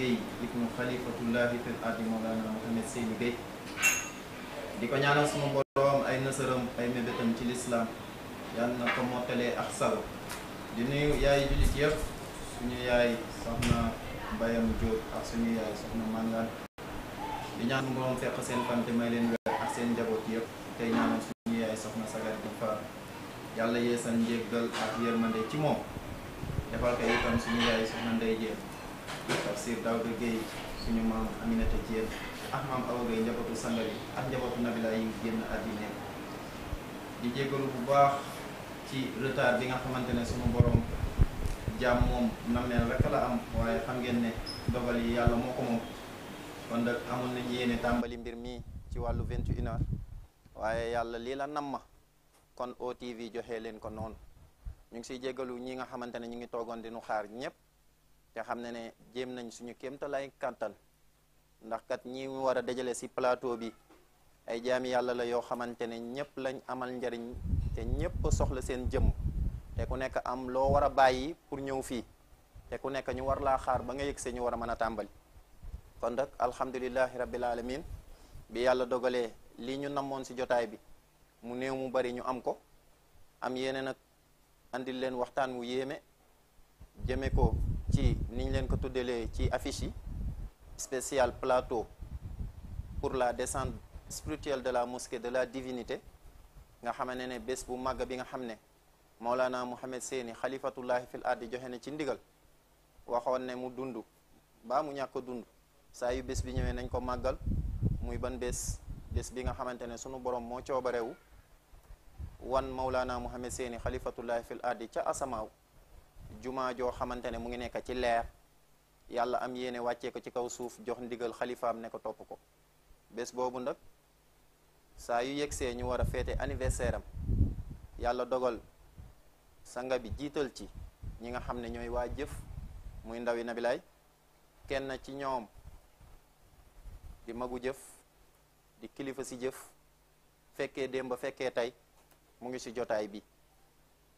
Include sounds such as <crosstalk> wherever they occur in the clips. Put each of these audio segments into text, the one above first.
Guèye ibnu xalifatullahi fil ardi Mawlana Mohamed Seyni Guèye di ko ñaanal suma boroom ay nësëram ay mébétam ci lislaam yàlla na ko mottalee ak sago di nuyu yaay jullit yëpp suñu yaay soxna Bayam Diop ak suñu yaay soxna Mangan di ñaan suma boroom fekk seen fan te may leen yai ak seen njaboot yëpp tey ñaanal suñu yaay soxna Sagar di Faal yàlla yai njéggal ak yërmande ci moom defal ko itam suñu yaay soxna Ndey Jéem Tafsir Daouda Gueye suñu maam Aminata Diène ak maam Awa Gueye njabootu Sangali ak njabootu Nabila yi génn àddina di jégalu bu baax ci retard bi nga xamante ne suñu borom jaam moom nammeel rek la am waaye xam ngeen ne dogal yàlla moo ko moom kon nag amoon nañu yéene tàmbali mbir mi ci wàllu 21 heures waaye yàlla lii la nam ma kon OTV joxe leen ko noonu ñu ngi siy jégalu ñi nga xamante ne ñu ngi toogoon di xaar ñëpp. te xam ne ne jéem nañ suñu kéemtalaay kàttan ndax kat ñi mu war a dajale si plateau bi ay jaam yàlla la yoo xamante ne ñëpp lañ amal njariñ te ñëpp soxla seen jëm te ku nekk am loo war a bàyyi pour ñëw fii te ku nekk ñu war laa xaar ba nga yëg see ñu war a mën a tàmbali kon nag alhamdulilahi rabbil alamin bi yàlla dogalee lii ñu namoon si jotaay bi mu néew mu bari ñu am ko am yeneen nag andil leen waxtaan wu yéeme jëme ko ci niñ leen ko tuddalee ci affiche spécial plateau pour la descente spirituelle de la mosquée de la divinité nga xamante ne bés bu màgg bi nga Seyni fil adi joxe na ci ndigal waxoon ne mu dund baa mu ñàkk dund saa yu bi nañ ko muy ban bes bes bi nga ne sunu borom moo coobarewu wan maulana Mouhamed Seyni khalifatullah fil adi ca asamaaw jumaa joo xamante ne mu ngi nekk ci leer yàlla am yéene wàccee ko ci kaw suuf jox ndigal xalifaam ne ko topp ko bés boobu nag saa yu yegsee ñu war a feete anniversaire am yàlla dogal sanga bi jiital ci ñi nga xam ne ñooy waa jëf muy ndawi nabilaay kenn ci ñoom di magu jëf di kilifa si jëf fekkee démb fekkee tey mu ngi ci jotaay bi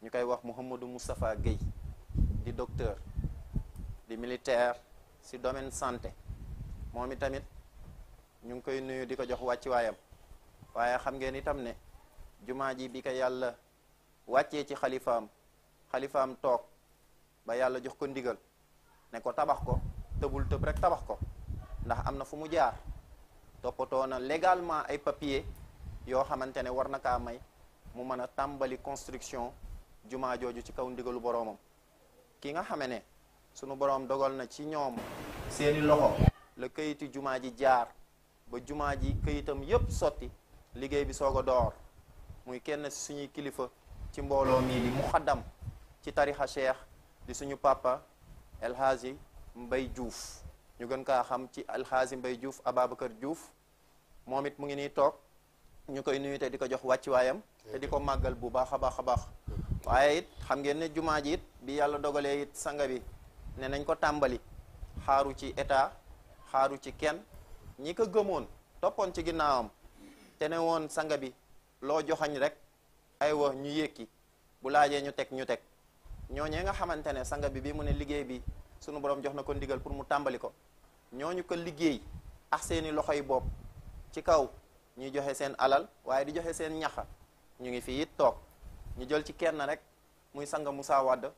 ñu koy wax Mouhamadou mustafaa Guèye docteur di militaire si domaine santé moom itamit ñu ngi koy nuyu di ko jox wàcc waayam waaye xam ngeen itam ne jumaa ji bi ko yàlla wàccee ci xalifaam xalifaam toog ba yàlla jox ko ndigal ne ko tabax ko tëbul tëb rek tabax ko ndax am na fu mu jaar toppatoo na légalement ay papier yoo xamante ne war na kaa may mu mën a tàmbali construction jumaa jooju ci kaw ndigalu boroomam ki nga xame ne sunu borom dogal na ci ñoom seeni loxo la kayitu jumaa ji jaar ba jumaa ji kayitam yépp sotti liggéey bi soog a door muy kenn si suñuy kilifa ci di ci cheikh di suñu papa elhazi, mbay juuf ñu gën kaa xam ci elhaaji mbay juuf ababacar juuf moom it mu ngi nuyu te di jox wàcc waayam te bu baax waaye it xam ngeen ne jumaa ji it bi yàlla dogalee it sanga bi ne nañ ko tàmbali xaaru ci état xaaru ci kenn ñi ko gëmoon toppoon ci ginnaawam te ne woon sanga bi loo joxañ rek ay wax ñu yékki bu laajee ñu teg ñu teg ñooñee nga xamante ne sanga bi bii mu ne liggéey bi sunu borom jox na ko ndigal pour mu tàmbali ko ñoo ñu ko liggéey ak seeni loxo yi bopp ci kaw ñuy joxe seen alal waaye di joxe seen ñaxa ñu ngi fii it toog ñu jël ci kenn rek muy sanga musa Wade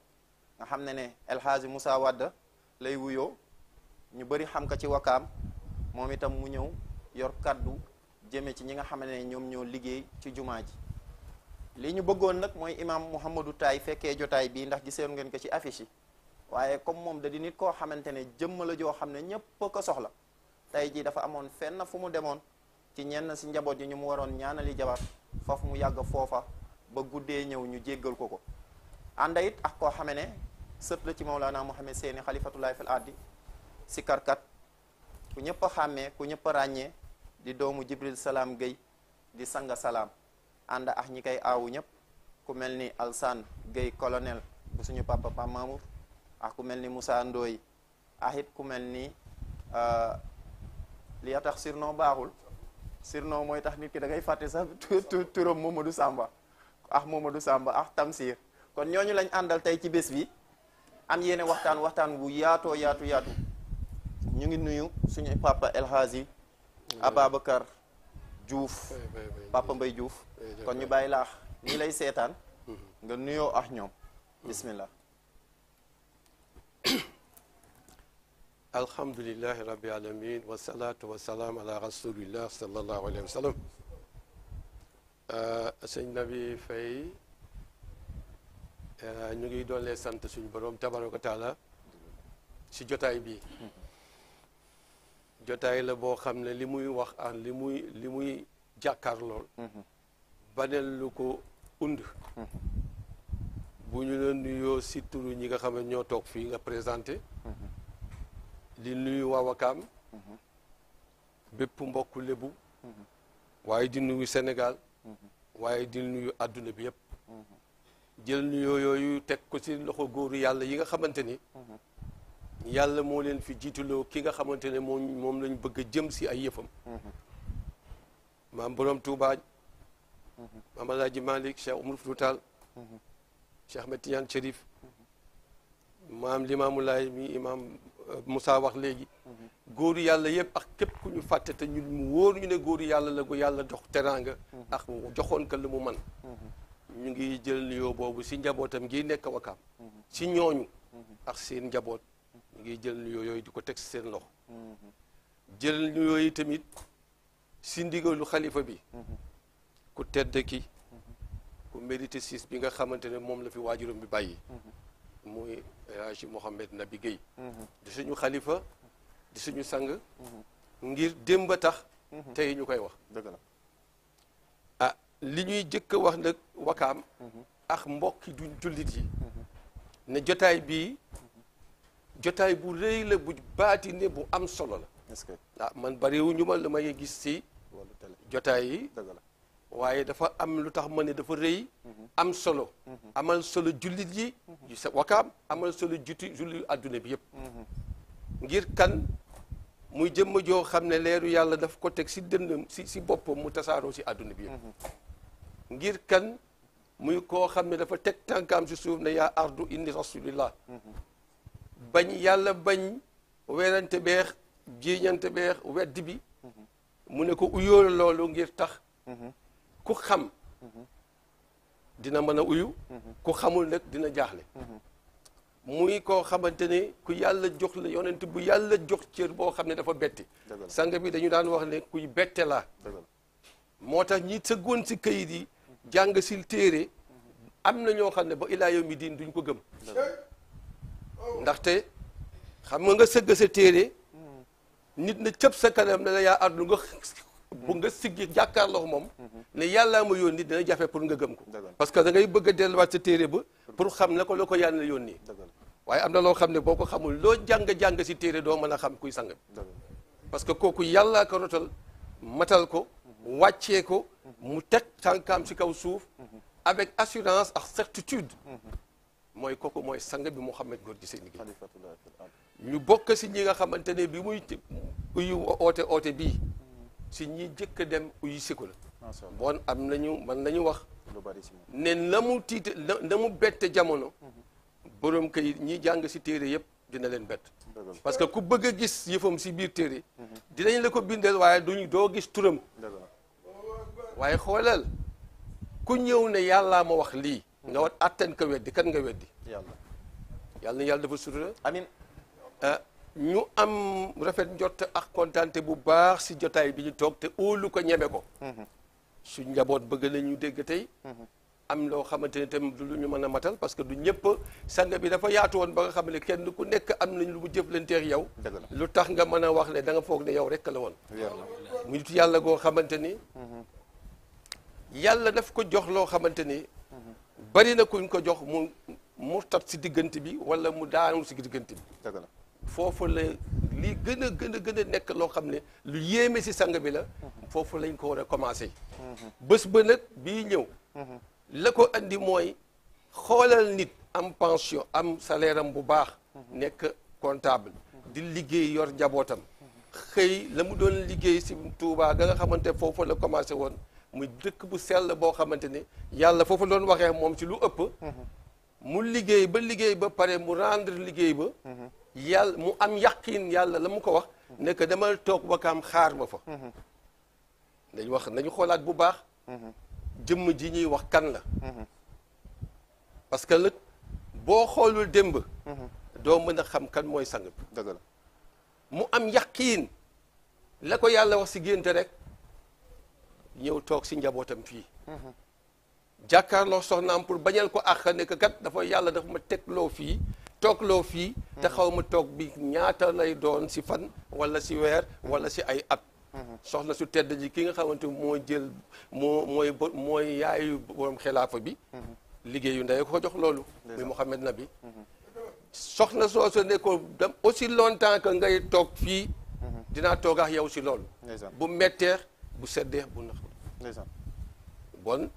nga xam ne ne El Hadji Moussa lay wuyo ñu bëri xam ko ci wakaam moom itam mu ñëw yor kàddu jëme ci ñi nga xam ne ñoom ñoo liggéey ci jumaa ji li ñu bëggoon nag mooy imam Mouhamadou Taye fekkee jotaay bii ndax giseenu ngeen ko ci affiche yi waaye comme moom da di nit koo xamante ne jëmm la joo xam ne ñépp a ko soxla tey jii dafa amoon fenn fu mu demoon ci ñenn si njaboot yi ñu mu waroon ñaanali jabar foofu mu yàgg foofa ba guddee ñëw ñu jéggal it ak koo xame ne sët la ci Mawlana Mouhamed Seyni xalifatullahi fil ardi si karkat ku ñëpp a ku ñëpp a di doomu Jibril salam Guèye di sanga salaam ànd ak ñi koy aawu ñëpp ku mel ni Alsaan colonel bu suñu papa Pam Mamour ak ku mel ni Moussa Ndoye ak it ku mel ni euh, li tax surnom baaxul tax nit ki da ngay turam Mamadou Samba ah Mamadou Samba ah Tamsir kon ñooñu lañ àndal tey ci bés bi am yéene waxtaan waxtaan wu yaatoo yaatu yaatu ñu ngi nuyu suñu papa El Hadji Ababacar Diouf papa Mbay Diouf kon ñu bàyyi laax ñi lay seetaan mhm. nga nuyoo ak ñoom mhm. bismillah alhamdulillahi rabbil alamin wassalatu wassalamu ala rasulillah sallallahu alayhi wa Euh, sëñ bi Faye euh, ñu ngi doole sant suñu borom tabaraka taala ci jotaay bi jotaay la boo xam ne li muy wax an li muy li muy jàkkaar lool baneen lu ko und bu ñu la nuyoo si turu ñi nga xam ne ñoo toog fii nga présenté di nuyu waa Wakaam bépp mbokku lébu waaye di nuyu Sénégal waaye di nuyu àdduna bi yëpp mm-hmm. jël nuyoo yooyu teg ko ci loxo góoru yàlla yi nga xamante ni mm-hmm. yàlla moo leen fi jiituloo ki nga xamante ne moom moom lañ bëgg a jëm si ay yëfam mm-hmm. maam borom Touba maam Alaaji Malick Cheikh Umar Foutal Cheikh Ahmed Tidiane Chérif maam Limaamu Laay mi imaam euh, Moussa wax léegi góoru yàlla yëpp ak képp ku ñu fàtte te ñun mu wóor ñu ne góoru yàlla la gu yàlla dox teraanga ak joxoon ko li mu man ñu ngi jël nuyoo boobu si njabootam ngi nekk wakaam si ñooñu ak seen njaboot ñu ngi jël nuyoo yooyu di ko teg seen loxo jël nuyoo yi tamit si ndigalu xalifa bi ku tedd ki ku mérité siis bi nga xamante ne moom la fi waajuram bi bàyyi muy El Hadji Mohamed Nabi Guèye di suñu xalifa di suñu sang ngir démb tax tey ñu koy wax Ah, li ñuy jëkk a wax nag wakaam ak mbokki duñ jullit yi ne jotaay bii jotaay bu rëy la bu baatine bu am solo la ah man bariwuñu ma gis si jotaay yi waaye dafa am lu tax ma ne dafa rëy mhm. am solo mhm. amal solo jullit yi mhm. yu amal solo juti jullit yu àdduna bi yëpp ngir kan muy jëmm joo xam ne leeru yàlla daf ko teg si dëndam si si boppam mu tasaaroo si àdduna bi yëpp mhm. ngir kan muy koo xam ne dafa teg tànkaam si suuf ne yaa ardu inni rasulillah mhm. bañ yàlla bañ werante beex jiiñante beex weddi bi mhm. mu ne ko uyool loolu ngir tax ku xam dina mën a uyu ku xamul nag dina jaaxle muy koo xamante ne ku yàlla jox la yonent bu yàlla jox cër boo xam ne dafa betti sang bi dañu daan wax ne kuy bette la moo tax ñi tëggoon si këyit yi jàng sil téere am na ñoo xam ne ba ilaa yawmi diin duñ ko gëm ndaxte xam nga nga sëgg sa téere hmm. nit na cëp sa kanam la yaa àddu nga bu nga siggi jàkkaarloo moom ne yàllaa ma yónni dina jafe pour nga gëm ko parce que dangay ngay bëgg a delluwaat sa téere ba pour xam na ko la ko yàlla yónni waaye am na loo xam ne boo ko xamul loo jàng-jàng si téere doo mën a xam kuy sang bi parce que kooku yàllaa ko rotal matal ko wàccee ko mu teg tànkaam si kaw suuf avec assurance ak certitude mooy kooku mooy sang bi Mouhamed góor gi seen ñu bokk si ñi nga xamante ne bi muy uyu oote oote bii si ñi jëkk dem uyu si ko la. bon am nañu man nañu wax. lu bari si ne la mu tiite la la mu bette jamono. Mhm. boroom kayit ñi jàng si téere yëpp dina leen bett. parce que ku bëgg a gis yëfam si biir téere. Mhm. dinañ la ko bindal waaye duñu doo gis turam. waaye xoolal ku ñëw ne yàlla ma wax lii. Mhm. nga wat atten ka weddi kan nga weddi. yàlla dafa sutura. ñu am rafet njott ak kontaante bu baax si jotaay bi ñu toog te óolu ko ñeme ko mhm. suñ njaboot bëgg nañ dégg tey mhm. am loo xamante ne tamit lu ñu mën a matal parce que du ñëpp sang bi dafa yaatu woon ba nga xam ne kenn ku nekk am nañ lu mu jëflanteex yow lu tax nga mën a wax ne da nga foog ne yow rekk la woon mu nit yàlla goo xamante ni mhm. yàlla daf ko jox loo xamante ni bari na kuñ ko jox mu murtat si diggante bi wala mu daanu si diggante bi foofu la li gën a gën a gën a nekk loo xam ne lu yéeme si sang bi la foofu lañ ko war a commencé bës ba nag bii ñëw la ko andi mooy xoolal nit am pension am saleeram bu baax nekk comptable di liggéey yor njabootam xëy la mu doon liggéey si Touba ga nga xamante foofu la commencé woon mu dëkk bu sell boo xamante ne yàlla foofu doon waxee moom ci lu ëpp uhuh. mu liggéey ba liggéey ba pare mu rendre liggéey ba uhuh. yàlla mu am yàqin yàlla la mu ko wax ne que demal toog wakaam xaar ma fa mhm. dañ wax nañu xoolaat bu baax mhm. jëmm ji ñuy wax kan la mhm. parce que lëg boo xoolul démb doo mën a xam kan mooy sang bi mu am yàqiin la ko yàlla wax si génte rek ñëw toog si njabootam fii jàkkaar jàkkaarloo soxnaam pour bañal ko àq ne que kat dafa yàlla dafa ma teg loo fii toog loo fii mm-hmm. te xaw ma toog bi ñaata lay doon si fan wala si weer wala si ay at mm-hmm. soxna su tedd ji ki nga xamante moo jël moo mooy mooy yaayu borom xilaafa bi mm-hmm. liggéeyu ndey ko jox loolu muy Mouhamed Nabi soxna soosu ne ko dem aussi longtemps que ngay toog fii dinaa toog ak yow si loolu bu metteex bu seddeex bu nax bon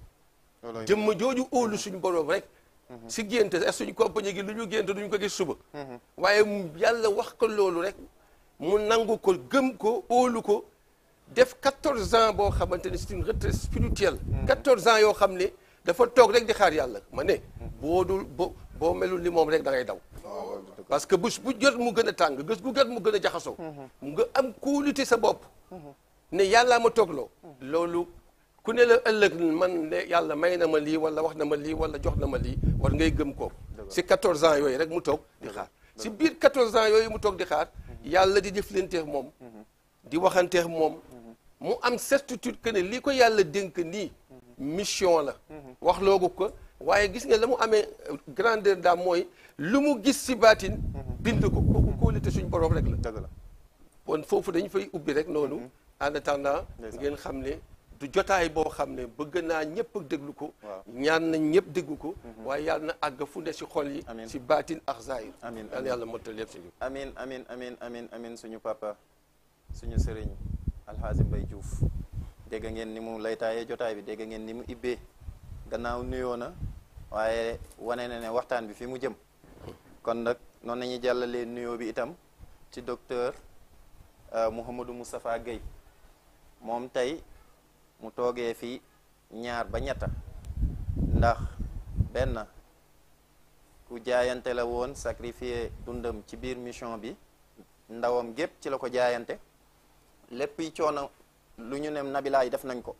jëmm jooju óolu suñu borom rek Mm-hmm. si génte ak suñu compagnie gi lu ñu génte duñu ko gis suba mm-hmm. waaye yàlla wax ko loolu rek mu nangu ko gëm ko óolu ko def 14 ans boo xamante ne c'est une retraite spirituelle 14 mm-hmm. ans yoo xam ne dafa toog rek di xaar yàlla ma ne boo dul bo boo melul ni moom rek da ngay daw parce que bu jot mu gën a tàng gës gu jot mu gën a jaxasoo nga am kóolute sa bopp ne yàllaa ma toogloo loolu ku ne la ëllëg man de yàlla may na ma lii wala wax na ma lii wala jox na ma lii war ngay gëm kooku si 14 ans yooyu rek mu toog di xaar si biir 14 ans yooyu mu toog di xaar mhm. yàlla di jëflanteex moom mhm. di waxanteex moom mhm. mu am certitude que ne lii ko yàlla dénk nii mission la wax loogu ko waaye gis nga la mu amee grandeur daam mooy lu mu gis si baatin bind ko kooku kóolite suñ borom rek la kon foofu dañ fay ubbi rek noonu en attendant ngeen xam ne du jotaay boo xam ne bëgg naa ñëpp déglu ko. ñaan nañ ñëpp déglu ko. Mhm. waaye yàlla na àgg fu ne si xol yi. si baatin ak zaahir. amiin amiin yàlla motal lépp si amin amin amiin amiin amiin suñu papa suñu sëriñ Alxaaji Mbay Diouf dégg ngeen ni mu laytaayee jotaay bi dégg ngeen ni mu ibbee gannaaw nuyoo na waaye wane na ne waxtaan bi fi mu jëm kon nag noonu nañu jàllalee nuyoo bi itam ci docteur euh, Mouhamadou Moustapha Guèye moom tey. mu toogee fi ñaar ba ñetta ndax benn ku jaayante la woon sacrifier dundam ci biir mission bi ndawam gépp ci la ko jaayante lépp yi coono lu ñu ne nabilaay def nañ ko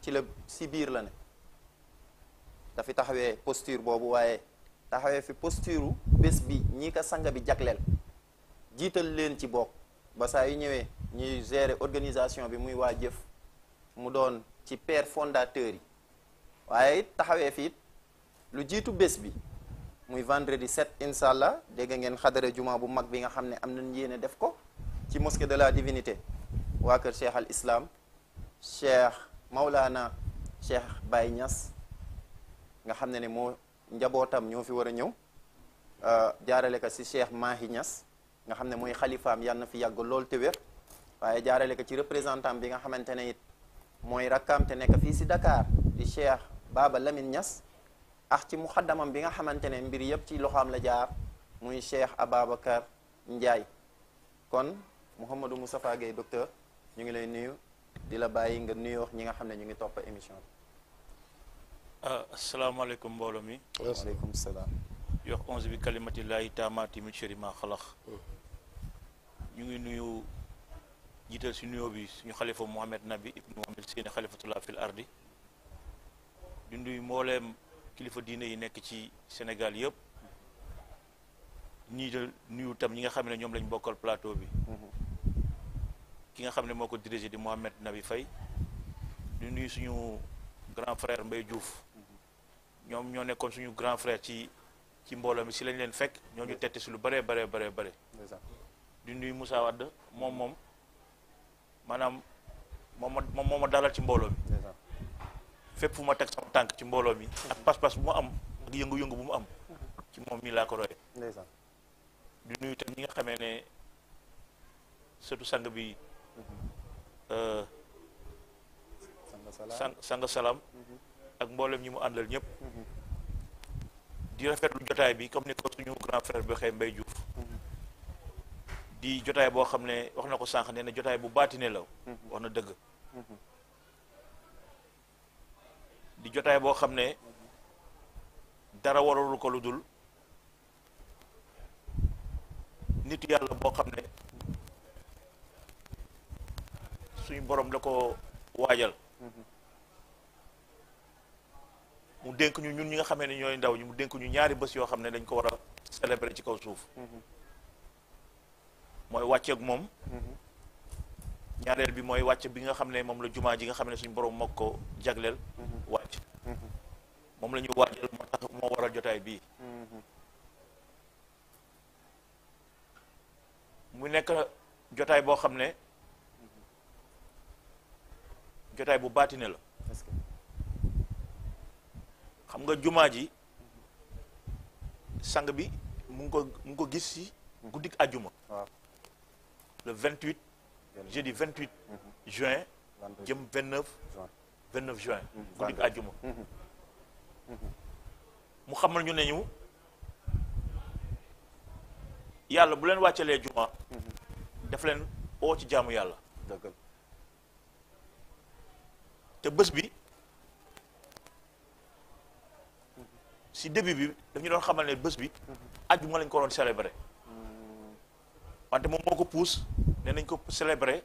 ci la si biir la ne dafi taxawee posture boobu waaye taxawee fi posture bés bi ñi ko sang bi jagleel jiital leen ci bokk ba saa yu ñëwee ñuy gérer organisation bi muy waa jëf mu doon ci père fondateur yi waaye it taxawee fii lu jiitu bés bi muy vendredi 7 incha allah dégg ngeen xadara juma bu mag bi nga xam ne am nañ yéene def ko ci mosque de la divinité waa kër cheikh al islam cheikh maulana cheikh Baye Niass nga xam ne ne moo njabootam ñoo fi war a ñëw euh, jaarale ko si cheikh Mahi ñas nga xam ne mooy xalifaam yàlla na fi yàgg lool te wér waaye jaarale ko ci représentant bi nga xamante ne it mooy rakkaam te nekk fii si Dakar di Cheikh Baba Lamine Niass ak ci muxaddamam bi nga xamante ne mbir yëpp ci loxoom la jaar muy Cheikh Ababacar Ndiaye kon Muhammadu Moustapha gay docteur ñu ngi lay nuyu di la bàyyi nga nuyoo ñi nga xam ne ñu ngi topp émission bi. Ah, asalaamaaleykum mbooloo mi. waaleykum Salam. yox onze bi kalimatillahi taamaati min sharri ma xalax. ñu ngi nuyu. jiital si nuyoo bi suñu Nabi ibnu fil ardi yi ci Sénégal de nuyu tam ñi nga ñom lañ bokkal plateau bi ki nga xam moko diriger di Nabi Fay. di nuyu suñu grand frère Mbaye Diouf ñom ñoo suñu grand frère ci ci mi lañ leen fek ñoo ñu tété lu bare bare bare bare Moussa maanaam moom ma moom moo ma dalal ci mbooloo mi fépp ma teg sama tànk ci mbooloo bi ak pas-pas bu ma am ak yëngu-yëngu bu mu am ci moom mii laa ko roye di nuyu itam ñi nga xamee ne surtout sang bi euh, sang sang salaam mm-hmm. ak mboolem ñi mu àndal ñëpp mm-hmm. di rafetlu jotaay bi comme ni ko suñu grand frère bi waxee Mbaye Diouf mm-hmm. di jotaay boo xam ne wax na ko sànq nee na jotaay bu baatine la mhm. wax na dëgg mhm. di jotaay boo xam ne dara waralul ko lu dul nitu yàlla boo xam ne suñu boroom da ko waajal mhm. mu dénk ñu ñun ñi nga xamee ne ñooy ndaw ñi mu dénk ñu ñaari bës yoo xam ne dañ ko war a ci kaw suuf mooy wàcceeg moom ñaareel bi mooy wàcc bi nga xam ne moom la jumaa ji nga xam ne suñu borom moo ko jagleel wàcc moom la ñu moo tax moo waral jotaay bii mu nekk jotaay boo xam ne jotaay bu baatine la xam nga jumaa ji sang bi mu ngi ko mu ngi ko gis si guddik àjjuma le 28 jeudi 28 juin 29 29 juin mhm. guddi àjjuma mhm. Mhm. mu xamal ñu a le bu leen wàccalee juma daf de oo ci de si début bi daf doon xamal bi lañ ko wante moom moo ko puus ne nañ ko célébrer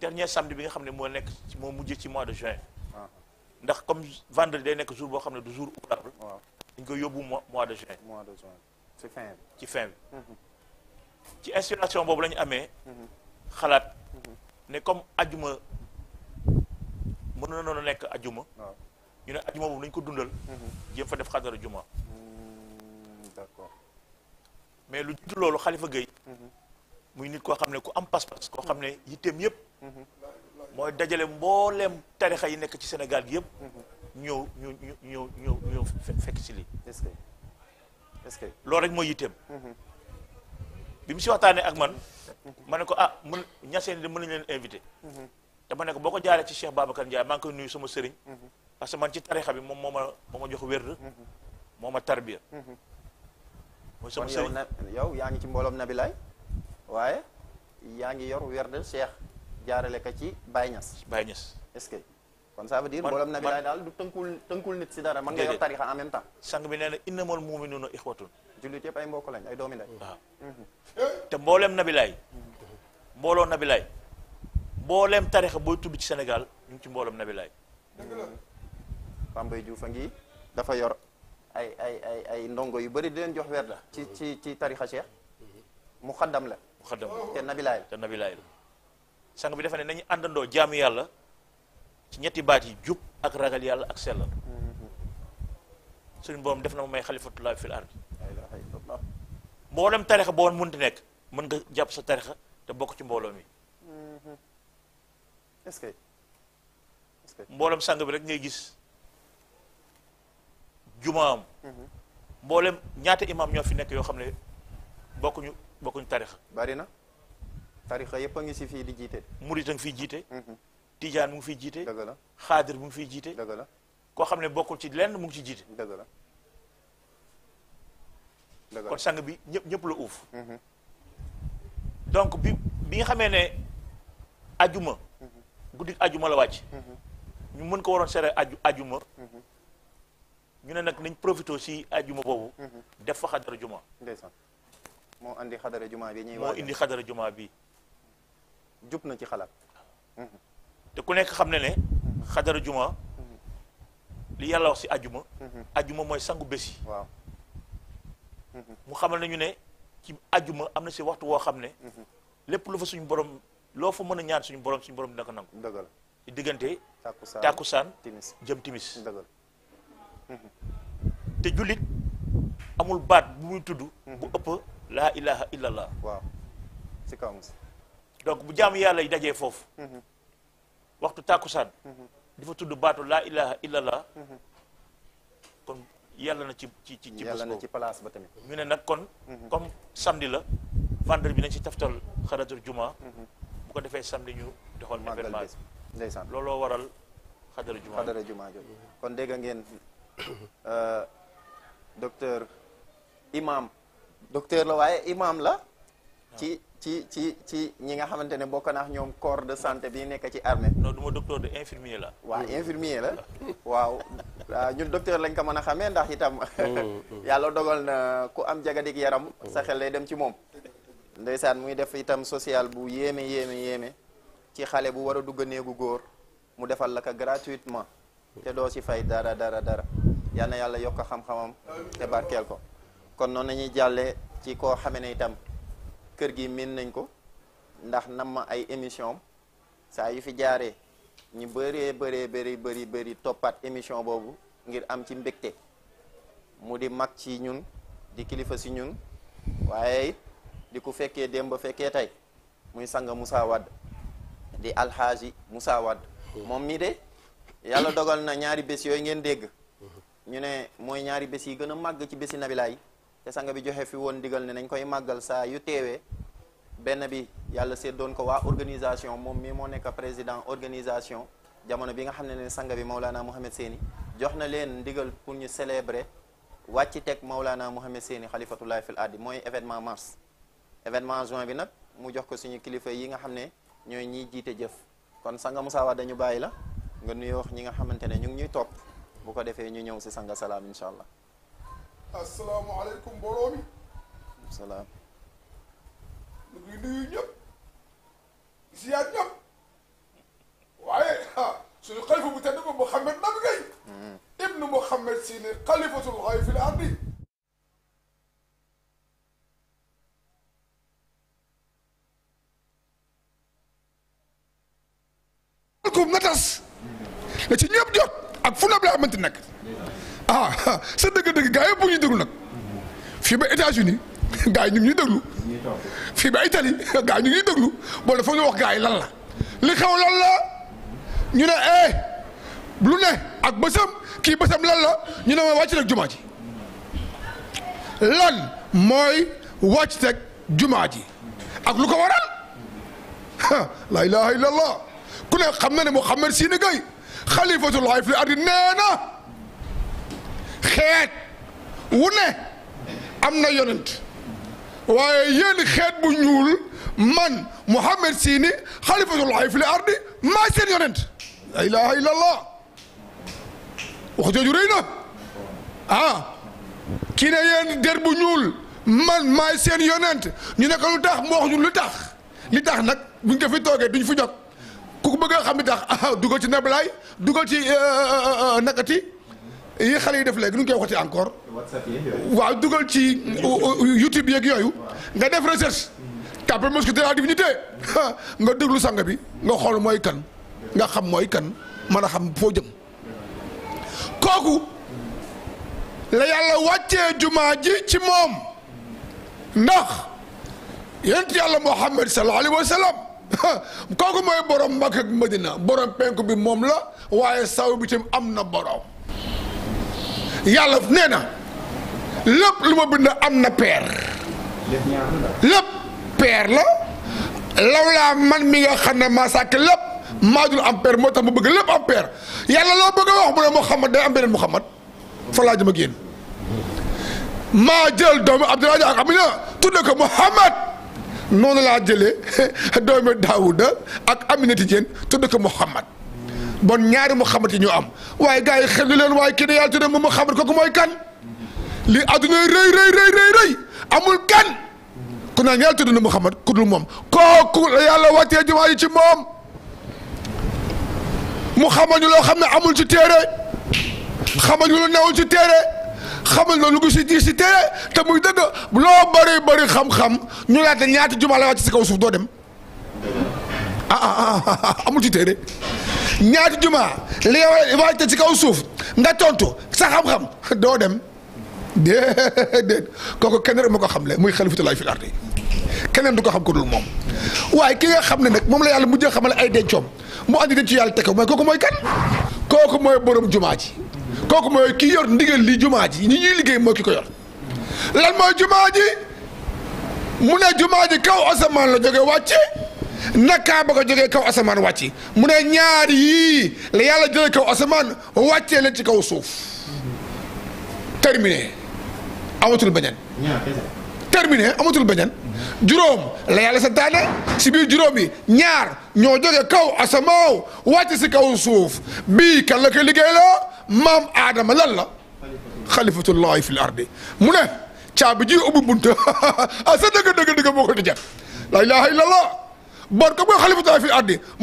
dernier samedi bi nga xam ne moo nekk ci moo mujjee ci mois de juin ah. ndax comme vendredi day nekk jour boo xam ne du jour ouvrable dañ koy yóbbu mois de juin mois de juin ci fin bi ci fin bi mhm. ci inspiration boobu lañu amee mhm. xalaat mhm. ne comme ajuma mën na noonu nekk ajuma ñu ne ajuma boobu nañ ko dundal jéem fa def xadara juma mais lu jiitu loolu xalifa Gueye mhm. muy nit ko xam ne am pas-pas ko xam ne yep mhm. yëpp mhm. mooy dajale mbooleem tarixa yi nekk ci Sénégal gi yëpp ñëw ñu ñu ñëw ñëw ñëw fekk si lii est-ce que est-ce que loolu rek mooy yitteem bi mu si waxtaanee ak man ma ne ko ah mën ñaseen di mën nañu leen invité dama ne ko boo ci Cheikh Babacar Ndiaye maa ngi nuyu sama sëriñ parce que man ci tarixa bi moom moo ma jox wér moo tarbiya mooy sama sëriñ yow yaa ngi ci mbooloom Nabilaay waaye yaa ngi yor werde Cheikh jaarale ka ci Baye Niass. Baye ñas est-ce que. kon ça veut dire mbooloom Nabilaay daal du tënkul tënkul nit si dara. mën nga yor tarixa en même temps. sang bi nee na innamal mu'minuuna ixwatun. jullit yëpp ay mbokk lañ ay doomi ndey. waaw mhm. te mbooleem Nabilaay. mbooloo Nabilaay. mbooleem tarixa booy tudd ci Sénégal ñu ngi ci mbooloom Nabilaay. Mhm. Pambay Diouf a ngi dafa yor. ay ay ay ay ndongo yu bëri di leen jox werda ci ci ci tarixa cheikh mu la mu te nabilaay te nabilaay sang bi defe ne nañu àndandoo jaamu yàlla ci ñetti baat yi jub ak ragal yàlla ak sellal suñu borom def na may fil ardi mboolem tarixa boo mënti nekk mën nga jàpp sa tarixa te bokk ci mbooloo mi mm-hmm. est-ce que est-ce que sang bi rek ngay gis jumaam mboole ñaata imaam ñoo fi nekk yoo xam ne bokkuñu bokkuñu tarixa bari na tarixa yëpp a ngi si fii di jiite. murit ngi fiy jiite. Mhm. tijaan mu ngi fiy jiite. dëgg la xaadir mu ngi fiy jiite. dëgg la koo xam ne bokkul ci lenn mu ngi ci jiite. dëgg la kon sang bi ñëpp ñëpp la uuf. Mhm. donc bi bi nga xamee ne ajuma. Mhm. guddi ajuma la wàcc. ñu mën ko waroon sere aju ajuma. ñu ne nag nañ profité si ajuma boobu. Mhm. def fa xadara juma. ndeysaan moo indi xadara juma bi ñuy moo indi xadara juma bi. jub na ci xalaat. Mhm. te ku nekk xam ne ne. Mhm. xadara juma. li yàlla wax si ajjuma. ajjuma mooy sangu bés yi. waaw mu xamal nañu ne ci ajjuma am na si waxtu woo xam ne. lépp lu fa suñu borom loo fa mën a ñaan suñu borom suñu borom dina ko nangu. dëgg la diggante. tàkkusaan tàkkusaan jëm timis. dëgg la. te julit amul bad, bu muy tudd bu ëpp la ilaha illallah waaw si kawam si donc bu jaamu yàlla yi dajee foofu mhm. waxtu tàkkusaan mhm. di fa tudd baatu ilaha illallah mhm. kon yàlla na ci ci ci ci yàlla na ci place ba tamit ñu ne nag kon comme samedi la vendredi bi nañ ci taftal xaratul juma bu ko defee samedi ñu doxal événement bi ndeysaan waral xadara juma xadara juma kon dégg ngeen <coughs> Euh, docteur imam docteur la waaye imam la ci ci ci ci ñi nga xamante ne bokk naax ñoom corps de santé bi nekk ci armée non du ma docteur de infirmier la waaw mm-hmm. infirmier la <laughs> waaw ah, ñun docteur lañ ko mën a xamee ndax itam mm-hmm. <laughs> yàlla dogal na ku am jagadik yaram mm-hmm. sa xel lay dem ci moom ndeysaan muy def itam social bu yéeme yéeme yéeme ci xale bu war a dugg néegu góor mu defal la ko gratuitement te doo si fay dara dara dara yal yàlla yokk xam-xamam te barkeel ko kon noonu nañuy jàlle ci koo xame ne itam kër gi miin nañ ko ndax nam ay émission saa yu fi jaaree ñu bëree bëree bëri bëri toppaat émission boobu ngir am ci mbégte mu di mag ci ñun di kilifa si ñun waaye di ku fekkee démb fekkee tey muy sang Moussa Wade di alxaaji Moussa Wade mm. moom mii de yàlla dogal na ñaari bés yooyu ngeen dégg ñu ne mooy ñaari bés yi gën a màgg ci bési nabila yi te sanga bi joxe fi woon digal ne nañ koy màggal saa yu teewee benn bi yàlla seet doon ko waa organisation moom mii moo nekk président organisation jamono bi nga xam ne ne sanga bi Maulana Mouhamed Seyni jox na leen ndigal pour ñu célébrer wàcc teg Maulana Mouhamed Seyni xalifatullahi fil ardi mooy événement mars événement juin bi nag mu jox ko suñu kilifa yi nga xam ne ñooy ñiy jiite jëf kon sanga Moussa Wade dañu bàyyi la nga nuyoo wax ñi nga xamante ne ñu ngi ñuy topp bu ko defee ñu ñëw si sanga salaam incha allah. asalaamualeykum mbooloo mi. salaam. ñu ngi nuyu ñëpp. ziyaar ñëpp. waaye ah suñu xalifa bu tedd ba Mouhamed Nabi Gueye. ibnu Mouhamed Sine xalifatul xayri fil ardi. alkum na tas. na ci ñëpp jot. ak fu la laa mënti nekk ah sa dëgg-dëgg gaa yëpp ñu déglu nag fii ba États-Unis <laughs> gaa yi ñu ngi ñuy déglu fii ba Italie <laughs> gaa yi ñu ngi ñuy déglu boo dafa wax gaa yi lan la li xew lan la ñu ne eh lu bësam kii bësam la ñu ne wàcc rek jumaa ji lan mooy wàcc rek jumaa ji ak lu ko waral <laughs> la ilaha illallah ku ne xam na ne Mouhamed Sine Gueye خليفة الله في الأرض نانا خيات ونه أمنا يننت وين خيات بنيول من محمد سيني خليفة الله في الأرض ما سين يننت لا إله إلا الله وخذ جورينا ها آه. كنا ين دير بنيول من ما سين يننت نينا كلو تخ موخ لتخ لتخ نك بنتفي توغي دنج ku ko bëgg a xam ni tax dugal ci neblaay dugal ci euh, euh, euh, nakati yi xale yi def léegi nu ñu koy waxati encore waaw ci youtube ya yooyu nga def recherche tapé mosquée de la divinité nga déglu sang bi nga xool mooy kan nga xam mooy kan mën a xam foo jëm kooku la yàlla wàccee ji ci ndax muhammad sallallahu Alaihi Wasallam. <laughs> kooku mooy borom Makka ak Madina borom penku bi moom la waaye saw bi tam am na borom yàlla nee na lépp lu ma bind am na peer lépp peer la lawlaa man mi nga xam ne ma sàkk lépp maa dul am peer moo tax mu bëgg lépp am peer yàlla loo bëgg a wax mu ne Muhammad day am beneen Muhammad fa laa jëm génn maa jël doomu Abdoulaye ak Amina tudde ko Muhammad noonu laa jëlee <laughs> doomi Daawuda ak Aminata Dieng tudd ko Mouhamad bon ñaari Mouhamad yi ñu am waaye gars yi xelu leen waaye kii ne yàlla tudd mu Mouhamad kooku mooy kan li adduna rëy rëy rëy rëy amul kan ku naan yàlla tudd na Mouhamad ku moom kooku yàlla wàccee jumaa yi ci moom mu ñu loo xam ne amul ci téere xamañu lu newul ci téere. xamal na lu ko si si te muy dëgg loo bëri bëri xam-xam ñu laata ñaata jumaa la wàcc si kaw suuf doo dem ah ah, ah, ah, ah amul ci téere ñaata jumaa li nga wàcc si kaw suuf nga tontu sa xam-xam doo dem déedéet kooku keneen ma ko xamle muy xalifatulaay fil ardi keneen du ko xam ko dul moom waaye ki nga xam ne nag moom la yàlla mujjee xamal ay dencoom mu andi denc yàlla teg ko mooy kooku mooy kan kooku mooy borom jumaa ji. kooku mooy ki yor ndigal li jumaa ji ñi ñuy liggéey moo ki ko yor lan mooy jumaa ji mu ne jumaa ji kaw asamaan la jóge wàcc naka ba ko jógee kaw asamaan wàcc mu ne ñaar yii la yàlla jëlee kaw asamaan wàccee leen ci kaw suuf terminé amatul beneen terminé amatul beneen juróom la yàlla santaane si biir juróom ñaar ñoo joge kaw asamaaw wàcc si kaw suuf bii kan la ko liggéey la maam aadama lan la xalifatullahi mu ne caabi ji a <laughs> ah, sa dëgg dëgg dëgg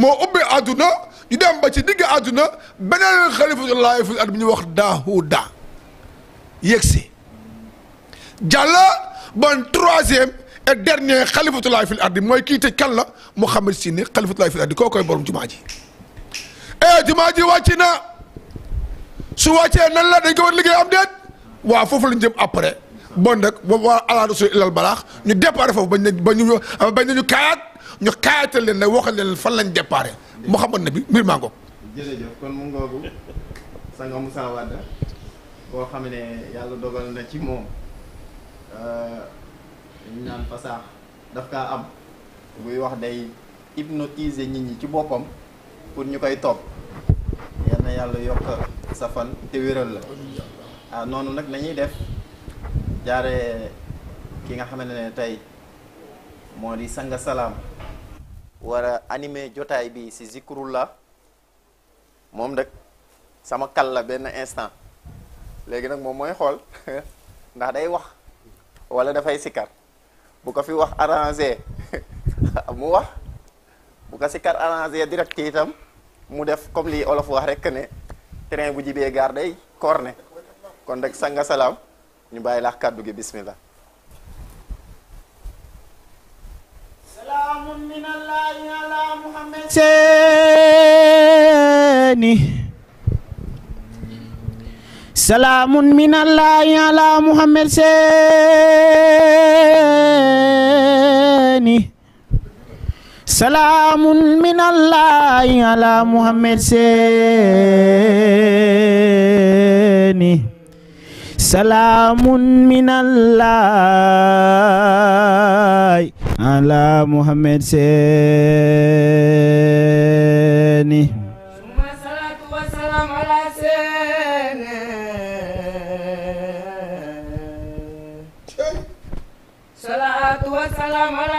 moo ko àdduna ñu dem wax daahuda yegsi jàlla bon troisième et dernier xalifatullahi fil ardi mooy kii tëj koy borom jumaa ji e jumaa su wàccee nan la dañ ko war liggéey am déet waa foofu lañ jëm après bon nag boobu waa alaana suy ilal balaax ñu départ foofu bañ nañ bañ a bañ nañu kaayaat ñu kaayatal leen nag waxal leen fan lañ départ Mouhamad Nabi mbir maa ngoog. jërëjëf kon mu ngoogu sanga Moussa Wade boo xam ne yàlla dogal na ci moom euh, ñu naan fasaax daf kaa am buy wax day hypnotiser nit ñi ci boppam pour ñu koy topp. yal na yàlla yokk sa fan te wéral la ah noonu nag nañuy def jaare ki nga xamante ne tey sanga salaam war a animé momdek bi si zikrullah moom nag sama kal la benn instant léegi nag moom mooy xool <laughs> ndax day wax wala dafay sikar bu ko fi wax arrangé <laughs> mu wax bu ko sikar arrangé direct itam mu def comme li olof wax rek ne train bu jibee gaar day corne kon rek sanga salaam ñu bàyyi laax kàddu gi bismillah salaamun min allahi ala muhammad seni Salamun min ya la muhammad seeni salaamun min allahi ala muhammad seeni salaamun min allahi ala muhammad seeni salaatu wa salaam ala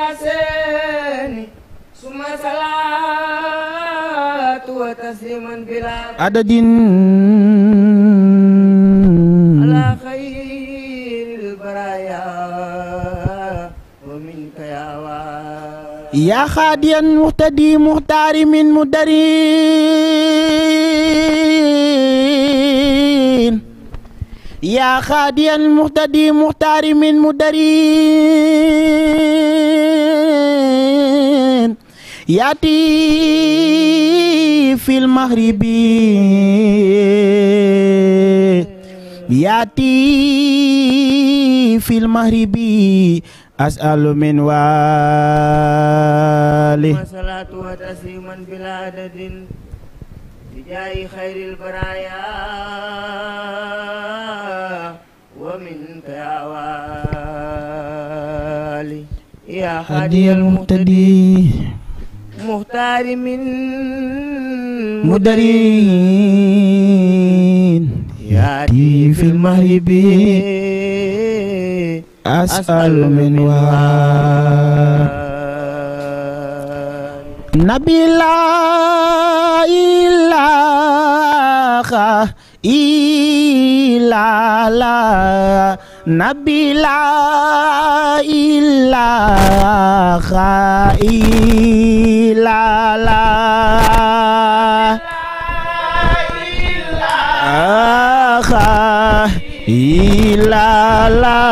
عدد على خير البرايا ومنك يا وار يا خاديا مهتدي مختار من مدرين يا خاديا مهتدي مختار من مدرين ياتي في المغرب ياتي في المغرب أسأل من والي وصلاة وتسليما بلا عدد بجاه خير البرايا ومنك يا والي يا هادي المهتدي مختار من مدرين يأتي في المغرب أسأل من وار نبي لا إله إلا الله نبي لا إله إلا لا إله إلا لا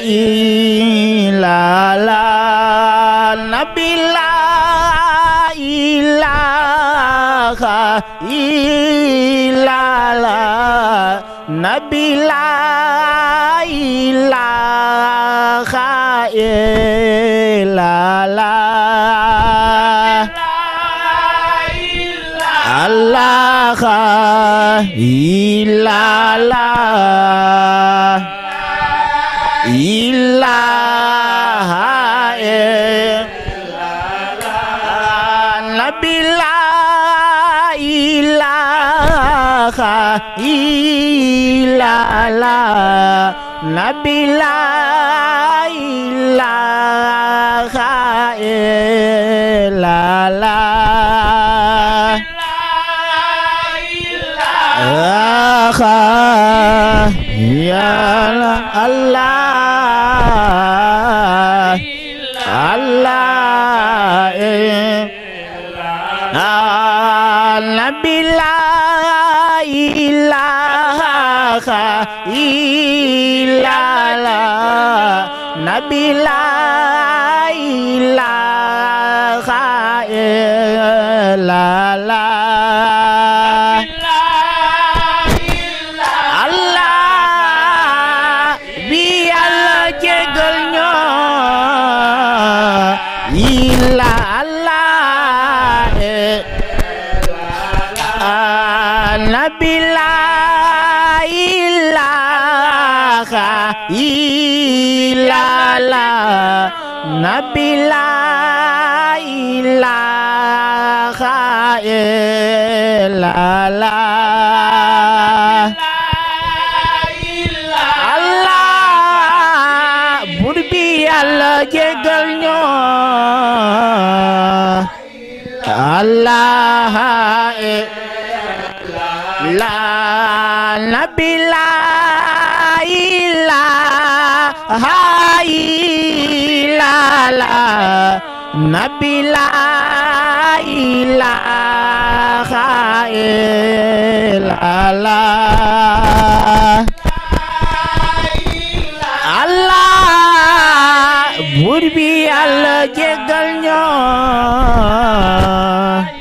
إلا لا نبي لا إله ilaha illallah nabi la ilaha illallah Allah illallah illallah إلا لا نبي لا إله إلا لا يا الله الله نبي لا illallah nabi la ilaha illallah nabi la ilaha illallah allah bur bi yàlla jégal ñoo هاي لا لا نبي لا إله إلا الله الله بور بي الله جيغل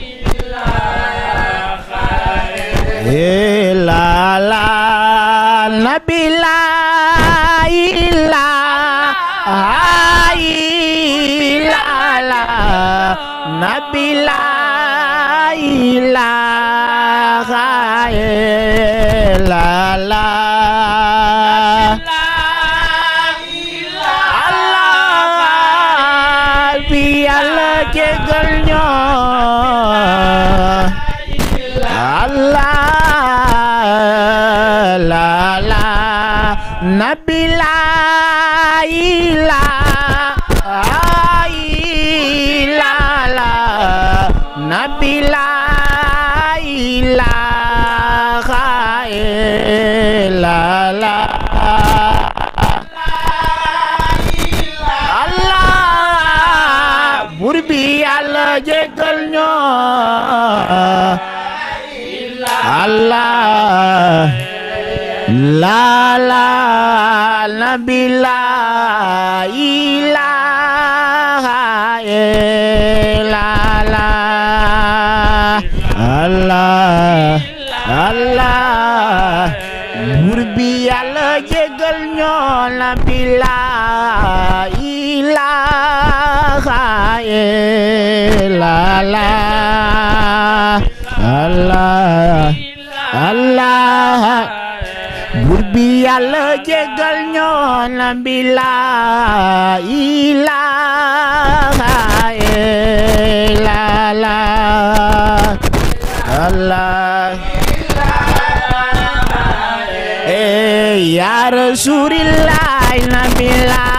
Allah la la nabi la ilaha illa Allah Allah Allah buur bi Yàlla jégal ñoo nabi la ilaha illa Allah jéggal ñoo na bi laa ilaaha illallah Allah ya Rasulillah na bi laa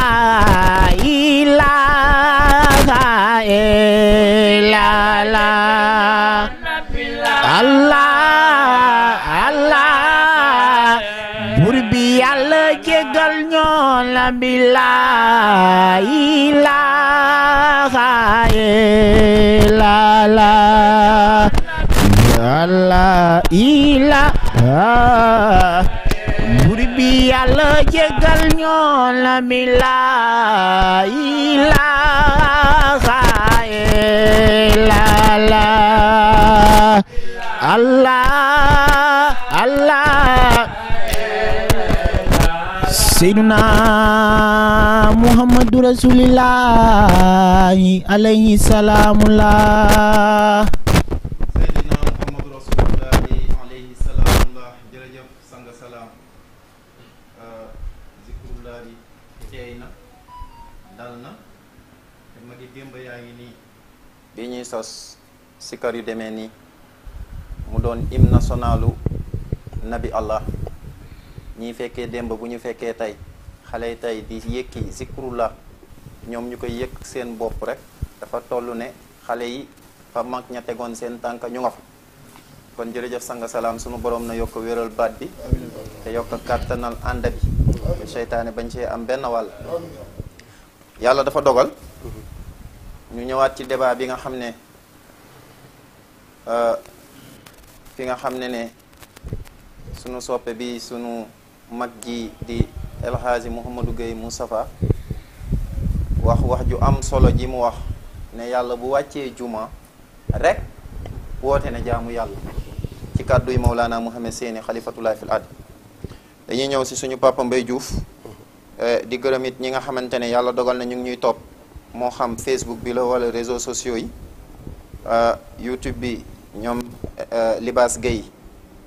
la la la ilaha bur bi yàlla jégal ñoo la mi la ilaha la la allah allah seyduna Muhammadu Rasulullah alaihi salamullah Sayyidina Muhammadu Rasulullah alaihi salamullah jërëjëf sanga salam uh, zikrullah bi teey na dal na te ma ngi démb yaa ngi sos sikar yu demee mu doon hymne nationalu nabi Allah ñi fekkee démb bu ñu fekkee xale yi tey di yëkki zikrullah ñoom ñu koy yëkk seen bopp rek dafa toll ne xale yi fa mag ña tegoon seen tànk ñu nga fa kon jërëjëf sanga salaam sunu borom na yokk wéral baat bi te yokk kàttanal ànd bi seytaane bañ see am benn wàll yàlla dafa dogal ñu ñëwaat ci débat bi nga xam ne euh, fi nga xam ne ne sunu soppe bi sunu mag ji di El Hadji Mouhamadou Gueye Moustapha wax wax ju am solo ji mu wax ne yàlla bu wàccee juma rek woote na jaamu yàlla ci kàddu yi Mawlana Mouhamed Seyni xalifatullah fil ard dañuy ñëw si suñu papa Mbaye Diouf di gërëm it ñi nga xamante ne yàlla dogal na ñu ngi ñuy topp moo xam Facebook bi la wala réseaux sociaux yi YouTube bi ñoom Libas Gueye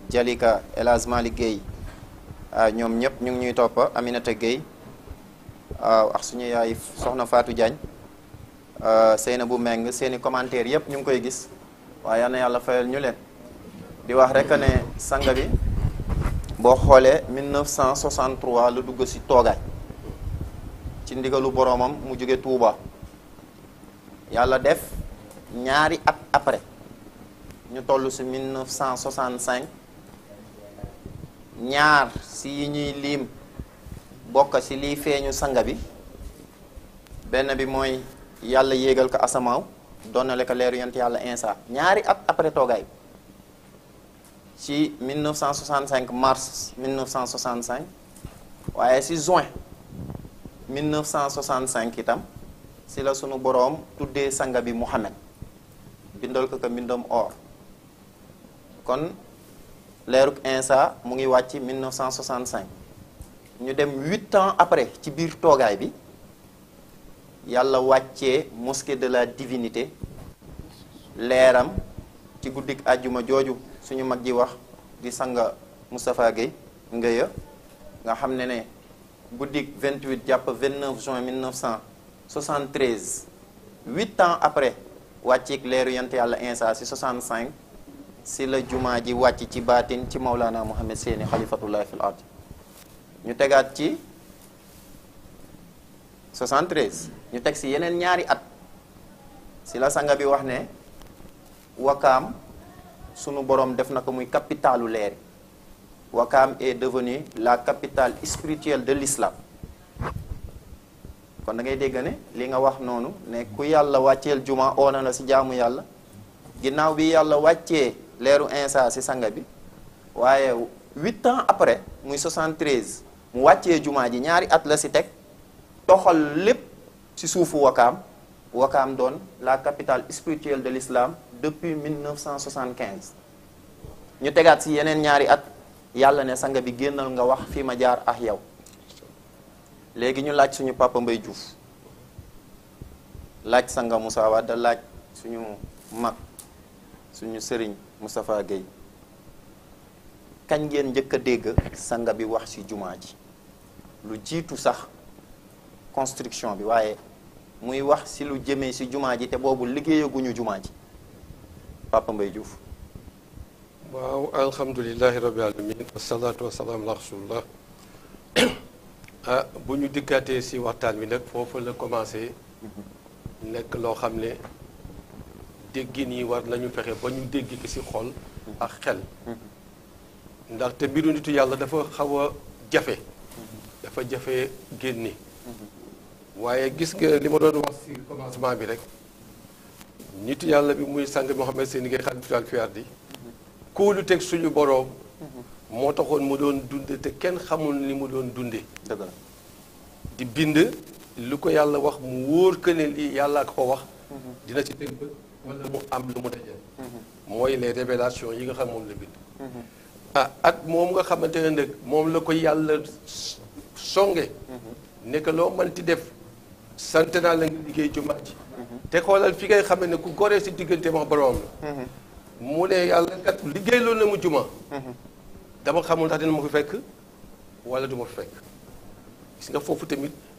Jalika El Hadj Malick Gueye Ah, ñoom ñëpp ñu ngi ñuy topp Aminata Gueye waaw ah, ak suñu yaay soxna Fatou Diagne ah, Seynabou Meng seeni commentaire yëpp ñu ngi koy gis waaye yal na yàlla fayal ñu leen di wax rek ne sanga bi boo xoolee 1963 la dugg si toogaay ci ndigalu boroomam mu jóge Touba yàlla def ñaari at après ñu toll si 1965 ñaar si ñuy liim bokk ci liy feeñu sanga bi benn bi mooy yàlla yéegal ko asamaaw donnale ko leeru yonent yàlla insa ñaari at après toogaay ci 1965 mars 1965 waaye ci juin 1965 itam ci la sunu boroom tuddee sanga bi Muhammad bindal ko ko mbindam or kon leerug INSA mu ngi 1965 Nous dem 8 ans après ci biir toogaay bi yàlla wàccee mosquée de la divinité leeram ci guddik àjjuma jooju suñu mag ji wax di sanga Moustapha Guèye Ngéya nga xam ne ne guddik 28 jàpp 29 juin 1973 8 ans après wàcceeg leeru yant yàlla INSA si 65 si la jumaa ji wàcc ci baatin ci Maulana Mouhamed Nyutegati xalifatullahi fil ard ñu tegaat ci 73 ñu teg si yeneen ñaari at si la sanga bi wax ne sunu borom def na muy capitalu leer wakaam est la capitale spirituelle de l'islam kon da ngay dégg ne li nga wax ne ku yàlla wàcceel juma oona la si jaamu yàlla ginnaaw bi leeru insa si sanga bi waaye ans après muy 73 mu wàccee jumaa ji ñaari at la si teg toxal lépp si suufu wakaam wakaam doon la capitale spirituelle de l'islam depuis 1975 ñu tégaat si yenen ñaari at yalla ne Sangabi bi génnal nga wax fi ma jaar ak yow léegi ñu laaj suñu papa Mbay diouf laaj sanga musawa da laaj suñu mag suñu serigne Moustapha Gueye kañ ngeen njëkk a dégg sanga bi wax ci jumaa ji lu jiitu sax construction bi waaye muy wax si lu jëmee si jumaa ji te boobu liggéeyaguñu jumaa ji Papa Mbaye Diouf waaw alhamdulilahi rabbi alamin wasalaatu wasalaam ala rasulillah <coughs> ah bu ñu diggaatee si waxtaan wi nag foofu la commencé mm-hmm. nekk loo xam ne déggin yi war nañu fexe ba ñu dégg ko ci xol ak xel mm-hmm. ndaxte mbiru nitu yàlla dafa xaw jafe mm-hmm. dafa jafe génne mm-hmm. waaye gis nga li ma doon wax ci commencement bi rek nit yàlla bi muy sàng Mouhamed Seyni Gueye xalifa al Fayda kóolu teg suñu boroom moo taxoon mu doon dunde te kenn xamul ni mu doon dunde di bind lu ko yàlla wax mu wóor que ne lii yàlla ko wax dina ci teg wala mu am lu mu dajal mooy les révélations yi nga xam moom la bind mhm. ah at moom nga xamante ne nag moom la ko yàlla songe mhm. ne que loo ti def sant naa la nga liggéey ci màcc mhm. te xoolal fi ngay xamee ne ku goree si diggante ma borom la mu ne yàlla kat liggéey loolu na mu juma dama xamul ndax dina ma fi fekk wala du ma fi fekk gis nga foofu tamit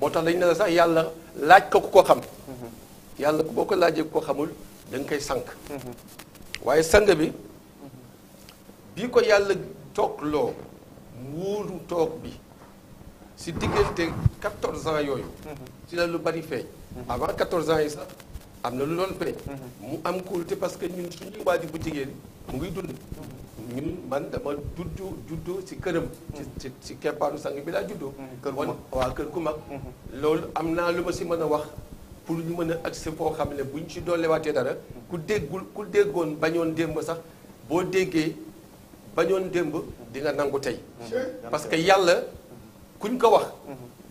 moo tax lañ ne la sax yàlla laaj ko ku ko xam yàlla boo ko laajee ku ko xamul danga koy sànq waaye sang bi bi ko yàlla toogloo nguuru toog bi si diggante 14 ans yooyu ci la lu bari feeñ avant 14 ans yi sax am na lu doon feeñ mu am kóolute parce que ñun suñuy waajur bu jigéen mu ngi dund ñun man dama juddu juddu ci këram. ci ci ci keppaaru sang bi laa juddoo. Mm-hmm. kër gu mag mm-hmm. waaw kër gu mag. Mm-hmm. loolu am naa lu ma si mën a wax pour ñu mën a agsi foo xam ne bu ñu ci doolewaatee dara. ku déggul ku déggoon bañoon démb sax boo déggee bañoon démb di nangu tey. parce que yàlla kuñ ko wax.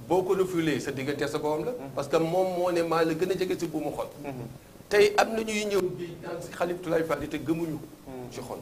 boo ko refulee sa diggante sa borom la. parce que moom moo ne maa la gën a jege si buumu xol. tey am na ñuy ñëw di naan si xalif Tulaay Faal te gëmuñu. ci xol.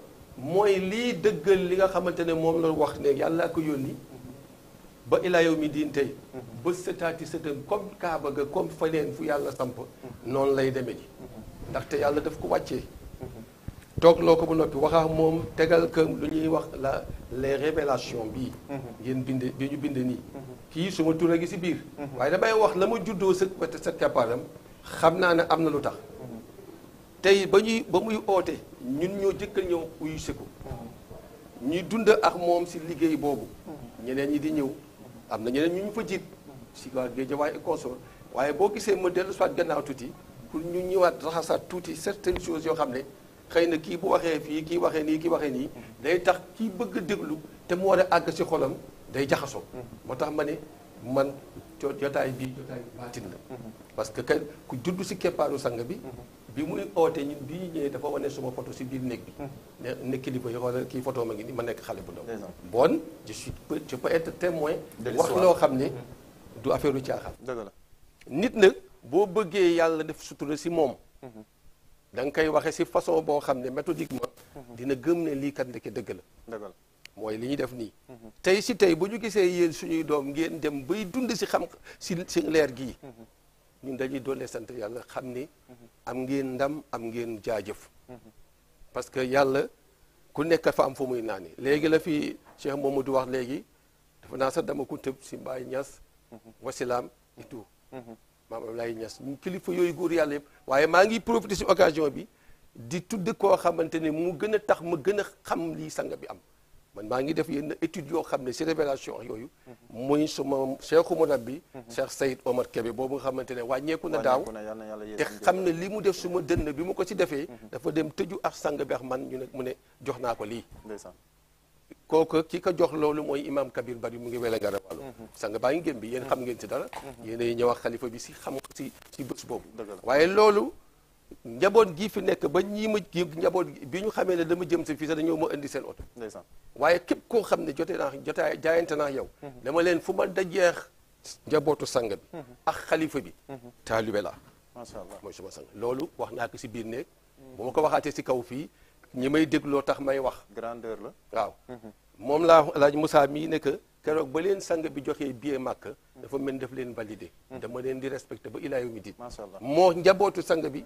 mooy lii dëggal li nga xamante ne moom la wax ne yàlla ko yónni ba ilaa yow mi diin tey mm-hmm. ba sëtaati sëtam comme Kaaba ga comme feneen fu yàlla samp mm-hmm. noonu lay deme ji mm-hmm. ndaxte yàlla daf ko wàccee toog loo ko bu noppi waxaa moom tegal kër lu ñuy wax la les révélations bii ngeen bind bi ñu bind nii kii suma ma tur gi si biir waaye damay wax la ma juddoo sa sa keppaaram xam naa ne am na lu tax tey ba ñuy ba muy oote ñun ñoo jëkk a ñëw uyu si ko mm-hmm. ñuy dund ak moom si liggéey boobu mm-hmm. ñeneen ñi di ñëw mm-hmm. am na ñeneen ñu ñu fa jiit si waa Géejawaay et consort waaye boo gisee ma dellu soit gannaaw tuuti pour ñu ñëwaat raxasaat tuuti certaines choses yoo xam ne xëy na kii bu waxee fii kii waxee nii kii waxee nii day tax kii bëgg a déglu te mu war a àgg si xolam day jaxasoo moo tax ma ne man jotaay bii jotaay baatin la parce que kenn ku judd si keppaaru sang bi bi muy oote ñun bi ñu ñëwee dafa wane suma photo si biir néeg bi. ne ne kilifa yi xoolal kii photo ma ngi nii ma nekk xale bu ndaw. bon je suis je peux être wax loo xam ne du affaire u caaxaan. nit nag boo bëggee yàlla def sutura si moom. da nga koy waxee si façon boo xam ne méthodiquement. dina gëm ne lii kat ndeke dëgg la. mooy li ñuy def nii. tey si tey bu ñu gisee yéen suñuy doom ngeen dem bay dund si xam si si leer gii. ñun dañuy doone sant yàlla xam ni am ngeen ndam am ngeen jaajëf parce que yàlla ku nekk fa am fu muy naani léegi la fi Cheikh Mamadou wax léegi dafa naa sax dama ko tëb si Baye Niass wasilaam et tout maam Abdoulaye Niass ñu kilifa yooyu góor yàlla yëpp waaye maa ngi profité si occasion bi di tudd koo xamante ne mu gën a tax ma gën a xam lii sang bi am man maa ngi def yenn étude yoo xam ne si révélation ak yooyu muy suma seexu monab bi Cheikh Sayid Omar Kébé boobu nga xamante ne wàññeeku na daaw te xam ne li mu def suma dënn bi mu ko si defee dafa dem tëju ak sang bi ak man ñu ne mu ne jox naa ko lii kooku ki ko jox loolu mooy imam kabir bari mu ngi wele nga rawalu mhm. sang baa ngi gém bi yéen xam mhm. ngeen si dara mhm. yéenay ñëw ak xalifa bi si xam si si bés boobu waaye loolu njaboot gii fi nekk ba ñii ma gi njaboot bi ñu xamee ne dama jëm si fii sax dañoo ma indi seen oto waaye képp koo xam ne jotee naa jotaay jaayante naa yow mhm. dama leen fu ma dajeex njabootu sang bi mhm. ak xalifa bi mhm. taalibe laa macha allah mooy suma sang loolu wax naa ko si si kaw fii ñi may dégloo tax may wax la waaw moom laa laaj Moussa mii ne que keroog ba leen sang bi joxee billet màkk dafa mel daf leen validé dama leen di respecté ba ilaa yow mi di moo njabootu sang bi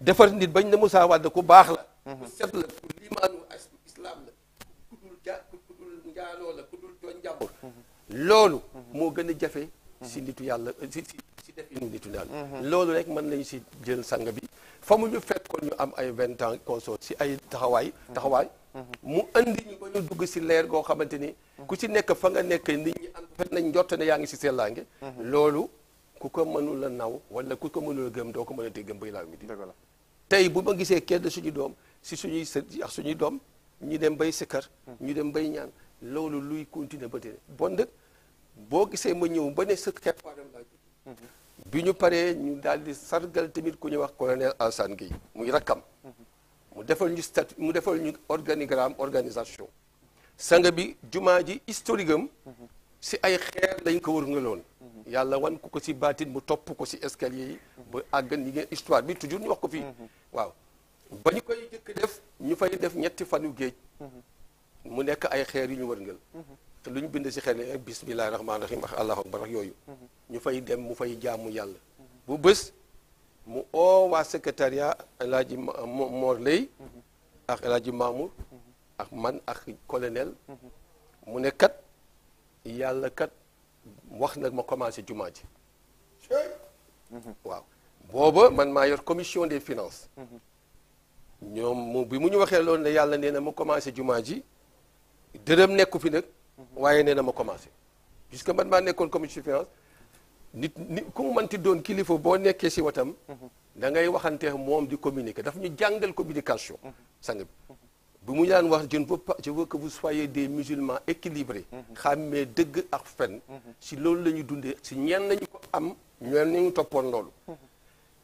defar nit bañ ne Moussa Wade ku baax la mhm. ku set la ku liimaanu islaam la ku dul ja la ku dul tooñ jàmbur mhm. loolu mhm. moo gën a jafe si nitu yàlla si si si definu nitu yàlla loolu rek mën nañu si jël sang bi fa mu ñu fekkoon ñu am ay vingt ans consort si ay taxawaay taxawaay mu andi ñu ba ñu dugg si leer goo xamante ni ku si nekk fa nga nekk nit ñi am fet nañ njort ne yaa ngi si sellaange loolu ku ko mënul a naw wala ku ko mënul a gëm doo ko mënatee gëm ba laaw mi di tey bu ma gisee kenn suñu doom si suñuy sët ak suñuy doom ñu dem bay sikkar ñu dem bay ñaan loolu luy continuer ba tey bon nag boo gisee ma ñëw ba ne sa keppaaram laa bi ñu paree ñu daal di sargal tamit ku ñuy wax ko colonel alsan gi muy rakkam mu defal ñu statut mu defal ñu organigramme organisation sanga bi jumaa ji historique am si ay xeer lañ ko wër nga yàlla wan ko ko si baatin mu topp ko si escalier yi ba àggan ñi ngeen histoire bi toujours ñu wax ko fii waaw ba ñu koy jëkk def ñu fay def ñetti fanu géej mu nekk ay xeer yu ñu wërngël lu ñu bind si xeer ne bismillahi rahmaani rahim ak allahu akbar yooyu ñu fay dem mu fay jaamu yàlla bu bés mu oo waa secrétariat El ak El Hadj ak man ak colonel mu ne kat yàlla kat wax nag ma commencé jumaa ji waaw booba man ma yor commission des finances ñoom mu bi mu ñu waxé loolu ne yàlla nee na commencé jumaa ji dërëm nekku fi nak wayé néna na commencé puisque man ma nékkon commission des finances nit nit ku mu mënti doon kilifa bo nekké ci watam da ngay waxante moom di communiquer daf ñu jàngal communication sang bi bu mu daan wax je ne veux pas je veux que vous soyez des musulmans équilibrés xamé deug ak fen si loolu la dundé dundee si ñenn nañu ko am ñenn nañu toppoon loolu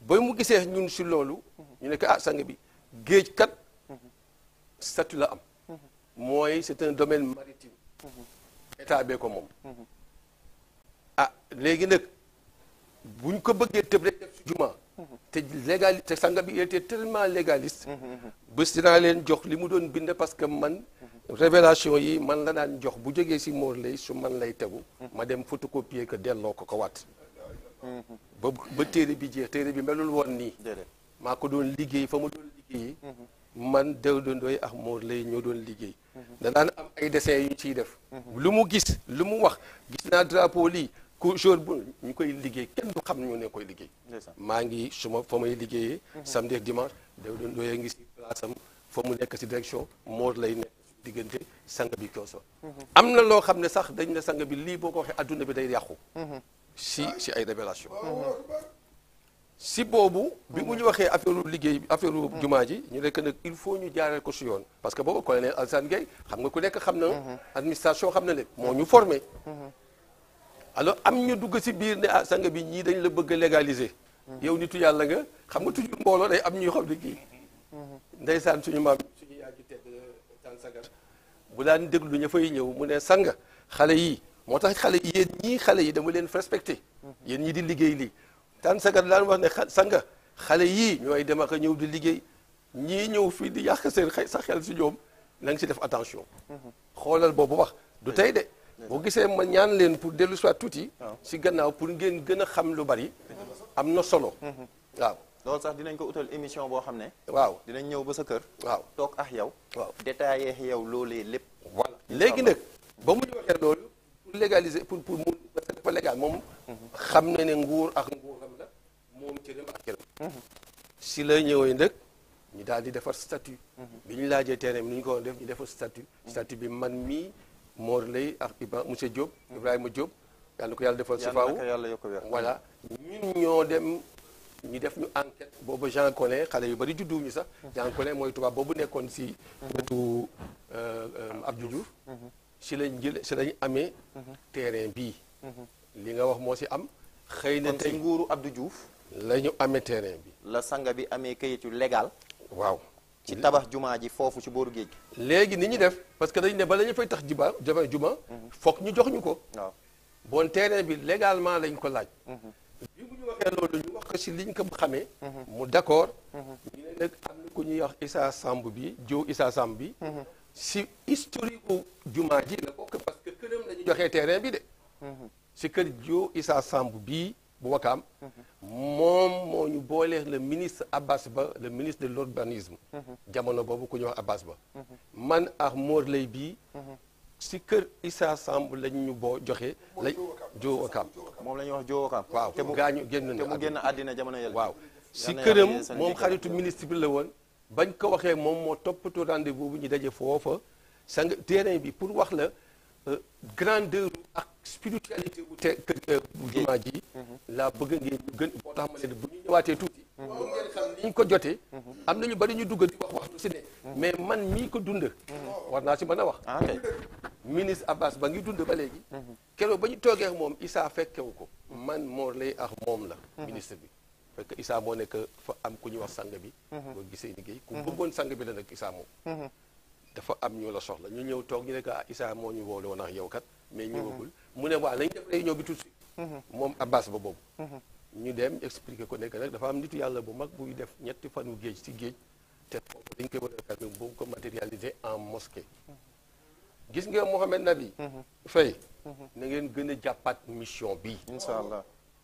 ba mu gisee ñun si loolu ñu ne ko ah sang bi géej kat statut la am mooy c'est un domaine maritime état bee ko moom ah léegi nag buñ ko bëggee tëb rek def si jumaa te légal te sanga bi il était tellement légaliste bés dinaa leen jox li mu doon bind parce que man révélation yi man la daan jox bu jógee si moor lay su man lay tegu ma dem photocopier ko delloo ko ko wat ba ba téere bi jeex téere bi melul woon nii maa ko doon liggéey fa mu doon liggéey man dew dondoy ak moor lay ñoo doon liggéey da daan am ay dessin yu ciy def lu mu gis lu mu wax gis naa drapeau lii ku jour bu ñu koy liggéey kenn du xam ñu ne koy liggéey maa ngi suma fa may liggéeyee samedi ak dimanche dew dondoy a ngi si place am fa mu nekk si direction moor lay nekk diggante sang bi kooso mhm. am na loo xam ne sax dañ ne sang bi lii boo ko waxee adduna bi day yàqu mhm. si ah. si ay révélation si boobu bi mu ñu waxee affaire liggéey affaire jumaa ji ñu nekk nag il faut ñu jaaree ko si yoon parce que boobu colonel Alassane Gueye xam nga ku nekk xam na mhm. administration xam na lépp moo ñu formé mhm. alors am ñu dugg si biir ne ah sanga bi ñii dañ la bëgg a légaliser mhm. yow tu yàlla nga xam nga toujours mbooloo day am ñuy xam ne kii ndeysaan suñu maam suñu yaay ju tedd tan sagar bu daan déglu ña fay ñëw mu ne sanga xale yi moo tax xale yéen ñii xale yi dama leen respecté yéen ñi di liggéey lii tan sagar daan wax ne sanga xale yii ñooy dem a ñëw di liggéey ñii ñëw fii di yàq seen xel sa xel si ñoom na si def attention xoolal boobu wax du tey de boo gisee ma ñaan leen pour dellu soit tuuti si gannaaw pour ngeen gën a xam lu bari am na solo waaw lool sax dinañ ko utal émission boo xam ne waaw dinañ ñëw ba sa kër waaw toog ak yow waaw détaillé yow loolee lépp voilà léegi nag ba mu ñu waxee légaliser pour pour mu parce que dafa légal moom. xam na ne nguur ak nguur xam la moom cëram ak si la ñëwee ndëkk ñu daal di defar statut. bi ñu nu ñu ko def ñu defar statut. statut bi man mii Mor lay ak Iba monsieur Diop. Ibrahima Diop yàlla ko yàlla defal. sifaawu voilà ñun ñoo dem. ñu def ñu enquête boobu Jean Collin xale yu bari juddu ñu sax Jean Collin mooy tubaab boobu nekkoon si mhm. wetu euh, euh, Abdou Diouf mhm. si lañ jël si lañ amee terrain bii li nga wax moo si am xëy na tey nguuru abdu juuf la ñu amee terrain bi la sanga bi amee kayitu legal waaw ci tabax jumaa ji foofu ci booru géej léegi ni ñu def parce que dañ ne ba lañu ñu fay tax jubaa jafe juma foog ñu jox ñu ko waaw bon terrain bi légalement lañ ko laaj mhm. bi mu ñu waxee loolu ñu wax ko si liñ ko xamee mhm. mu d'accord mhm. ñu ne nag am na ku ñuy wax Issa Samb bi jiw Issa Samb bi si historique u jumaa ji la bokk parce que këram la ñu joxee terrain bi de mhm. si kër joo Issa Samb bii bu wakaam moom moo ñu boolee le ministre Abbas Ba le ministre de l'urbanisme mhm. jamono boobu ku ñu wax Abbas Ba mhm. man ak Mor Lay bii si kër Issa Samb lañ ñu boo joxe. la joo wakaam la ñuy wax joo wakaam waaw te mu gaañu génn na te mu génn àddina jamono yële waaw si këram moom xaritu ministre bi la woon bañ ko waxee moom moo de rendez-vous ñu daje sang terrain bi pour wax la euh, grande spiritualité bu te kër dit. Euh, ji mhm. laa bëgg ngeen gën bu ñu mhm. ko mhm. am nañu bari ñu dugg di wax mais man mii ko dund a wax ah, ministre Abbas ba dund ba ko man la ministre fekk Issa moo nekk fa am ku ñuy wax sang bi. Mhm. boo gisee liggéey ku mhm. bëggoon sang bi la nag Issa moom. Mhm. dafa am ñu la soxla ñu ñëw toog ñu ne ah Issa moo ñu woole woon ak yow kat. mais ñëwagul mu ne waa nañ def réunion bi tout de suite. moom Abbas ba boobu. ñu dem expliqué ko nekk nag dafa am nitu yàlla bu mag buy def ñetti fanu géej ci géej. te foofu dañ koy mën a fermer boobu ko matérialiser en mosquée. gis nga Mohamed Nabi. Faye na ngeen a jàppaat mission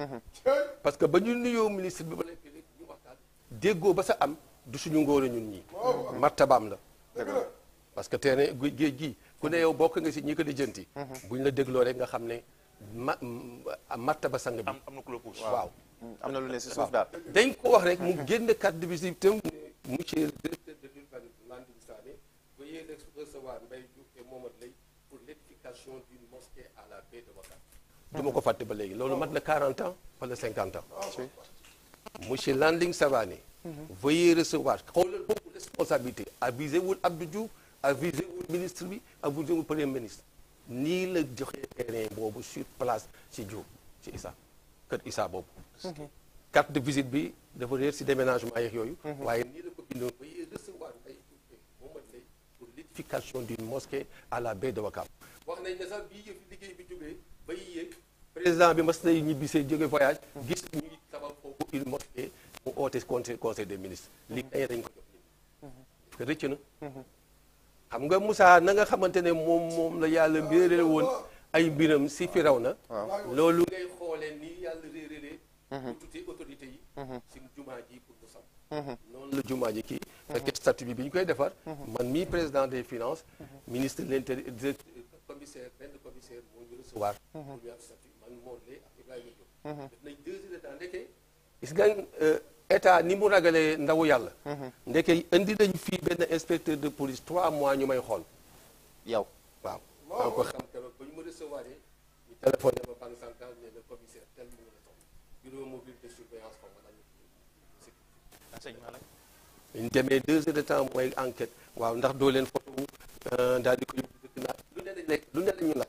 Mm-hmm. parce que ba ñu nuyoo ministre bi ba lay fii déggoo ba sa am du suñu ngóor a ñun ñii martabaam la parce que teene géej gi ku ne yow bokk nga si ñi ko lijjanti mm-hmm. buñ la dégloo rek nga xam ne ma martaba sang bi am na ku la puus waaw mm, am dañ ko wax rek mu génn carte de visite tam monsieur le directeur de l'urbanisme Landing Sané veuillez mosquée à la baie de Ouakam de 40 ans 50 ans. Ah. monsieur Landing Savani, mhm. veuillez recevoir de responsabilité avisé ministre bi vous premier ministre. Ni le directeur sur place C'est Isa. C'est de visite b déménagement ménages mhm. l'édification d'une mosquée à la baie de bay yéeg président bi mas nay ñibbisee jóge voyage gis ñuy tabax foofu une mosquée mu oote conseil conseil des ministres li kañ dañ ko jox mm-hmm. parce que rëcc na mm-hmm. xam nga Moussa na nga ne moom moom la yàlla mbirale woon ay mbiram si Firawna loolu ngay xoolee ni yàlla réeréeree bu mm-hmm. tuuti autorité yi si jumaa ji pour mu sam noonu la jumaa ji kii fekk statut bi bi ñu koy defar man mii président des finances ministre de l'intérieur commissaire benn commissaire recevoir. pour ñu am statistique man Mor Lé ak Ibrahima Diop. def nañ de temps ndeke gis nga euh, état ni mu ragalee ndawu yàlla. ndeke indi nañu fii benn inspecteur de police trois mois ñu may xool. yow waaw. maa ko xam keroog ba de surveillance comme ma laaj. ñu demee deux heures de temps mooy enquête waaw ndax doo leen photo euh, daal di ko lu ne la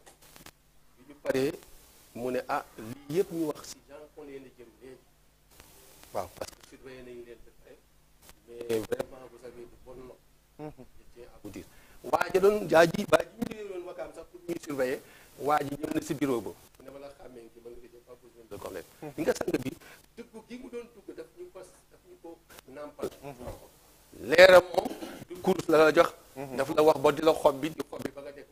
paree mu ne ah lii yëpp ñu wax si genre leen waaw parce que surveillé nañu leen de près mais vraiment vous avez de bonnes notes mhm. je waa ja doon jaa ji waa ji ñu liggéey loon wakaam sax pour ñuy surveiller waa ji ñëw na si bureau ne ma la xàmmee ngi ba nga dëjee pas besoin de connaître mhm. li nga sang bi dugg gi mu doon dugg daf ñu ko daf mhm. moom du course la la jox daf la wax ba di la xob bi di xob bi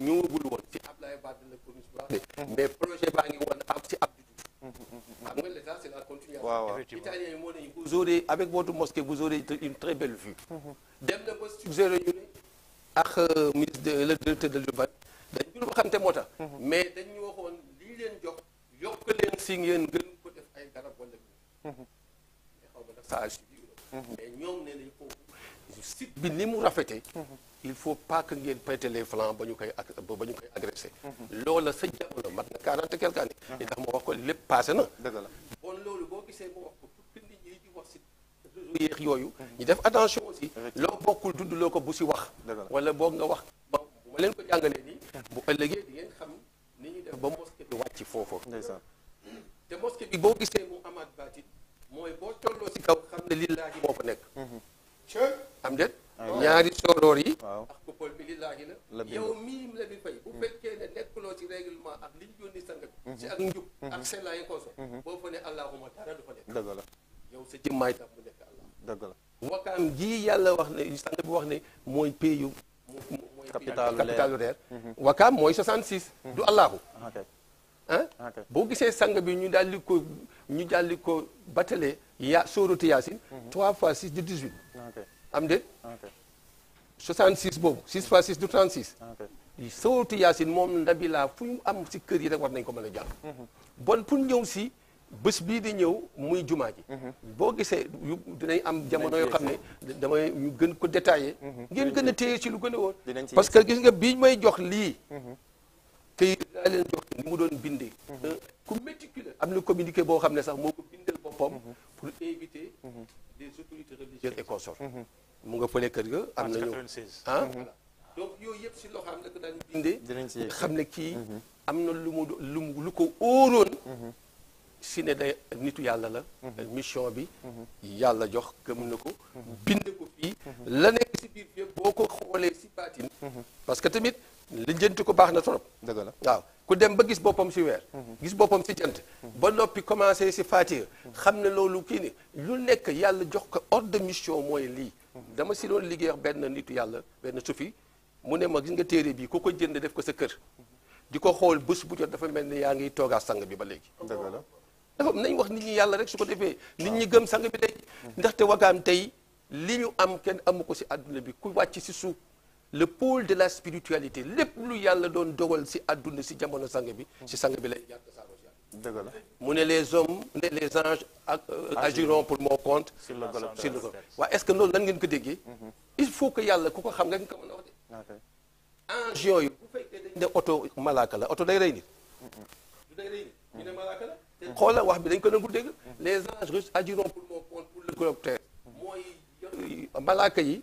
ñëwagul woon ci Ablaye Wade la commune bu baax mais projet baa ngi woon am ci Abdou Diouf mm-hmm. xam nga l'état c'est la continuation italien yi moo ne vous aurez avec votre mosquée vous aurez une très belle vue mm-hmm. dem na ba suggéré ñu ne ak euh, ministre de le directeur de l'urbanisme dañ ñu waxante moo tax mm-hmm. mais dañ ñu waxoon li leen jox yokk leen si ngeen gën ko def ay garab wala mais xaw ma nag ça a suivi mais ñoom ne nañ foofu site bi ni mu rafetee il faut pas que ngeen pété les flancs ba ñu koy ba ñu koy agressé. Mhm. loola sa jamono mat na 40 quelque année. ndax mhm. mo wax ko lepp passé na. deug la bon loolu bo gisee ma wax ko pour nit ñi di wax ci réseau yéex yooyu. Mhm. ñu def attention aussi. loo bokkul dudd loko bu ci wax. wala bok nga wax ma bu leen ko jangalé ni bu ëllëgee di ngeen xam ni ñi def ba mosquée bi fofu foofu. té mosquée bi bo gisee mu amaat baatit mooy boo tolloo si kaw xam ne lillaahi moo nek nekk. am déet. ñaari sóoróor yi. waaw ndax coupole bi lillaahi la. yow mii la di fay. bu mm-hmm. fekkee ne nekkuloo ci règlement ak liñ yónni sang bi. Mm-hmm. ci ak njub mm-hmm. ak sellaa kooso. boo fa ne allahuma dara du fa nekk. dëgg la yow sa jëmmaay tax mu nekk allah. dëgg la wakkaam gii yàlla wax ne sang bi wax ne mooy pays yu. mooy capitalu leer wakkaam mooy 66. du allahu. boo gisee sang bi ñu daal di ko ñu daal di ko batale ya sóoratu yaasin. 3 fois 6 di 18. am déet 66 boobu 6 fois 6 du 36 sawatu yaasin moom ndabi laa fu ñu am si kër yi rek war nañ ko mën a jàng mhm. bon pour ñëw si bés bii di ñëw muy jumaa ji mhm. boo gisee yu dinañ am jamono yoo xam ne damay ñu gën ko détaillé mhm. ngeen gën a téye ci lu gën a wóor parce que gis nga bii may jox lii këy daa leen jox ni mu doon bindee euh, ku méticuleux am na communiqué boo xam ne sax moo ko bindal boppam pour éviter des autorités religieuses et consorts. Mhm. mu nga fële kër ga. am nañu ah. Mhm. donc yooyu yëpp la ko daan si xam ne kii. Mhm. am na lu mu lu ko óoroon. si ne day nitu yàlla la. mission bi. yàlla jox gëm na ko. bind ko fii. la nekk si biir yëpp boo ko xoolee si baatin. parce que tamit lijjanti ko baax na trop. waaw. ku dem ba gis boppam si weer mhm. gis boppam si jant ba noppi commencé si faatiha xam ne loolu kii ni lu nekk yàlla jox ko ordre de mission mooy lii mhm. dama si doon liggéey benn nitu yàlla benn sufi mu ne ma gis nga téere bii ku ko jënd def ko sa kër di ko xool bés bu jot dafa mel ni yaa ngi toogaa sang bi ba léegi dëgg la dafa nañ wax nit ñi yàlla rek su ko defee nit ñi gëm sang bi léegi mhm. ndaxte wagaam tey li ñu am kenn amu ko si àdduna bi ku wàcc si suuf le pôle de la spiritualité lepp lu yalla don dogal ci aduna ci jamono sang bi ci sang bi lay jàpp sa dëgg la mu les hommes les anges euh, agiront pour mon compte sur le golop waaw est-ce que loolu lan ngeen ko déggee mhm. il faut que yalla ku ko xam nga nga ko mën a wax de ange yooyu bu fekké dañ auto malaka la auto day rey nit du day rey nit ñu malaka la te wax bi dañ ko nangu dégg les anges agiront pour mon compte pour le globe terrestre mooy malaaka yi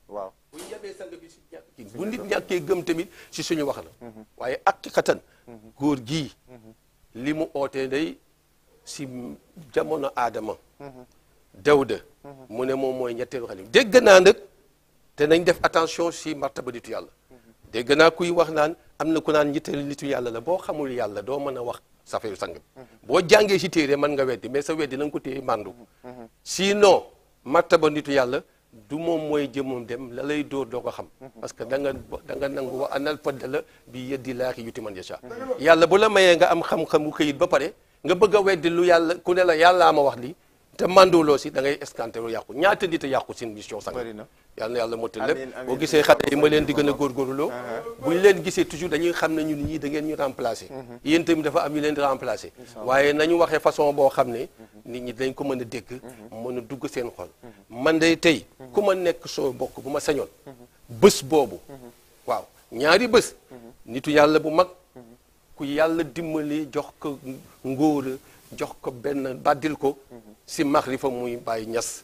waaw bu ñu yemee nit ñàkkee gëm tamit si suñu wax la mm-hmm. waaye ak katan mm-hmm. góor gi mm-hmm. li mu ootee day si jamono aadama dawda mu ne moom mooy ñetteelu xalif degg naa nag te nañ def attention si martaba nitu yàlla dégg naa kuy wax naan am na ku naan ñetteelu nitu yàlla la boo xamul yàlla doo mën a wax safeyu sang bi boo jàngee si téere mën nga weddi mais sa weddi na nga ko téye màndu sinon martaba nitu yàlla du moom mooy jëmum dem la lay dóor doo ko xam parce que da nga da nga nangu wa anal faddala bi yeddi laaxi yuti man yasha yàlla bu la mayee nga am xam-xamu këyit ba pare nga bëgg a weddi lu yàlla ku ne la yàllaa ma wax li te mandoloo si da ngay escanté lu yàqu ñaata nit a yàqu seen mission sang yàlla na yàlla motal lépp boo gisee xale yi ma leen di gën a góorgóorloo uh-huh. bu ñu leen gisee toujours dañuy xam ne ñun ñii da ngeen ñu remplacer uh-huh. yéen tamit dafa am ñu leen di remplacer waaye nañu waxee façon boo xam ne uh-huh. nit ñi dañ ko mën a dégg mën a dugg seen xol man de tey ku ma nekk soo bokk bu ma sañoon bës boobu waaw ñaari bës nitu yàlla bu mag ku yàlla dimbali jox ko ngóora jox ko benn bàddil ko si maxrifa muy bàyyi ñas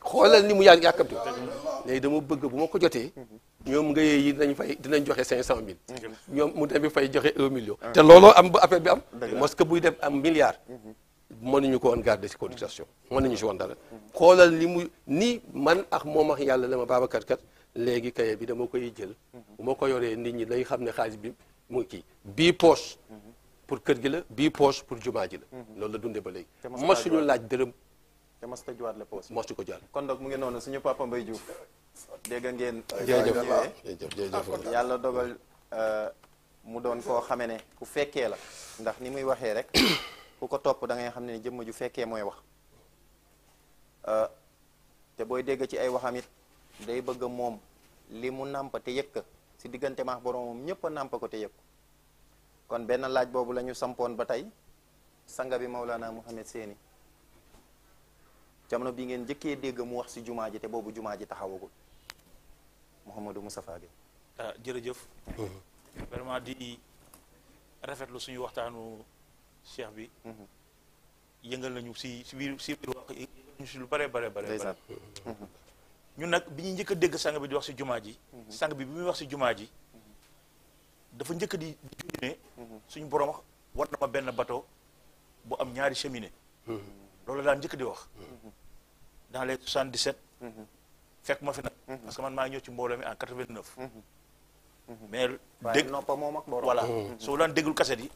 xoolal ni mu yàgg yàkkamti léegi dama bëgg bu ma ko jotee ñoom nga yee yi dinañ fay dinañ joxe cinq cent mille ñoom mu dem bi fay joxe un million ah. te looloo am ba affaire bi am parce que buy def am milliard mm-hmm. mënuñu ko woon garder si cotisation mënuñu si woon dara xoolal li mu ni man ak moom ak yàlla la ma Babacar kat léegi kaye bi dama koy jël mm-hmm. bu ma ko yoree nit ñi lay xam ne xaalis bi mu kii bii poche mm-hmm. pour kër gi la bii poche pour jumaa ji la loolu la dundee ba léegi masuñu laaj dërëm te mas ko juwaat la poos mos ko juwaat kon dok mu ngi noonu suñu papa Mbaye Diouf dégg ngeen jërëjëf jërëjëf yàlla dogal mu doon koo xame ne ku fekkee la ndax ni muy waxee rek <coughs> ku ko topp da ngay xam ne jëmm ju fekkee mooy wax eh, te booy dégg ci ay waxam it day bëgg moom li mu nàmpa te yëg ko si diggante maax boromam ñëpp ko te yëg kon benn laaj boobu la ñu sampoon ba tey sanga bi Maulana Mouhamed Séni jamono bi ngeen njëkkee dégg mu wax si jumaa ji te boobu jumaa ji taxawagul Mouhamadou Moustapha Gueye ah jërëjëf vraiment di rafetlu suñu waxtaanu cheikh bi mhm. yëngal nañu si si biir si biir ñu lu bare bare bare mhm. ñun nag bi ñuy njëkk dégg sang bi di wax si jumaa ji mhm. sang bi bi muy wax si jumaa ji dafa njëkk di ne suñu borom war na ma benn bateau bu am ñaari cheminée loolu daan njëkk di wax dans les 77 fekk ma fi nag parce que man maa ñëw ci mbooloo mi en 89 mais mm-hmm. mm-hmm. dégg noppa moom ak borom voilà mm-hmm. soo daan déggul kaset yi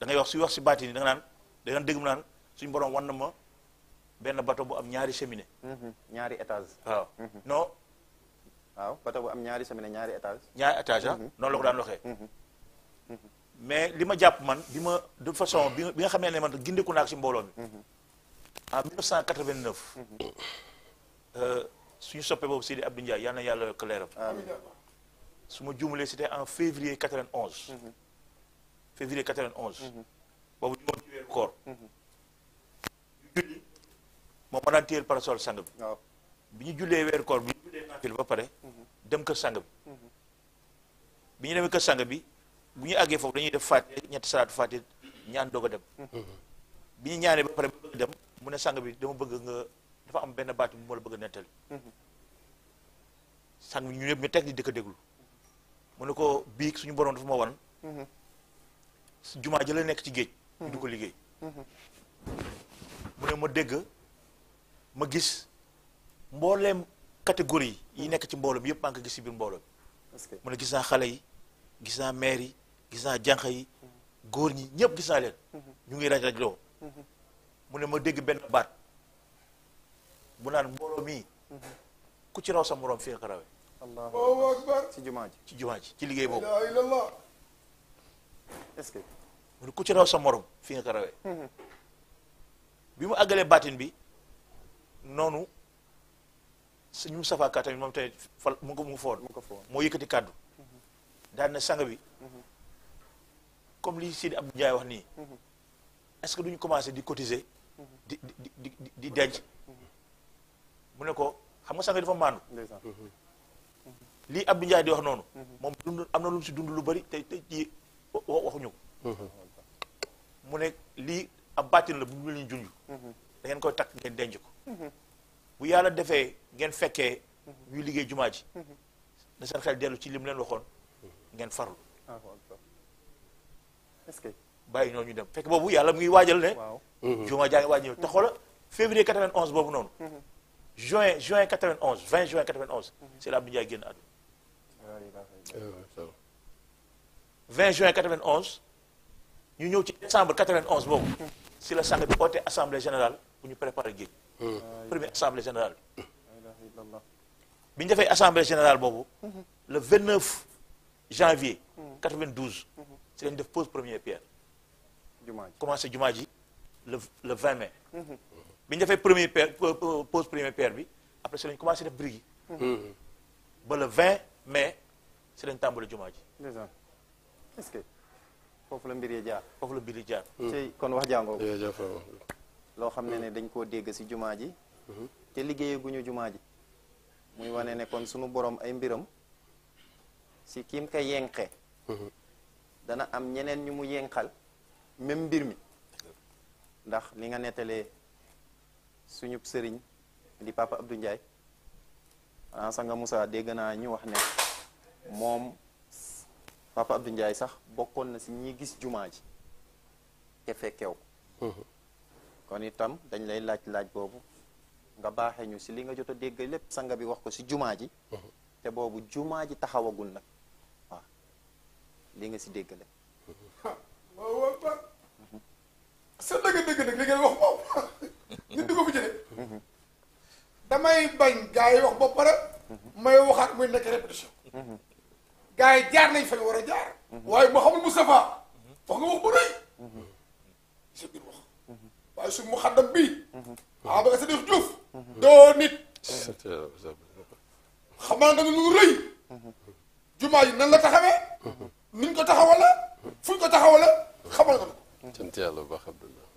da ngay wax suy wax si baatin yi da nga naan da nga dégg mu naan suñu borom wan na ma benn bateau bu am ñaari cheminée ñaari étage waaw non waaw bateau bu am ñaari cheminée ñaari étage ñaari étage ah noonu la ko daan waxee mais li ma man bi de façon bi nga xamee ne man gindeeku naa ak si mi en 1989. Euh, suñu soppe boobu Sidi Abdou Ndiaye yal na yàlla yokk leeram. su ma juumalee c'était en février 91. Mhm. février 91. Mhm. boobu ñu woon ci weeru koor. Mhm. ñu moom daan téyel parasol sang bi. bi ñu jullee weeru koor bi ñu jullee naafil ba pare. dem kër sang bi. bi ñu demee kër sang bi bu ñu àggee foofu dañuy def fàtte ñetti salaatu fàtte ñaan doog a dem. bi ñu ñaanee ba pare ba bëgg dem. mu ne sang bi dama bëgg nga dafa am benn baat bu ma la bëgg a nettali mhm. sang bi ñu ñëpp ñu teg di dëkk déglu mu ne ko biig suñu borom dafa ma wan mhm. jumaa ji la nekk ci géej ñu du ko mhm. liggéey mu ne ma dégg ma gis mbooleem catégorie yi nekk ci mbooloo mi yëpp maa gis si biir mbooloo mi mu ne gis naa xale yi gis naa maire yi gis naa jànq yi góor ñi ñëpp gis naa leen ñu ngi raj raj loo mu ne ma dégg benn baat bu naan mbooloo mii ku ci raw sa moroom fee ko rawee allahu ji ci jumaa ji ci liggéey boobu ci raw sa moroom fi nga ko rawee hmm, hmm. bi mu àggalee baatin bi noonu suñu Moustapha Ka tamit moom tamit fal mu ko foon moo yëkkati kàddu hmm, daan na bi comme li Sidi Abdou Ndiaye wax nii est-ce que duñu commencé di cotiser di di di di denc mu ne ko xam nga sànq dafa maandu lii ab Abdou Ndiaye di wax noonu moom dund am na lu mu si dund lu bari te te ci waxuñu ko mu ne lii ab bàttin la bu ñu leen junj da ngeen koy takk ngeen denc ko bu yàlla defee ngeen fekkee ñuy liggéey jumaa ji na seen xel dellu ci li mu leen waxoon ngeen farlu ah, bay ñoo ñu dem fekk boobu ne. Mhm. février 91 boobu noonu. Mhm. juin juin 91 20 juin 91. c'est la bidia générale. 20 juin 91 ñu sommes ci décembre 91 C'est si la sànq bi oote assemblée générale pour ñu préparer géej. Mhm. premier assemblée générale bi. bi assemblée générale le 29 janvier. 92. c'est la def première pierre. commencé jumaa ji le le 20 mai. Mhm. Mhm. bi ñu defee premier pierre pose premier pierre bi après si lañ commencé def briques yi. Mhm. ba le 20 mai si lañ tàmbali jumaa ji. est-ce que foofu la mbir yi jaar. foofu la mbir jaar. ci kon wax jàngoo loo xam ne ne dañ koo dégg si jumaa ji. te liggéeyaguñu jumaa ji. muy wane ne kon sunu borom ay mbiram si kiim ka yenqe. dana am ñeneen ñu mu yenqal. même mbir mi ndax li nga nettalee suñu sëriñ di papa Abdou Ndiaye xanaa ah, sanga Moussa dégg naa ñu wax ne moom papa Abdou sax bokkoon na si ñi gis jumaa ji te fekkew mhm. kon itam dañ lay laaj laaj boobu nga baaxee ñu si li nga jot a dégg lépp sanga bi wax ko si jumaa ji mhm. te boobu jumaa ji taxawagul nag waaw li nga si dégg lépp sa dëgg dëgg dëgg li ngeen wax moom nit di ko fi jëlee damay bañ gars yi wax ba pare may waxaat muy nekk répétition gars yi jaar nañ fa ñu war a jaar waaye Mouhamadou Moustapha wax nga wax bu rëy sa biir wax waaye su mu xaddam bii waaw ba nga sa def Diouf doo nit xamal nga nu lu rëy jumaa yi nan la taxawee nuñ ko taxawala fuñ ko taxawala xamal nga nu ko sant yàlla bu baax Abdoulaye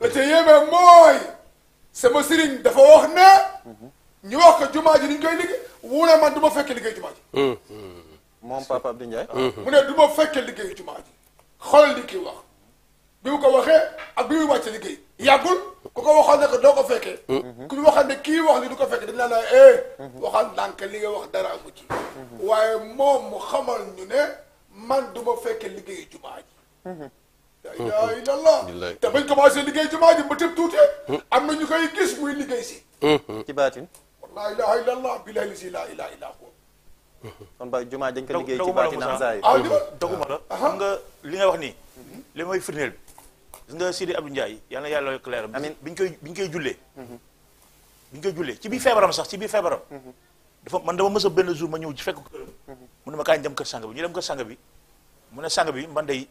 la ca mooy sama sëriñ dafa wax ne. ñu wax ko jumaa ji ni koy liggéey wu ne man du ma fekkee liggéey jumaa ji. moom papa Abdou Ndiaye. mu ne du fekkee liggéey jumaa xool li kii wax bi mu ko waxee ak bi muy wàcce liggéey yàggul ku ko waxoon ne ko doo ko fekkee. ku ñu waxoon ne kii wax li du ko fekkee dañ naan eh. waxal ndànk li nga wax dara amu ci. waaye moom mu xamal ñu ne man du ma fekkee liggéey jumaa ji. la ilaha illallah mm-hmm. Mm-hmm. te bañ commencé liggéey jumaa ji ba tëb tuuti mm-hmm. am na ñu koy gis muy liggéey si ci baatin la ilaha illallah bi lay si la ilaha illa huwa kon ba jumaa dañ ko liggéey ci baatin ak zaahir ah doguma la ah, xam nga li nga wax nii li mooy firndeel bi gis nga Sidi Abdou Ndiaye yal na yàlla yokk leeram amiin biñ koy biñ koy jullee biñ koy jullee ci biir feebaram sax ci biir feebaram dafa man dama mës a benn jour ma ñëw ci fekk këram mu ne ma kaay dem kër sang bi ñu dem kër sang bi mu ne sang bi man day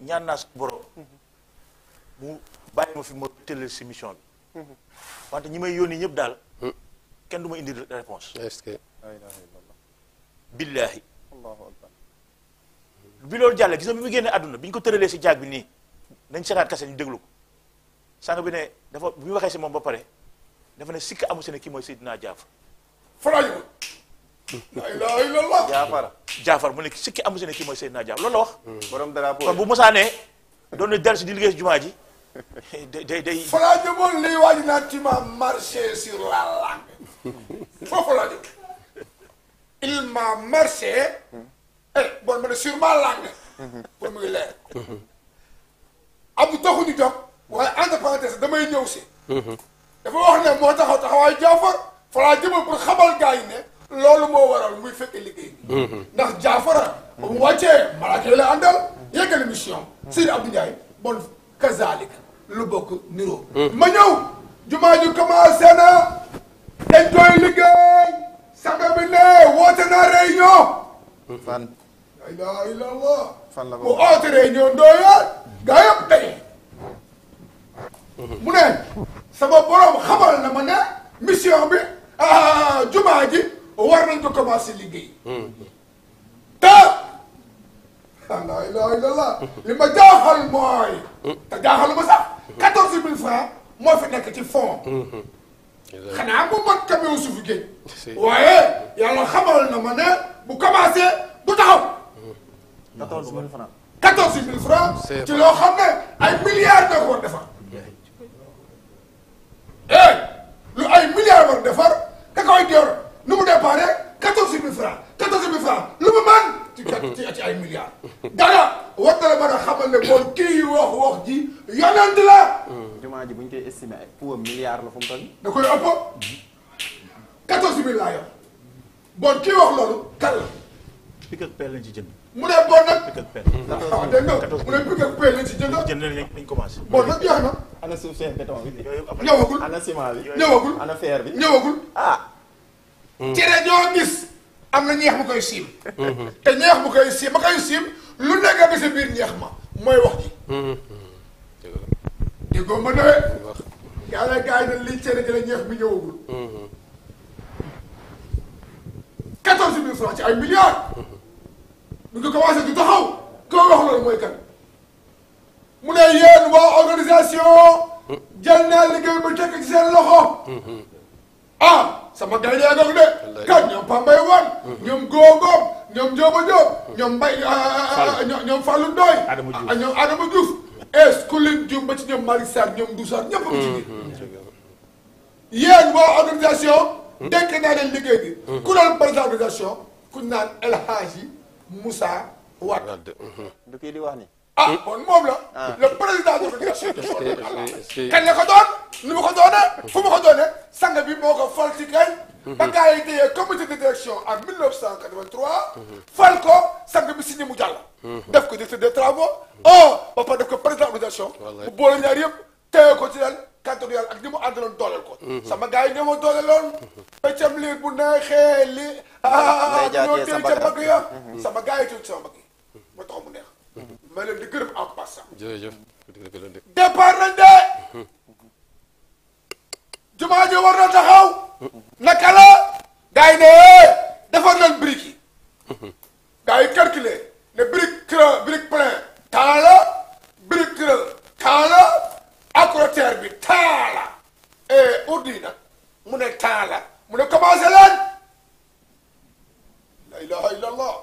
ñaan naa borom. mu bàyyi ma fi mu tëleel si mission bi. wante ñi may yónni ñëpp daal. kenn du ma indi réponse est que. billaahi. bi loolu jàllee gis na bi mu génnee àdduna bi ñu ko tëralee si jaag bi nii nañ seetaan kase ñu déglu ko sànq bi ne dafa bi mu waxee si moom ba pare dafa ne sikk amu si ne kii mooy Seydina Jaafar. jaafar jaafar mu ne sikki amu si ne Jaafar loolu la wax. borom drapeau kon musaanee doon na dellu si di liggéey jumaa ji day day. fa laa jëmoon lii waa ji marché sur la langue foofu laa jóg il marché. eh bon sur ma pour mu leer. Abdou taxu ñu jóg waaye entre parenthèses damay ñëw si. Mhm. dafa wax ne moo taxaw taxawaayu jaafar fa laa pour xamal gars ne. loolu moo waral muy fekk liggéey mhm. ndax jaafara bu wàccee malaaka yi la àndal yeggali mission mhm. Sidi Abdou Ndiaye bon kazalik lu bokk niroo mhm. ma ñëw jumaa ju commencé na dañ koy liggéey sanga ne woote naa réunion fan la allah fan la bu oote réunion ndooyaat mu ne sama borom xamal ma ne mission ah, jumaa ji وهو من دوكم هاسي اللي جاي تا لا اله الا الله لما داخل ماي تداخل مسا 14 مليون فرا ما في نك تي فون خنا عم بمك كم يوسف جاي وايه يلا خبر لنا منا بو كماسي بو تاو 14 مليون فرا 14 مليون فرا تي لو خمنا اي مليار دولار دفع ايه لو اي مليار دفع كاكو يدير nu mu déparé quatorze mille francs quatorze mille francs lu mu mën ci ci ci ay milliards dara war na la mën a xamal ne kon kii wax wax ji yonent la jumaa ji bu ñu koy estimé ay pour milliard la fu mu toll da koy ëpp quatorze mille laa yor bon kii wax loolu kan la pique ak pelle lañ ci jënd mu ne bon nag pique ak pelle mu ne pique ak pelle lañ ci jënd jënd nañ commencé bon nag jeex na ana suuf seen béton bi ñëwagul ana ciment bi ñëwagul ana fer bi ñëwagul ah cere joo gis am na ñeex bu koy siim te ñeex bu koy siim ba koy siim lu nekk nga sa biir ñeex ma mooy wax ji déggoo ma dawee yàlla gaay na li cere jële ñeex bi ñëwagul quatorze mille francs ci ay milliards ñu ngi commencé du taxaw koo wax loolu mooy kan mu ne yéen waa organisation jël naa liggéey ba tekk ci seen loxo ah sama gaynde yaa ngi de. kan ñoom Pambay woon. ñoom Góob ñoom Njóoba Jóob. ñoom Mbay ñoom ah, ah, ah, a Ndoye. Adama Diouf ñoom Adama Diouf. est eh, jum ba ci ñoom Malick Sarr ñoom Doussard ñëpp a ci mm-hmm. yéen waa organisation. Mm-hmm. dénk naa leen liggéey bi. Mm-hmm. ku doon organisation ku naan El Hadji Moussa Wade. wax ni. ah kon moom la. Ah. le président de fédération de football de Kaolack. kañ la ko doon nu mu ko doonee. fu mu ko doonee sang bi moo ko fal ci kañ. Mhm. ba gars de direction en 1983. ko sang bi signé mu jàll. Mhm. def ko directeur def ko président bu boole ñaar yëpp téye ko ci daal kàttanu yàlla ak ni mu àndaloon ko. Mhm. sama gars yi ñoo ma dooleeloon. bëccëg lii bu neexee lii. ah ah ah ñoo téye ca mu neex. ma leen di gërëm en passant. jërëjëf départ nañ de. jumaa ji war na taxaw. naka yi ne eh, defar nañ brique yi. gars yi calculé ne brique creux brique plein temps la brique creux temps la acrotère bi temps la eh, mu ne temps la mu ne commencé leen. la ilaha illallah.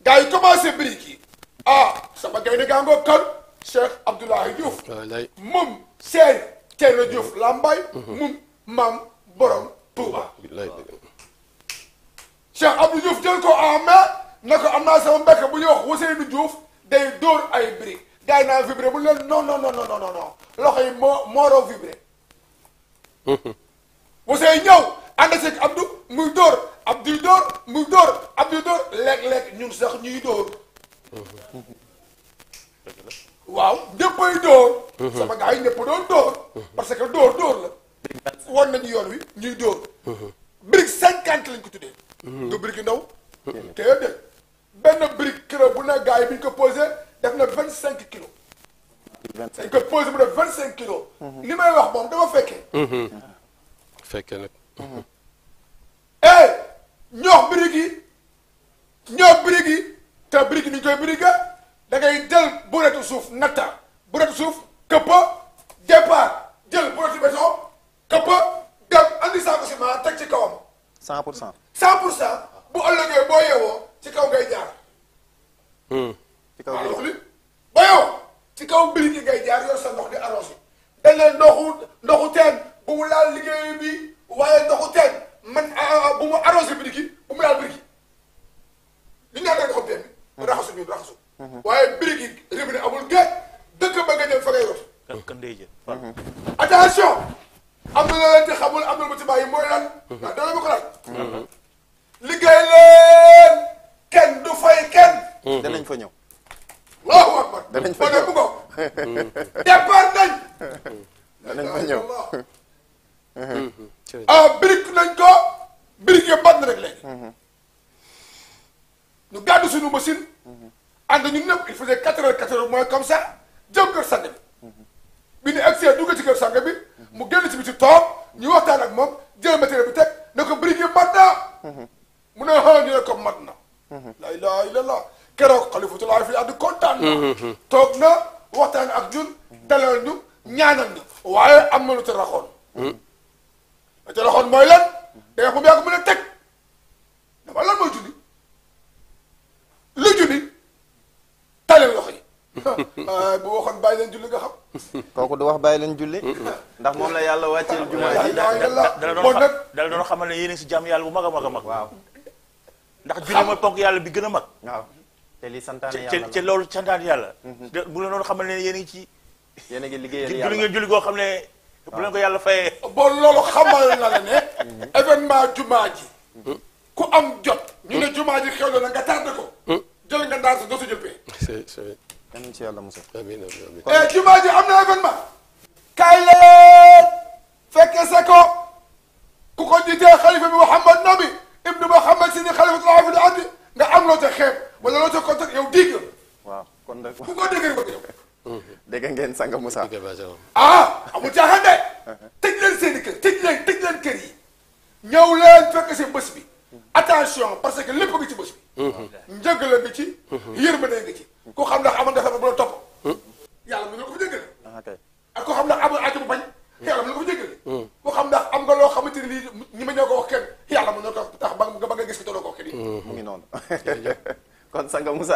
gars yi commencé brique ah sama gaynde gaa ngoo kan Cheikh Abdoulaye Diouf moom seen Thierno Diouf Lambaye moom maam borom Touba Cheikh Abdou Diouf jël ko en main na ko am naa sama mbekk bu ñuy wax Ousseynou Diouf day dóor ay briques gars yi naa vibré mu leen non non non non non moo mooroo vibré <laughs> Ousseynou ñëw ànd ak Abdou muy dóor Abdou dóor muy dóor Abdou dóor léeg-léeg ñun sax ñuy dóor waaw ñëppay dóor. sama gars yi ñëpp doon dóor. parce que dóor dóor la. woon nañu yoon wi ñuy dóor. brique cinquante lañ ko tuddee. du brique ndaw. te yow de benn brique kilo bu na gars yi bi ñu ko posé def na vingt cinq kilos. dañ ko posé mu def vingt cinq kilos. li may wax moom dama fekkee. fekkee nag. eh yi ñoox brique yi. te brique ni ñu koy brique da ngay jël buretu suuf natta buretu suuf këppa départ jël buretu béton këppa dem andi saako ciment teg ci kawam. 100 pour cent. 100 pour cent bu ëllëgee boo yeewoo ci kaw ngay jaar. ci kaw ndox li ba yow ci kaw brique yi ngay jaar yor sa ndox di arrosé dañ leen ndoxu ndoxu teen bu mu laal liggéey bi waaye ndoxu teen man bu mu arrosé brique yi bu mu laal brique yi li ñu naan rek ndoxu teen bi. raxasu ñun raxasu waaye birig yi robinet amul géej dëkk ba nga jël fa ngay rot kan day jël attention mhm. am na la ci xamul am na ma ci bàyyi mooy lan ndax dana ma mhm. ko laaj liggéey leen kenn du fay kenn mhm. danañ fa ñëw allahu akbar danañ fa ñëw bu départ nañ danañ fa ñëw ah birig nañ ko birig yi band rek léegi ñu gàddu suñu machine. ànd ñun ñëpp il faisait quatre heures quatre heures mooy comme ça jëm kër bi. bi ñu egg dugg ci kër sang bi. mu génn ci bi ci toog ñu waxtaan ak moom jël matériel bi teg ne ko brique yi mat na. mu ne ah ñu ko mat na. la ilaha illallah keroog xalifatul aarifiin fi ànd kontaan na. toog na waxtaan ak ñun. dalal ñu ñaanal ñu. waaye am na lu ci raxoon. lu ci raxoon mooy lan. da ko mu ne teg dama lan mooy julli. bu waxoon bàyyi leen julli nga xam. kooku du wax bàyyi leen julli. ndax moom la yàlla wàcceel jumaa ji. dala doon xam dala doon xam ne yéen a si jàmm yàlla bu mag a mag a mag. waaw ndax julli mooy ponk yàlla bi gën a mag. waaw te li santaane yàlla te loolu santaane yàlla. bu la doon xamal ne yéen a ngi ci. yéen a ngi liggéeyal yàlla julli ngeen julli xam ne. bu leen ko yàlla fayee. bon loolu xamal na la ne. événement jumaa ji. ku am jot. ñu ne jumaa ji xew na nga tardé ko. jël nga ndaar sa doo sa kenn ci yàlla musal. amiin amiin amiin. Eh, jumaa ji am na événement. kaay leen fekke sa ko ku ko jiitee xalifa bi Mouhamad Nabi ibnu Mouhamad si ni xalifatul aafidu ardi nga am loo ca xeeb wala loo ca kontak yow dégg. waaw kon nag ku ko dégg ko <laughs> yow. dégg ngeen sanga Moussa. ah amul caaxaan de.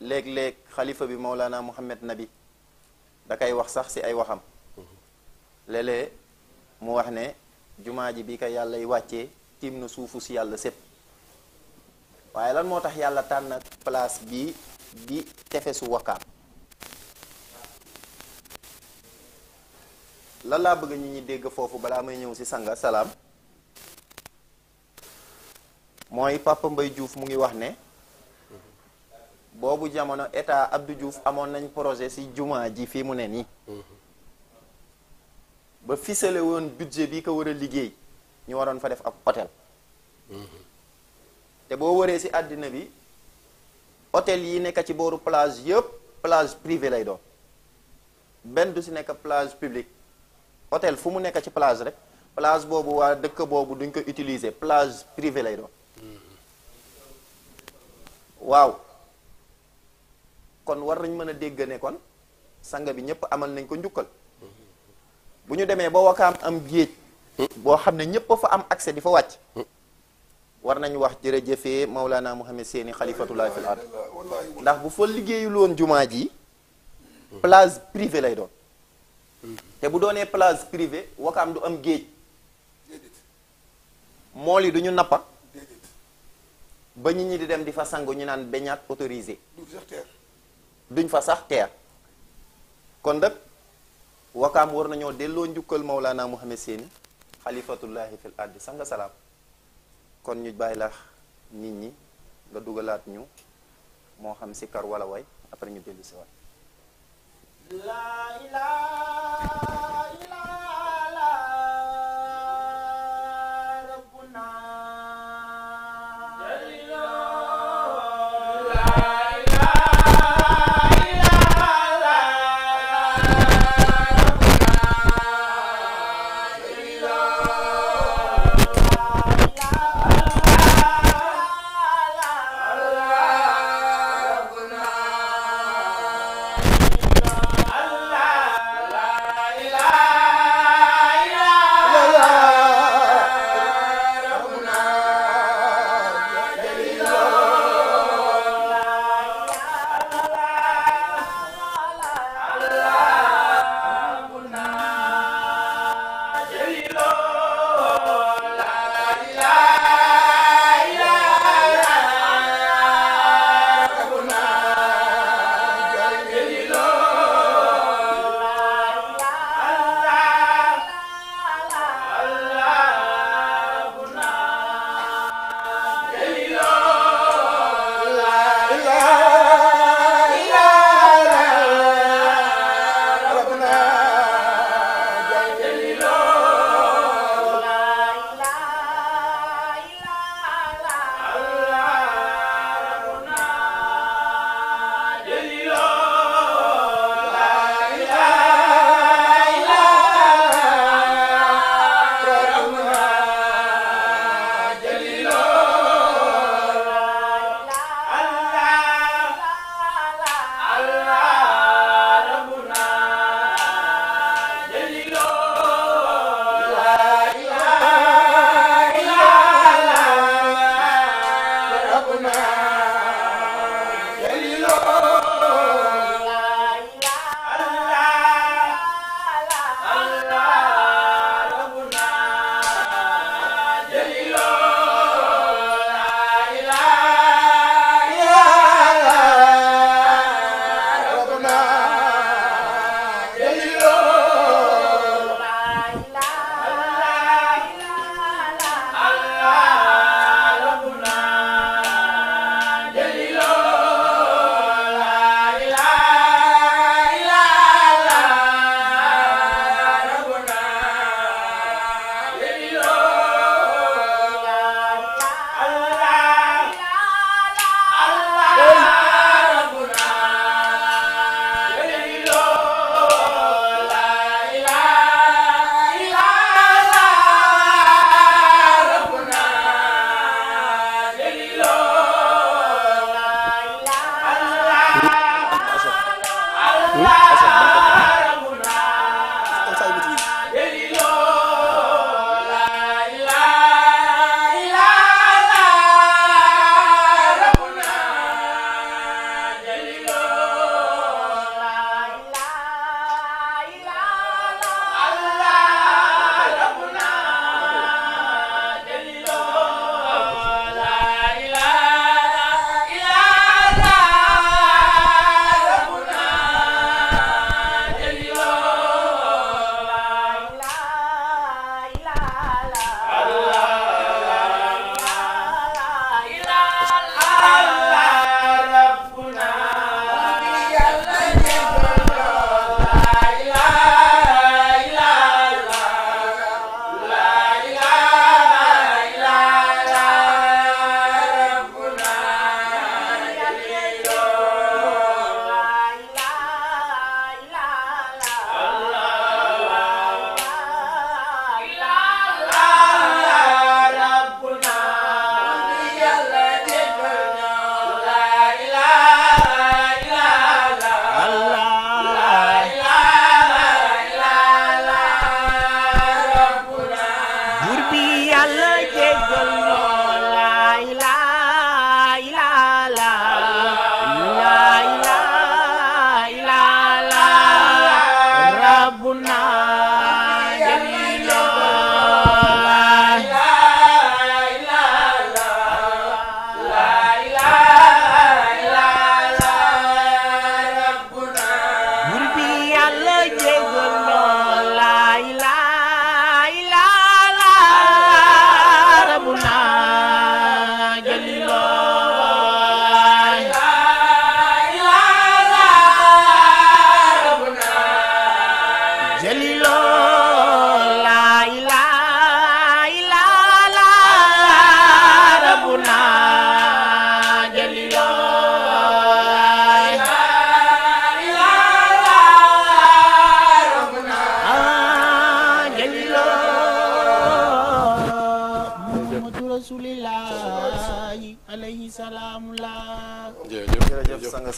léeg-léeg khalifa bi Maulana Muhammad Nabi da koy wax sax si ay waxam lele léeg mu wax ne jumaa ji bi ko yàllay wàccee tiim na suufu si bi lan place di tefesu wakam. lan laa bëgg dege ñi dégg foofu balaa may ñëw si sanga salaam Papa Mbaye Diouf mu ngi wax ne boobu jamono état Abdou Diouf amoon nañ projet si jumaa ji fii mu ne nii. ba ficelé woon budget bi ko war a liggéey ñu waroon fa def ab hôtel. te boo waree si àddina bi hôtel yi nekk ci booru plage yëpp plage privée lay doon benn du si nekk plage publique hôtel fu mu nekk ci plage rek plage boobu waa dëkk boobu duñ ko utiliser plage privée lay doon. Mm-hmm. waaw. kon war nañ mën a dégg ne kon sanga bi ñëpp amal nañ ko njukkal bu ñu demee ba wakaam am géej boo xam ne ñëpp fa am accès di fa wàcc war nañu wax jërëjëfee Maulana Mouhamed Séni xalifatullah fil ard ndax bu fa liggéeyul woon jumaa ji plage privée lay doon te bu doonee plage privée wakaam du am géej mool yi duñu ñu nappa ba nit ñi di dem di fa sangu ñu naan beñaat autorisé duñ fa sax teer kon nag wakaam war nañoo delloo njukkal laa naa Maulana Mouhamed Séni xalifatullahi fil ardi sanga salaam kon ñu bàyyi la nit ñi nga dugalaat ñu moo xam si kar wala way après ñu dellu si waat.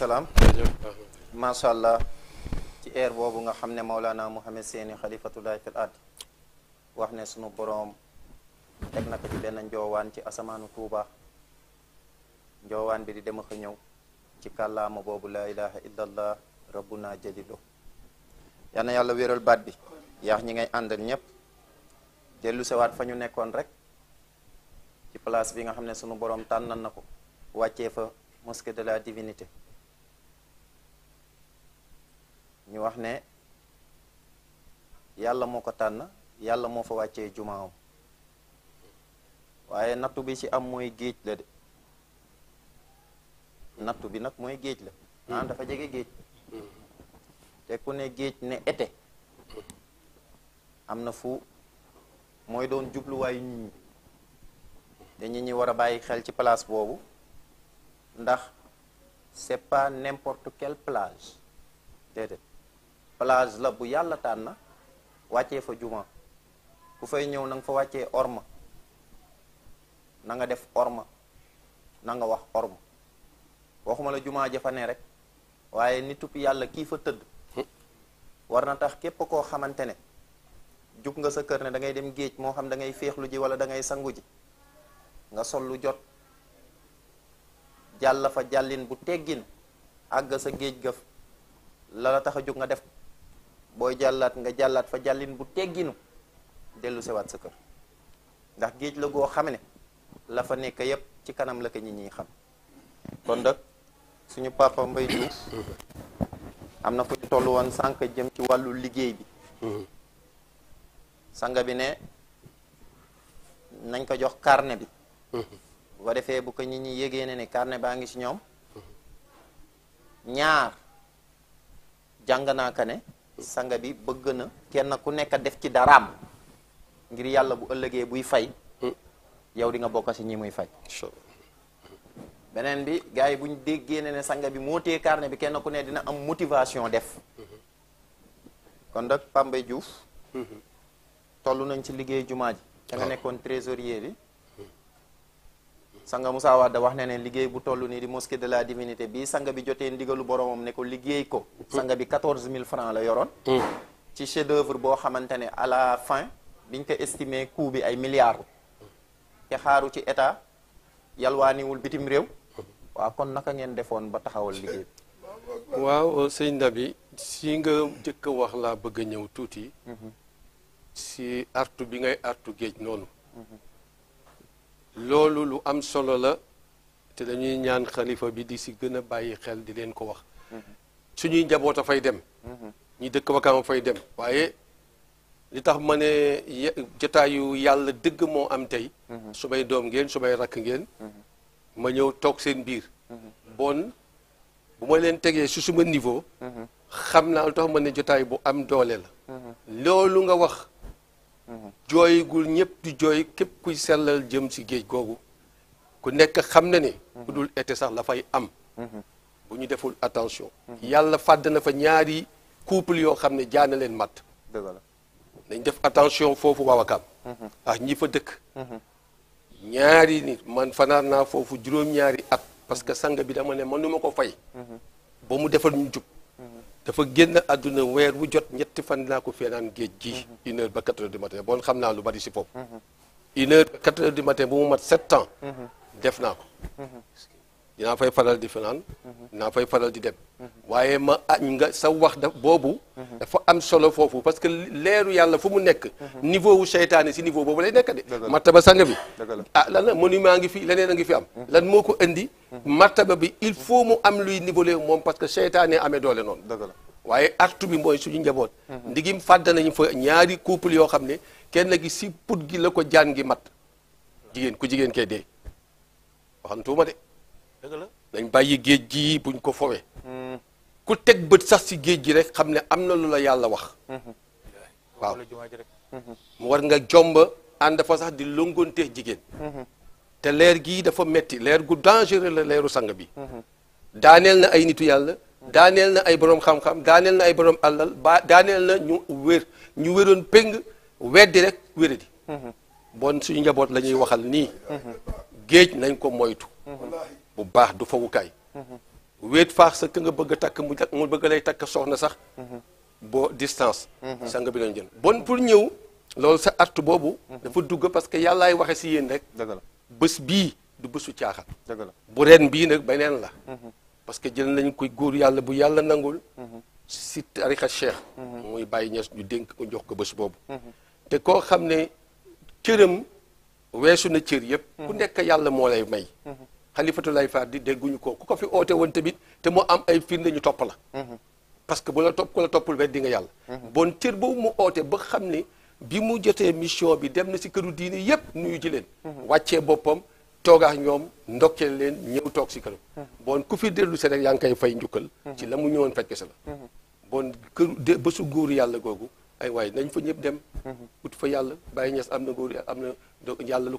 salaam allah ci air boobu nga xam ne laa Maulana Mouhamed Seyni xalifatullahi fil ard wax ne sunu boroom teg na ko ci benn njoowaan ci asamaanu Tuuba njoowaan bi di dem ak ñëw ci kàllaama boobu laa ilaha illa allah rabbuna jalilu yal na yàlla wéral baat bi yaax ñi ngay àndal ñépp dellu sewaat fa ñu nekkoon rek ci place bi nga xam ne sunu boroom tànnal na ko wàccee fa mosquée de la divinité ñu wax ne yàlla moo ko tànn yàlla moo fa wàccee jumaam waaye nattu bi ci am mooy géej la de nattu bi nag mooy géej la naan dafa jege géej te ku ne géej ne été am na fu mooy doon jubluwaayu nit ñi te nit ñi war a bàyyi xel ci place boobu ndax c'est pas n'importe quelle plage place la bu yàlla tànn wàccee fa juma ku fay ñëw fa wàccee orma nanga def orma nanga wax orma waxuma la juma jafa ne rek waaye ni tupp yàlla fa tëdd war na tax képp koo xamante ne jug nga sa kër ne da ngay dem géej moo xam da ngay féexlu ji wala da ngay sangu ji nga sol lu jot jàll fa jàllin bu teggin àgg sa géej gëf la la tax a nga def booy jàllaat nga jàllaat fa jàllin bu tegginu dellu sewaat sa kër ndax géej la goo xam ne la fa nekk yépp ci kanam la ko ñi ñuy xam kon nag suñu papa Mbay Juuf am na fu ñu toll woon sànq jëm ci wàllu liggéey bi sanga bi ne nañ ko jox karne bi bu defee bu ko ñi ñi yégee ne ne carnet baa ngi ci ñoom ñaar jàng naa ka ne sanga bi bëgg na kenn ku nekk def ci daraam ngir yàlla bu ëllëgee buy fay hmm. yow di nga bokk si ñi muy fay beneen bi gars yi bu ñu déggee ne ne sanga bi moo tee carnet bi kenn ku ne dina am motivation def hmm. kon nag Pambay juuf hmm. toll nañ ci liggéey jumaa ji da nekkoon trésorier bi sanga Moussa Wade wax na ne liggéey bu toll ni di mosquée de la divinité bi sanga bi jotee ndigalu boromam ne ko liggéey ko mhm. sanga bi 14000 francs la yoroon mhm. ci chef d'oeuvre boo xamante ne à la fin biñ ko estimé coût bi ay milliards te xaaru ci état yalwaaniwul bitim réew mhm. waaw kon naka ngeen defoon ba taxawal liggéey bi <laughs> waaw sëñ Ndabi si nga njëkk a wax laa bëgg a ñëw tuuti si artu bi ngay artu géej noonu loolu lu am solo la te dañuy ñaan xalifa bi di si gën a bàyyi xel di leen ko wax suñuy njaboot a fay dem ñi dëkk wakaam a fay dem waaye li tax ma ne jotaayu yàlla dëgg moo am tey su may doom ngeen su may rakk ngeen ma ñëw toog seen biir bon bu ma leen tegee su suma niveau xam naa lu tax ma ne jotaay bu am doole la loolu nga wax jooygul ñëpp di jooy képp kuy sellal jëm ci géej googu ku nekk xam na ne bu dul été sax la fay am bu ñu deful attention yàlla fàdd na fa ñaari couple yoo xam ne jaana leen matt nañ def attention foofu waawakaam mhm. ah ñi fa dëkk mhm. ñaari nit man fanaan naa foofu juróom-ñaari at parce que sang bi dama ne mënuma ko fay mhm. ba mu defal ñu jub dafa génn àdduna weer wu jot ñetti fan laa ko feenaan géej gi. Mhm. une heure ba quatre heures du matin bon xam naa lu bari si foofu. Mhm. une heure ba quatre heures du matin bu mu mat sept ans. Mhm. def naa ko. dinaa fay faral di fanaan dinaa fay faral di dem waaye ma añ nga sa wax da boobu dafa am solo foofu parce que leeru yàlla fu mu nekk niveau wu seytaane si niveau boobu lay nekk de martaba sanga bi ah lan la monument ngi fi leneen a ngi fi am mhm. lan moo ko indi martaba bi il faut mu am luy nivelé moom parce que seytaane amee doole noonu waaye artu bi mooy suñu njaboot mhm. ndigim fàdd nañu fa ñaari couple yoo xam ne kenn gi si put gi la ko jaan gi mat jigéen ku jigéen kee dee waxantuma de dëgg la dañ bàyyi géej gi buñ ko fowe ku teg bët sax si géej gi rek xam ne am na lu la yàlla wax waaw mu war nga jomba ànd fa sax di longonte jigéen te leer gi dafa metti leer gu dangereux la leeru sang bi daaneel na ay nitu yàlla daaneel na ay borom xam-xam daaneel na ay boroom àllal ba daaneel na ñu wér ñu wéroon péng weddi rek wéradi hmm. bon suñu njaboot la ñuy waxal nii géej nañ ko moytu hmm. bu baax du fawukaay wéet faax sa ka nga bëgg a takk mu mu bëgg lay takk soxna sax boo distance sanga bi lañu jël bon pour ñëw loolu sa artu boobu dafa dugg parce que yàllaay waxe si yéen rek dëgg la bii du bësu caaxaan dëgg la bu ren bii nag beneen la mhm. parce que jël nañ koy góor yàlla bu yàlla nangul mhm. si a cheikh mhm. muy bàyyi ñes ñu dénk ko jox ko bés boobu te koo xam ne cëram weesu na cër yëpp ku nekk yàlla moo lay may xalifatulaay faat di dégguñu ko ku ko fi oote woon tamit te mu am ay firnde ñu topp la mhm. parce que bu la topp ku la toppul weddi nga yàlla mhm. bon cër boobu mu oote ba xam ne bi mu jotee mission bi dem na si këru diine yépp nuyu ji leen mhm. wàccee boppam toogaax ñoom ndokkee leen ñëw toog si këram bon ku fi dellu si rek yaa ngi koy fay njukkal ci la mu ñëwoon fekk si la bon këru de bésu góor yàlla googu ay waaye nañ fa ñëpp dem ut fa yàlla bàyyi ñes am na góor yàlla lu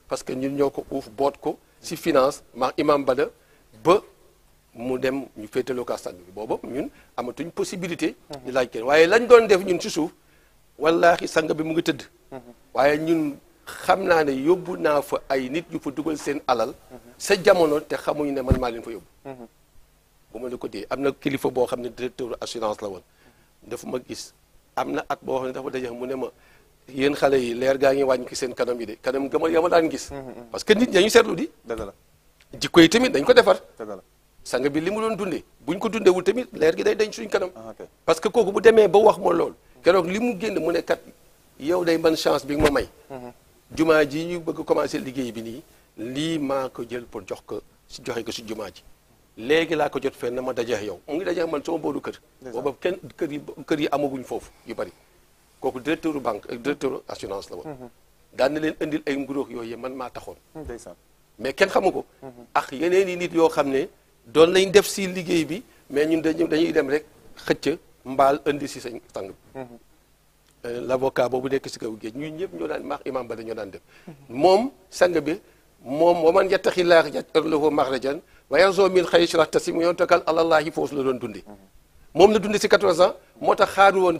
parce que ñun ñoo ko uuf boot ko si finance ma imam Bada ba mu dem ñu féetaloo ko askan bi booba ñun amatuñ possibilité. ñu laaj kenn waaye lañ doon def ñun si suuf wallaahi sang bi mu ngi tëdd. waaye ñun xam naa ne yóbbu naa fa ay nit ñu fa dugal seen alal. sa jamono te xamuñu ne man maa leen fa yóbbu. bu ma la ko dee am na kilifa boo xam ne directeur assurance la woon. dafa ma gis am na at boo xam ne dafa daje mu ne ma. yéen xale yi leer gaa ngi wàññi ki seen kanam yi de kanam gëma yama daan gis mm-hmm, mm-hmm. parce que nit dañu seetlu di dëgg la jikko yi tamit dañ ko defar dëgg la sang bi li mu doon dundee buñ ko dundewul tamit leer gi day dañ suñ kanam ah, parce que kooku bu demee ba wax ma lool keroog li mu génn mu ne kat yow day man chance bi nga ma may mm-hmm. jumaa ji ñu bëgg commencé liggéey bi nii lii maa ko jël pour jox ko si joxe ko si jumaa ji léegi laa ko jot fenn ma dajeex yow mu ngi dajeex man sama booru kër booba kenn kër yi kër yi amaguñ foofu yu bari kooku directeur banque ak directeur assurance la woon. Mhm. daan na leen indil ay mburoog yooyu man maa taxoon. Hmm, ndeysaan mais kenn xamu ko. Mhm. ak yeneen i nit yoo xam ne doon lañ def si liggéey bi mais ñun dañuy dañuy dem rek xëcc mbaal indi si sañ sang bi. Mhm. Euh, l' avocat boobu nekk si kaw géej ñun ñëpp ñoo daan maax imam ba dañoo daan def. moom sang bi moom waman yattaxi laaha yaj'al lahu maxrajan wa yarzuqhu min haysu laa yahtasib mu yoon takal alallaahi foofu la doon dundee. moom la dundee si 14 ans moo tax xaaru woon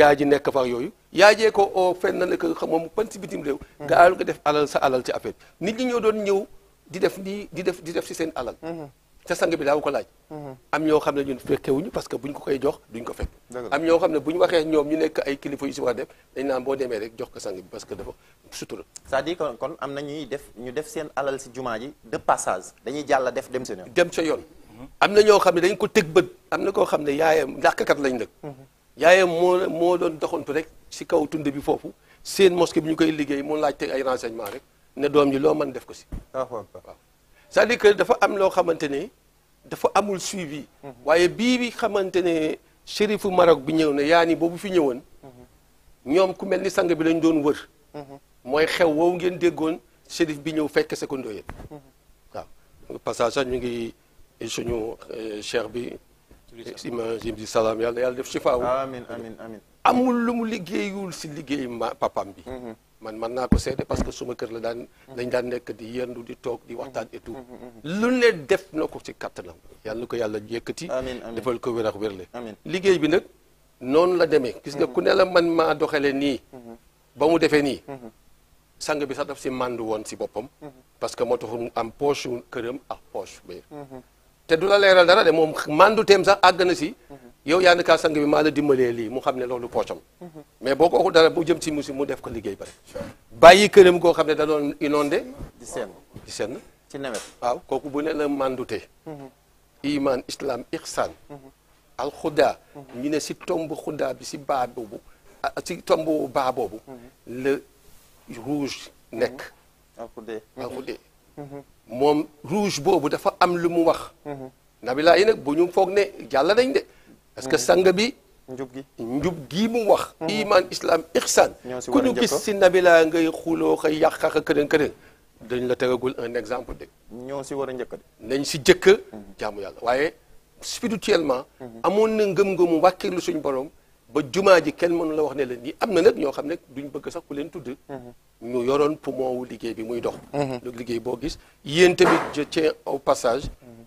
yaay ji nekk fa yooyu yaay jee ko o fen na ne mm-hmm. ñoo doon ñëw di def di def di def si seen alal mm-hmm. te sang bi ko laaj mm-hmm. am ñoo xam ne ñun fekkewuñu parce que buñ ko koy jox duñ ko fekk am ne bu ñu waxee ñoom ñu nekk ay kilifa yu si war dañ ko sang bi parce que dafa sutura c'est-à-dire que kon def ñu def seen alal si jumaa ji de passage dañuy jàlla def dem sa yoon dem sa yoon am na ñoo xam ne dañ ko teg bët am na koo xam ne yaayam làkkat lañ nag yaayam moo moo doon doxantu rek si kaw tund bi foofu seen mosquée bi ñu koy liggéey mu laajte ay renseignement rek ne doom ji loo man def ko si ah, waaw c'est-à-dire dafa am loo xamante ne dafa amul suivi mhm. waaye bii bi xamante ne chérifu Maroc bi ñëw na yaa ni boobu fi ñëwoon mhm. ñoom ku mel ni sang bi lañu doon wër mhm. mooy xew woowu ngeen déggoon chérif bi ñëw fekk secondoyen waaw passage sax ñu ngi suñu euh, cheikh bi Eh, imagine bi salaam yàlla yàlla def shifaawu amin amin amin amul lu mu liggéeyul si liggéey ma papam bi mm-hmm. man man naa ko seede parce que suma kër la daan lañ daan nekk di yendu di toog di waxtaan et mm-hmm, mm-hmm. lu ne def na ko ci kattanam yàlla na ko yàlla yëkkati defal ko wér ak liggéey bi nag noonu la demee gis nga ku ne la man maa doxale nii ba mu defee nii sang bi sa daf si màndu woon si boppam parce que moo taxoon am poche këram ak poche ba te du la leeral dara de moom mandu teem sax àgg na si yow yaa ni kaa sang bi maa la dimbalee lii mu xam ne loolu poocam mais boo ko waxul dara bu jëm si musi mu def ko liggéey bare bàyyi këram koo xam ne da doon inondé di seen di seen ci nawet waaw kooku bu ne la mandute iman islam ihsan alxuda ñu ne si tomb xuda bi si baa boobu ah, si tomb baa boobu le rouge nekk mhm. moom rouge boobu dafa am lu mu wax. Mhm. nabila yi nag bu ñu foog ne jàlla nañ de. parce que mhm. sang bi. njub gi njub gii mu wax. Mhm. iman islam ihsan ku ñu gis si nabila ngay xuloo ka yàq ak këdën këdën dañ la tegagul un exemple de. ñoo si war a njëkk de. nañ si jëkk jaamu yàlla waaye spirituellement. amoon na ngëm-ngëmu wàkkiirlu suñ borom ba jumaa ji kenn mënu la wax ne la nii am na nag ñoo xam ne duñ bëgg sax ku leen tudd. ñu yoroon poumon wu liggéey bi muy dox. donc mhm. liggéey boo gis yéen tamit je tiens au passage.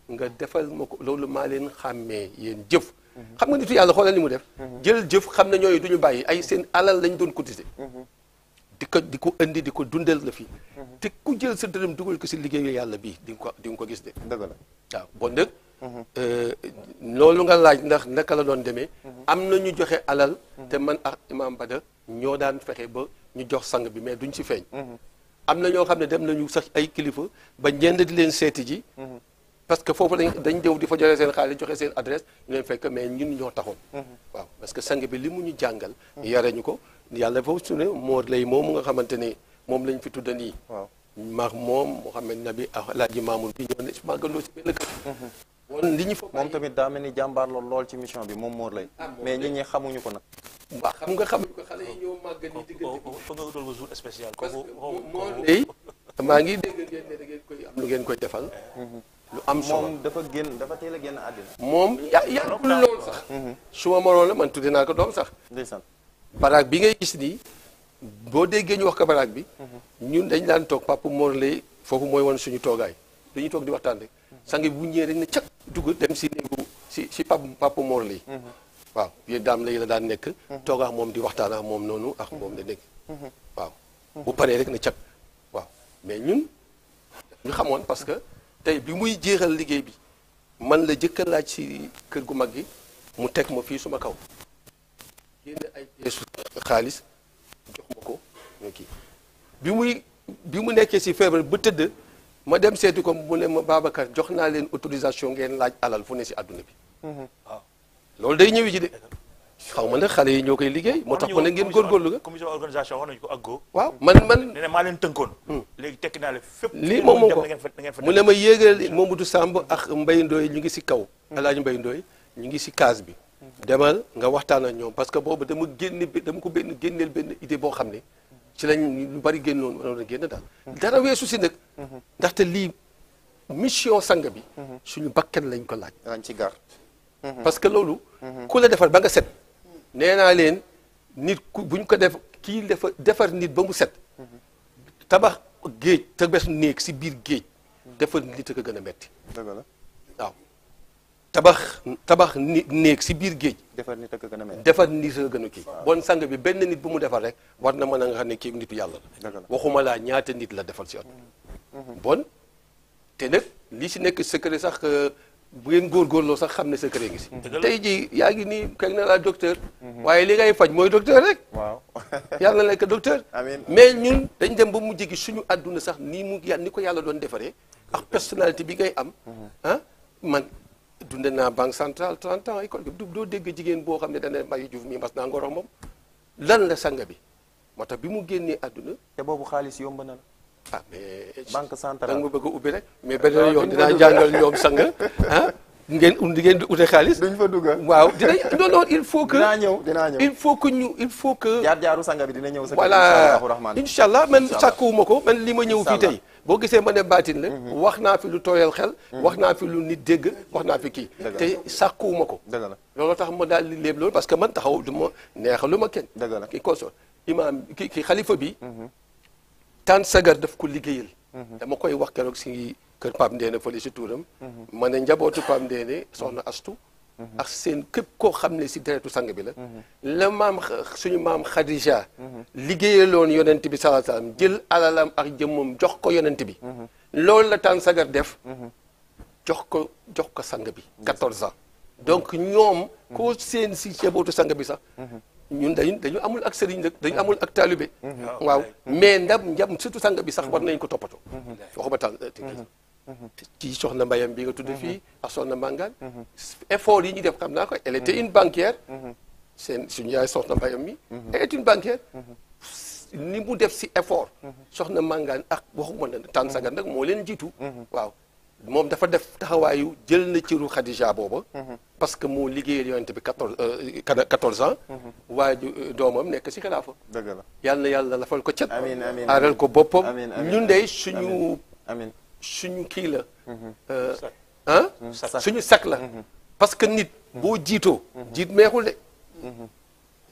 nga defal ma ko loolu maa leen xàmmee yéen jëf. Mhm. xam nga nitu yàlla xoolal li mu def. Mhm. jël jëf xam na ñooyu du ñu bàyyi ay seen alal lañ doon cotiser. di ko di indi di ko dundal la fii. te ku jël sa dërëm dugal ko si liggéeyu yàlla bii di nga ko di ko gis de. dëgg la waaw bon nag. Euh, loolu nga laaj ndax naka la doon demee. am na ñu joxe alal. te man ak Imam Bada ñoo daan fexe ba. ñu jox sang bi mais duñ ci feeñ mhm. am na ñoo xam ne dem nañu sax ay kilifa ba ñenn di leen seeti ji mhm. parce que foofu dañ dañ déw di fa joxe seen xaalis joxe seen adresse ñu leen fekk mais ñun ñoo taxoon mhm. waaw parce que sang bi li mu ñu jàngal yare ñu ko yàlla foofu su ne lay moom nga xamante ni lañ fi tudda nii waaw mag moom Mouhamed Nabi Alaaji Mamoun bi ñoo ne màggaloo si benn li ñu fa moom tamit daa mel ni jàmbaar lool lool ci mission bi moom Mor Leye. Ah, mais nit ñi xamuñu ko nag. waaw xam nga xamuñu ko xale yi ñoo màgg nii diggante bi. fa oh, oh, oh, nga doon jour spécial. parce que Mor Leye maa ngi dégg ngeen ne da ngeen koy am lu ngeen koy defal. lu am solo moom dafa génn dafa teel a génn àddina. moom yaa yàggul loolu sax. Mm-hmm. su ma mënoon la man tudde naa ko doom sax. ndeysaan baraag bi ngay gis nii. boo déggee ñu wax ko baraag bi. Mm-hmm. ñun dañ daan toog papa Mor Leye foofu mooy woon suñu toogaay dañuy toog di waxtaan rek sang bi bu ñëwee rek na cak dugg dem si néegu si si pap pap Mor mhm. waaw yéen daam lay la daan nekk mhm. toog moom di waxtaan ak moom noonu ak moom la nekk mhm. waaw bu paree rek na cak waaw mais ñun ñu xamoon parce que tey bi muy jéexal liggéey bi man la jëkka laaj si kër gu mag gi mu teg ma fii suma kaw génne ay pièces xaalis jox ma ko ñoo bi muy bi mu nekkee si feebar ba tëdd ma dem seeti ko mu ne ma Babacar jox naa leen autorisation ngeen laaj alal fu ne si àdduna bi. Mhm. loolu day ñëwi ji de. xaw ma nag xale yi ñoo koy liggéey. moo tax ma ne ngeen góorgóorlu nga. commission organisation ko àggoo. maa leen tënkoon. Hmm. léegi tekki naa la fépp. lii moom moo ko mu ne ma yéegal Mamadou Samb ak Mbaye Ndoye ñu ngi si kaw. Hmm. a Hadj Mbaye Ndoye ñu ngi si case bi. Hmm. demal nga waxtaan a ñoom parce que boobu dama génn dama ko benn génneel benn idée boo xam ne ci lañ ñu bari génnoon waroon a génn daal dara weesu si nag ndaxte lii mission sang bi suñu bakkan lañ ko laaj dañ ci gar parce que loolu ku la defar ba nga set nee naa leen nit ku buñ ko def kii dafa defar nit ba mu set tabax géej te bes néeg si biir géej defar nit a gën a metti waaw tabax tabax ni néeg si biir géej. defar nit a gën a defar gën kii. bon sang bi benn nit bu mu defar rek war na mën a nga xam ne kii nitu yàlla la. waxuma laa ñaata nit la defal si at. Mm-hmm. Mm-hmm. bon te nag li si nekk secret sax euh, bu ngeen góorgóorloo sax xam ne secret ngi si. tey jii yaa ngi nii kay na laa docteur. Mm-hmm. waaye li ngay faj mooy docteur rek. waaw <laughs> yàlla na nekk docteur. amiin mais ñun dañ dem ba mu jigi suñu àdduna sax nii mu ni ko yàlla doon defaree. ak personnalité bi ngay am. Ah, ma dunde naa banque centrale 30 ans école bi doo dégg jigéen boo xam ne dana Mbaye Diouf mii mas naa ngoro moom lan la sanga bi moo tax bi mu génnee àdduna te boobu xaalis yomb na la ah mais banque centrale da nga ma bëgg a ubbi rek <laughs> mais beneen yoon dinaa jàngal ñoom sanga <laughs> ah ngeen di ngeen di ute xaalis. duñ fa dugg ah. waaw dinañ il faut que. ñëw dinaa ñëw il faut que ñu il faut que. sanga bi dina ñëw. sa kër incha allah rahmaani voilà incha allah man sàkkuwuma ko man li ma ñëw fii tey. boo gisee ma ne baatin la mhm. wax naa fi lu tooyal xel mhm. wax naa fi lu nit dégg wax naa fi kii te sàkkuwuma ko looloo tax ma daal li léeb lool parce que man taxaw du ma neexalu ma kenn ki so imaam ki ki xalifa bi mhm. tan sagar daf ko liggéeyal dama koy wax keroog si kër Pape Ndéné li si tuuram ma ne njabootu Pape Ndéné soxna Astu Mm-hmm. ak seen képp koo xam ne si deretu sang bi la mm-hmm. la maam suñu maam Khadija mm-hmm. liggéeye loon bi sallallahu alayhi wasallam jël alalam ak jëmmam jox ko yonent bi loolu la Tànn Sagar def jox ko jox ko sang bi quatorze ans donc ñoom koo seen si ceebootu sang bi sax ñun dañu dañu amul ak sëriñ rek dañu amul ak taalibe waaw mais ndam ndam surtout sang bi sax war nañ ko toppatoo waxuma tànn ci mm-hmm. soxna mbayam bi nga tudd mm-hmm. fii ak soxna màngaan mm-hmm. effort yi ñu def xam naa ko elle était une banquière seen suñu yaay soxna mbayam mi elle est une banquière ni mu def si effort soxna màngaan ak waxuma na tànn sagar nag moo leen jiitu waaw moom dafa def taxawaayu jël na ciru Khadija booba parce que moo liggéeyal yonent bi quatorze euh, ans waaye euh, doomam nekk si xilaafa dëgg la na lafal ko cet amiin ko boppam ñun dey suñu amiin suñu kii la. ah suñu sakk la. Mhm. parce que nit boo jiitoo. jiit meexul de.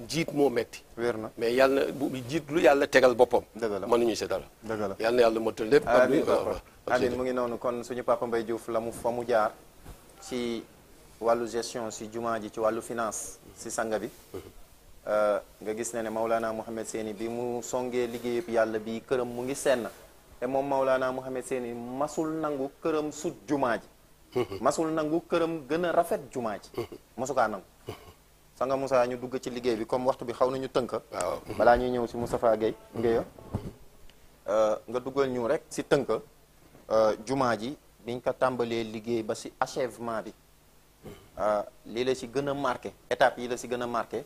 jiit moo metti wér na mais yàlla na jiit lu yàlla tegal boppam. dëgg la mënuñu si dara. dëgg la yàlla na yàlla lépp. amiin mu ngi noonu kon suñu papa Mbaye Diouf la mu fa mu jaar ci wàllu gestion si jumaa ji ci wàllu finance si sanga bi. Euh, nga gis ne ne Maulana Mouhamed Seyni bi mu songee liggéeyub yàlla bi këram mu ngi senn. te moom Maulana Mouhamed Seyni masul nangu këram sut jumaa ji masul nangu këram gën a rafet jumaa ji mosukaa nangu sanga Moussa ñu dugg ci liggéey bi comme waxtu bi xaw nañu tënk waaw balaa ñuy ñëw si Moustapha Gueye Gueye euh, nga duggal ñu rek si tënk euh, jumaa ji biñ ko tàmbalee liggéey ba si achèvement bi euh, lii la si gën a marqué étape yi la si gën a marqué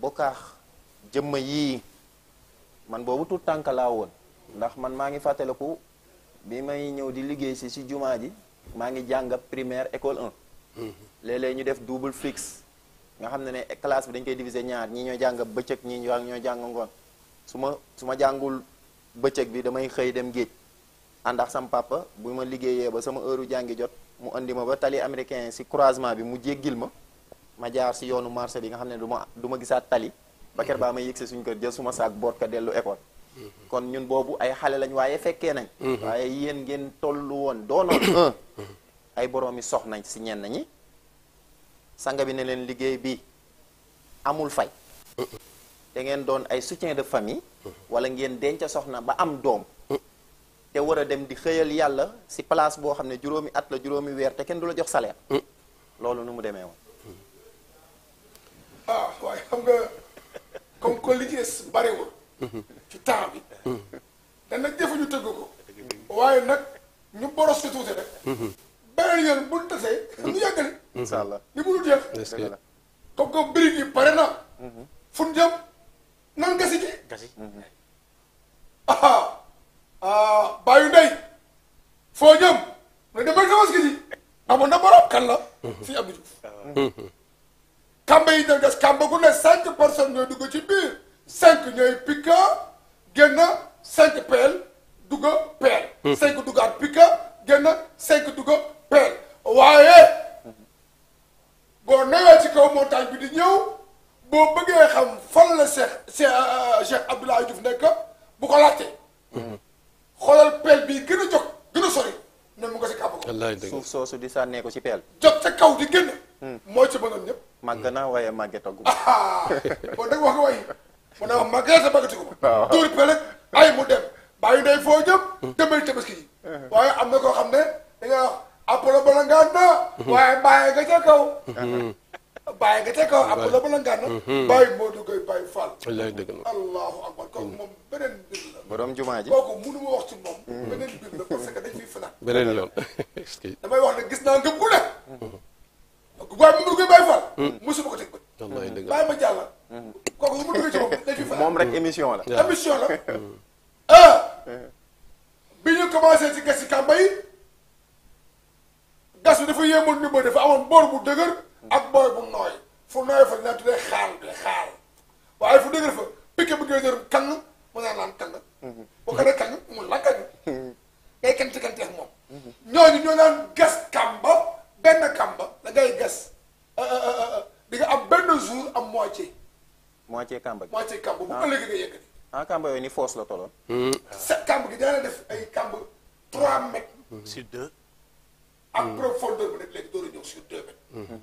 bokkaax jëmma yii man boobu tout tànk laa ndax man maa ngi fàttaliku bi may ñëw di liggéey si si jumaa ji maa ngi primaire école 1 mhm. ñu def double fixe nga nene ne ne classe bi dañ koy diviser ñaar nyi ñoo jàng bëccëg ñii ñoo jàng ngoon su ma su ma bi damay xëy dem géej ànd ak papa bu ma ba sama heure jàngi jot mu andi ba tali américain si croisement bi mu jéggil ma ma jaar si yoonu marché bi nga xam ne du ma du ma gisaat tali ba ker baa ma yëg si suñ kër jël suma boot dellu école mhm. kon ñun boobu ay xale lañ waaye fekkee nañ mhm. waaye yéen ngeen tollu woon doonoon <coughs> mhm. ay boroomi soxnañ si ñenn ñi sanga bi ne leen liggéey bi amul fay te ngeen doon ay soutien de famille wala ngeen denc soxna ba am doom te war a dem di xëyal yàlla si place boo xam ne juróomi at la juróomi weer te kenn du la jox salaire loolu nu mu demee woon ah waaye xam nga comme que li ci des bariwul ci temps bi dana jëfe ñu tëgg ko waaye nag ñu boros ci tuuti rek beneen yoon bu tasee ñu yàggale li mu dul jeex comme que briques yi pare na mhm. fun jëm nan gasi ji gasi mhm. ah ah bàyyu ndey foo jëm ne demal tabaski ji amoon na borom kan la mhm. fi Abdou kamba 5 des kamba 5 cinq personnes 5 dugg ci biir cinq ñooy picca 5 cinq pelles hmm. cinq duggaat cinq pelles. Vous on boo ci montagne bi di ñëw boo bëggee xam fan la Cheikh Cheikh euh, Abdoulaye Diouf bu ko ne mu ko si kàpp ko. wallaay dëgg suuf soosu di sànnee ko ci peel. jot sa kaw di génn. Hmm. mooy ci bëggoon ñëpp. naa waaye màgge togg. bon ah, ah. nag nga waaye mu ne wax sa màggati ko. waaw tuur peel ay mu dem bàyyi ndey foo jëm. Hmm. demal tabaski ji. Hmm. waaye am na koo xam ne da nga wax a bala ngaa na. waaye mbaayee nga ca kaw. bàyyi nga teg ko ab la ba la ngànn bàyyi moo da koy bàyyi faal la allahu akbar kooku moom beneen mbir la borom jumaa ji kooku mënu ma wax ci moom mm-hmm. beneen mbir la parce que dañ fiy fanaan beneen yoon <laughs> damay wax ne gis naa ngëm gu ne moom da koy ko teg la bàyyi ma mu mm-hmm. duggee ci moom dañ fiy fanaan moom rek émission la émission la mm-hmm. ah bi ñu commencé ci gas yi kàmba yi gas bi dafa yéemoon ni ma dafa amoon boor bu dëgër ak booy bu nooy fu nooy fa dinaa tuddee xaal bi xaal waaye fu dëgër fa pique bu ngay jërum kang mu naa naan kang boo ko dee kang mu la kang ngay kanti kanti ak moom ñooñu ñoo naan gas kamba benn kamba da ngay gas euh, euh, euh, di nga am benn jour am moitié moitié kamba gi moitié kamba bu ah. ëllëgee nga yëkkati ah kamba yooyu ni foos la tolloon hmm. set kamba gi daana def ay kamba trois mètres hmm. sur deux ak hmm. profondeur bu nekk léegi door a ñëw sur deux mètres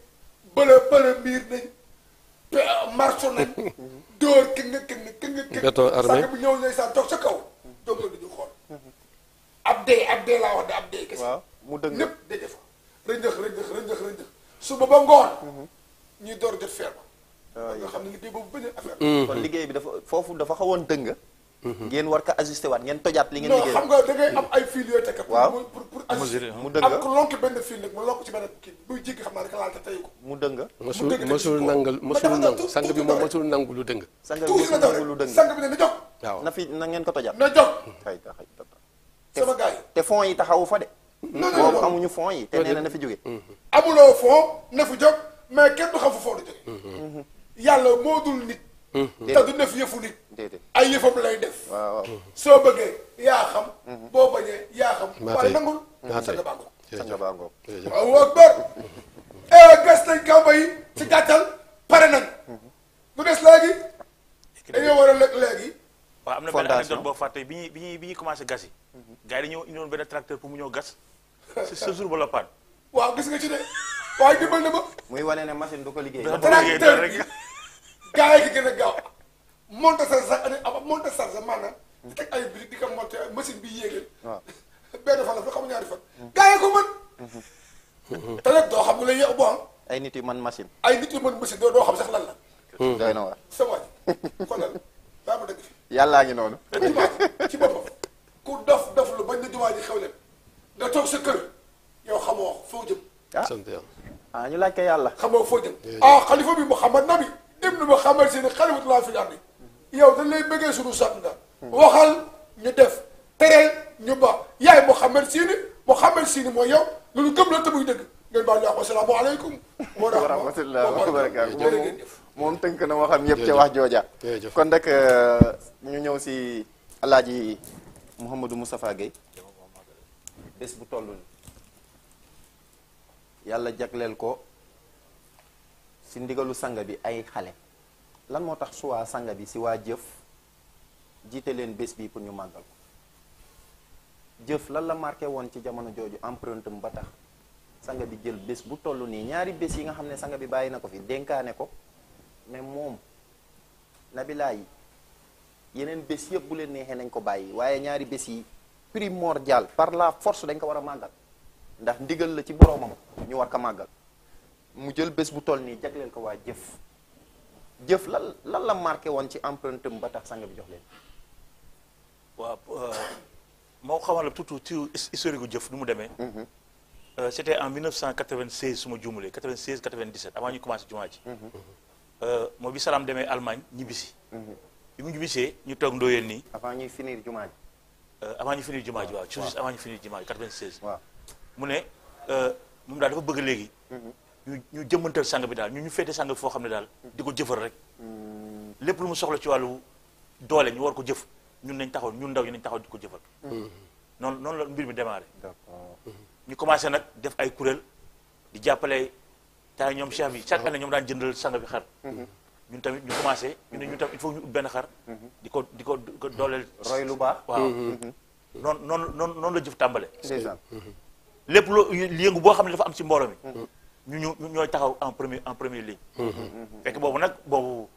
bële bële miir nañ ah, marché nañ dóor ki nga ki nga ki nga toog sa kaw doom duñu xool ab dee ab laa wax de ab dee kese mu dëng lépp daje fa rënjëx rënjëx rënjëx rënjëx suba ba ngoon mhm. ñuy door jot feer ba nga xam ne liggéey boobu bañ affaire mhm. kon liggéey bi dafa foofu dafa xawoon dëng ngeen war Aziz ajusté waat ngeen tojaat li ngeen liggéey xam nga da ngay am ay fil yooyu tekk waaw pour pour ajuster mu dëng am ko lonk benn fil nag mu lonk ci benn kii buy jéggi xam naa rek laal te tey ko mu dëng mësul mësul nangal mësul nangu sang bi moom mësul nangu lu dëng sang bi mësul nangu lu dëng sang bi na jóg na fi na ngeen ko na sama te yi taxawu fa de amuñu yi te na fi mm-hmm. na mais kenn du xam fu mm-hmm. nit mm-hmm. du nit déedéet ay yëfam lay def. soo bëggee yaa xam. Mm-hmm. boo bañee yaa xam. maa tey nangul sanga bàngoog. sanga bàngoog. waaw waaw bër. gas nañ kamba yi. ci gàttal pare nañ. mu mm-hmm. des léegi. dañoo war a lekk léegi. waaw am na benn anecdote boo fàtte bi ñuy bi ñuy bi ñuy commencé gas yi. Mm-hmm. gars yi dañoo indoon benn tracteur pour mu ñëw gas. si sa jour la paan. <laughs> waaw gis nga ci de waaye dimbal na ma. muy wanee ne machine du ko liggéey. tracteur bi gars yi gën a gaaw. monté charge sax année avant monté charge maanaam. di teg ay briques di ko monté machine bi yéegee. waaw <laughs> benn fan la fa xamu ñaari fan. gaa yi ko mën. <laughs> te nag doo xam ne lay yéex ah. ay nit yu man machine. ay nit yu mën machine doo xam sax lan la. Hmm. doy na waar <laughs> sama waay kon lan baa ma dëgg. yàllaa ngi noonu. jumaa ci boppam ku dof dof lu bañ na jumaa ji xew leen nga toog sa kër yow xamoo foo jëm. ah sant yàlla. ah ñu laaj ko yàlla. xamoo foo jëm. ah xalifa bi Muhammad Nabi ibnu Muhammad si ne xalifatullah fi ardi yow dañ lay bëggee suñu sang nga waxal ñu def tereel ñu ba yaay Sini Muhammad Sini mooy yow lu gëm la te dëgg ngeen baal ñu wax asalaamaaleykum wa rahmatulah wa barakaatu na waxam wax kon euh, ñu ñëw si alaaji Muhammad Moustapha gay. bés bu toll ni yàlla ko si ndigalu bi ay xale lan moo tax choix sanga bi si waa jëf len leen bi pour ñu màggal ko jëf lan la marqué won ci jamono jooju empreinte mu ba tax sanga bi jël bés bu toll nii ñaari bés yi nga xam ne sanga bi bayina na ko fi dénkaane ko mais yi yeneen bés bu leen neexee nañ ko bàyyi waaye ñaari yi primordial par la force dañ ko war a màggal ndax ndigal la ci boroomam ñu war ko màggal mu jël bu toll ko jëf jëf lan lan la marqué woon ci empreinte ba tax sang bi jox leen. waaw euh, moo xamal la tuuti ci historique gu jëf nu mu demee. Mhm. Euh, c' était en 1996 su ma juumalee 96 97 avant ñu commencé jumaa ji. Mhm. Euh, moo bi salaam demee Allemagne ñibbisi. Mhm. bi mu ñibbisee ñu toog ndóoyeen nii. avant ñuy finir jumaa ji. avant ñu finir jumaa ji waaw. waaw avant ñu finir jumaa ji mu ne moom daal dafa bëgg léegi. ñu ñu jëmmantal sang bi daal ñu ñu féete sang bi foo xam ne daal di ko jëfal rek lépp lu mu soxla ci wàllu doole ñu war ko jëf ñu nañ taxaw ñun ndaw ñu nañ taxaw di ko jëfal noonu noonu la mbir mi démarré ñu commencé nag def ay kuréel di jàppale taay ñoom chef yi chaque année ñoom daan jëndal sang bi xar mhm. ñun tamit ñu commencé ñu ne ñun tamit il faut ñu ut benn xar mhm. di ko di ko ko dooleel roy lu baax waaw mhm. noonu noonu noonu noonu la jëf tàmbale lépp lu yëngu boo xam ne dafa am si mbooloo mi ñu ñu ñooy taxaw en premier en première ligne. Mm-hmm. Mm-hmm. fekk boobu nag boobu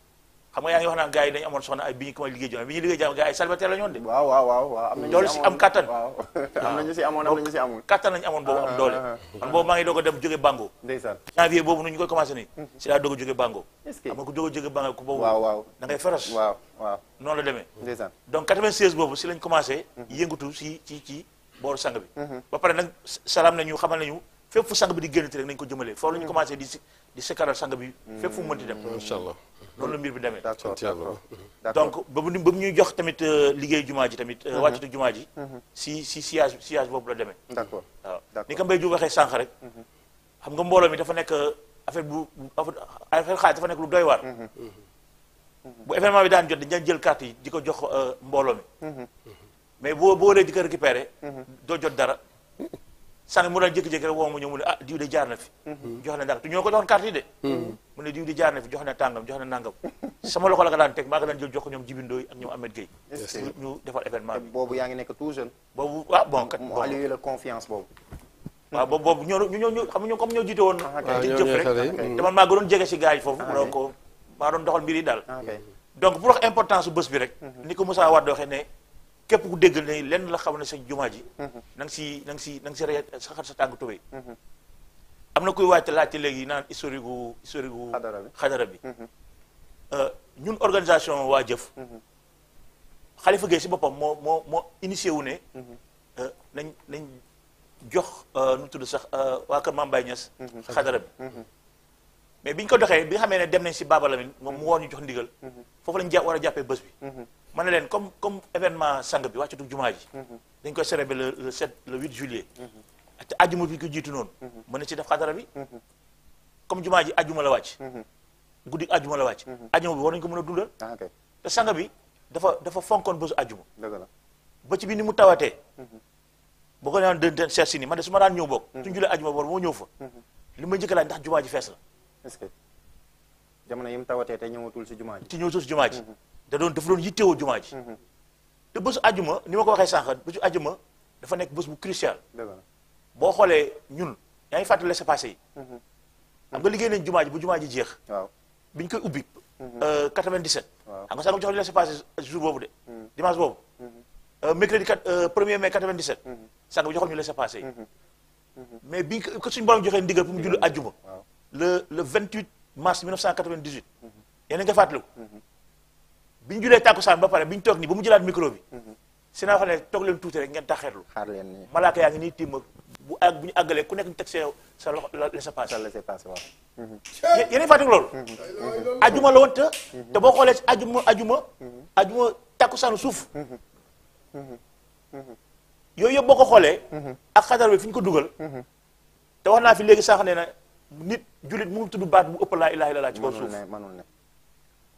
xam nga yaa ngi wax naan gars yi dañu amoon soxna ay bi ñu commencé liggéey jàmm bi ñu liggéey jàmm gars yi salbataire la ñoon de. waaw waaw waaw am nañu si am kattan. waaw <laughs> am nañu si amoon am nañu si amul. kattan lañu amoon boobu am ah, doole. man ah, ah. boobu maa ngi doog a dem jóge Bango. ndeysaan janvier boobu nu ñu koy commencé nii. Mm-hmm. si laa doog a jóge Bango. est-ce que xam nga ku doog a jóge Bango ku boobu. waaw waaw da ngay feros. waaw waaw noonu la demee. ndeysaan donc 96 boobu si lañ commencé. yëngatu si ci ci booru sang bi. ba pare nag salaam nañu xamal nañu fépp fu sang bi di génnati rek nañ ko jëmalee foofu la ñu mm. commencé di di sekaral sang bi mm. fépp fu mu mënti dem noonu la mbir bi demee mm-hmm. donc ba mu ba mu ñuy jox tamit euh, liggéey jumaa ji tamit euh, mm-hmm. wàccatu jumaa ji mm-hmm. si si siège siège boobu la demee d'accord waaw ni ko Mbaye Diouf waxee sànq rek xam nga mbooloo mi dafa nekk euh, affaire bu affaire xaalis dafa nekk lu doy waar bu événement bi daan jot dañ daan jël carte yi di ko jox mbooloo mi mais boo boo waree di ko récupérer doo jot dara sànq mu daal jékki-jékki rek woo ma ñëw mu ne ah diw jaar na fi jox na ndànk te ñoo ko joxoon carte yi de mu ne diw de tàngam jox na nàngam sama loxo la ko daan teg maa ko daan jël ñu defal événement bi boobu yaa ngi nekk tout jeune boobu ah si ah, gars foofu ah, maa doon doxal mbir yi daal ah, donc pour wax importance bu bés bi rek mhm. ni ko Moussa Wade waxee ne képp ku dégg ne lenn la xam ne sa jumaa ji mhm. na si nan si na nga si sa tàng tubéy mhm. am na kuy waajte laajte léegi naan historique gu historique gu xadara bi mhm. euh, ñun organisation waa jëf Xalifa Gueye si boppam moo moo moo initié wu ne euh, nañ nañ jox euh, nu tudd sax waa kër Mame Baye xadara bi mais bi ñu ko doxee bi nga xamee ne dem nañ si Baba moom mu woon ñu jox ndigal foofu lañ jàpp war a jàppee bés bi ma ne leen comme comme événement sang bi wàccatu jumaa ji mhm. dañ koy célébrer le le 7 le 8 juillet mhm. te ajuma bi ko jiitu noonu mën mhm. na ci def xadara bi comme jumaa ji ajuma la wàcc guddi ajuma la wàcc ajuma bi war nañu ko mën a dundal ah, te sang bi dafa dafa fonkoon bésu ajuma ba ci bi ni mu tawatee boo ko naan den seet si nii man su ma daan ñëw bokk suñu julee ajuma bor moo ñëw fa li ma njëkk laa ndax jumaa ji fees la jamono yi mu tawatee te ñëwatul si jumaa ji te ñëwatul si jumaa ji da doon dafa doon yittewoo jumaa ji mhm. te bésu ajuma ni ma ko waxee sànq bésu ajuma dafa nekk bés bu crucial boo xoolee ñun yaa ngi fàttali laissez-passer yi mhm. xam nga liggéey nañ jumaa ji bu jumaa ji jeex bi ñu koy ubbi 97 mhm. euh, xam nga sax nga jox laissez-passer jour boobu de dimanche boobu euh, mercredi 4 euh, premier mai 97 sànq bi joxoon ñu laissez-passer yi mais bi ko suñu borom joxee ndigal pour mu julli ajuma le le 28 mars 1998 yéen a ngi bi ñu julee tàkkusaan ba pare bi ñu toog nii ba mu jëlaat micro bi. Mhm. si naa wax ne toog leen tuuti rek ngeen taxeerlu. xaar leen nii malaaka yaa ngi nii tiim bu àgg bu ñu àggalee ku nekk ñu teg sa sa loxo la laissez-passer. laissez-passer waaw. Mhm. yéen a fàttali loolu. Mhm. ajuma la woon te. boo xoolee si ajuma ajuma. ajuma tàkkusaanu suuf. yooyu yëpp boo ko xoolee. ak xadar bi fi ñu ko dugal. te wax naa fi léegi sax ne na nit jullit mënul tudd baat bu ëpp laa la illallaah ci kaw suuf mënul ne mënul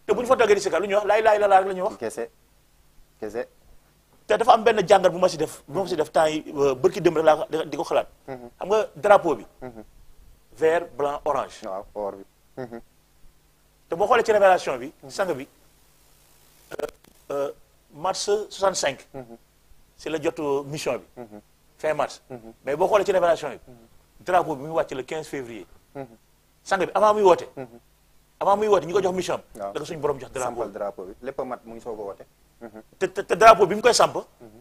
te bu fa toogee di sikar lu wax laa ilaaha illallaah rek la ñuy wax. kese kese. té dafa am ben jangal bu ma ci def. bu ma ci def temps euh, barki bërki dem rek laa di ko xalaat. Mhm. xam nga drapeau bi. Mhm. vert blanc orange. waaw or bi. Mhm. te bo xolé ci révélation bi. sang bi euh, euh, mars 65. si la jot mission bi. fin mars. mais bo xolé ci révélation bi. drapeau bi mi wacc le 15 février. sang bi avant muy woote. avant muy woote ñu ko jox mission am da ko suñu borom jox drapeau bi lépp a mat mu ngi soog a woote mhm. te te drapeau bi mu koy samp mhm.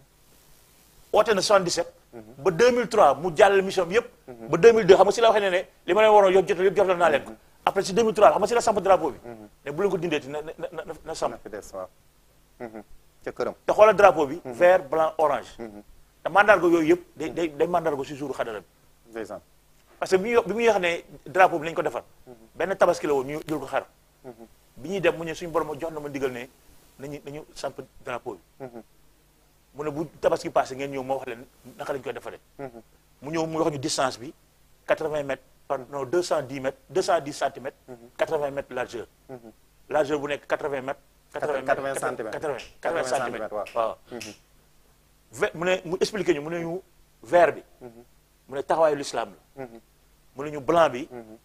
woote na 77 mhm. ba 2003 mu jàllale mission bi yëpp ba 2002 xam nga si la waxee ne li ma leen waroon yow jot yëpp naa leen ko après si 2003 xam nga si la samp drapeau bi ne bu leen ko dindeeti na na na samp te xoolal drapeau bi vert blanc orange te mandargo yooyu yëpp day day day mandargo si jour xadara parce que bi ñuy bi muy ne drapeau bi nañu ko defar mhm. benn tabaski la woon ñu jël ko xar mhm. bi ñuy dem mu ne suñu borom jox na ma digal ne nañu nañu samp drapeau bi mhm. mu ne bu tabaski passé ngeen ñëw moo wax leen naka lañu koy defaree mu ñëw mu wax ñu distance bi par non 210 mètres 210 centimètres 80 mètres largeur largeur bu nekk 80 mètres 80 centimètres mu ne expliqué ñu mu ne ñu vert bi mu ne taxawaayu l'islam la Mm-hmm. mu nañu ñu blanc bi. Mm-hmm.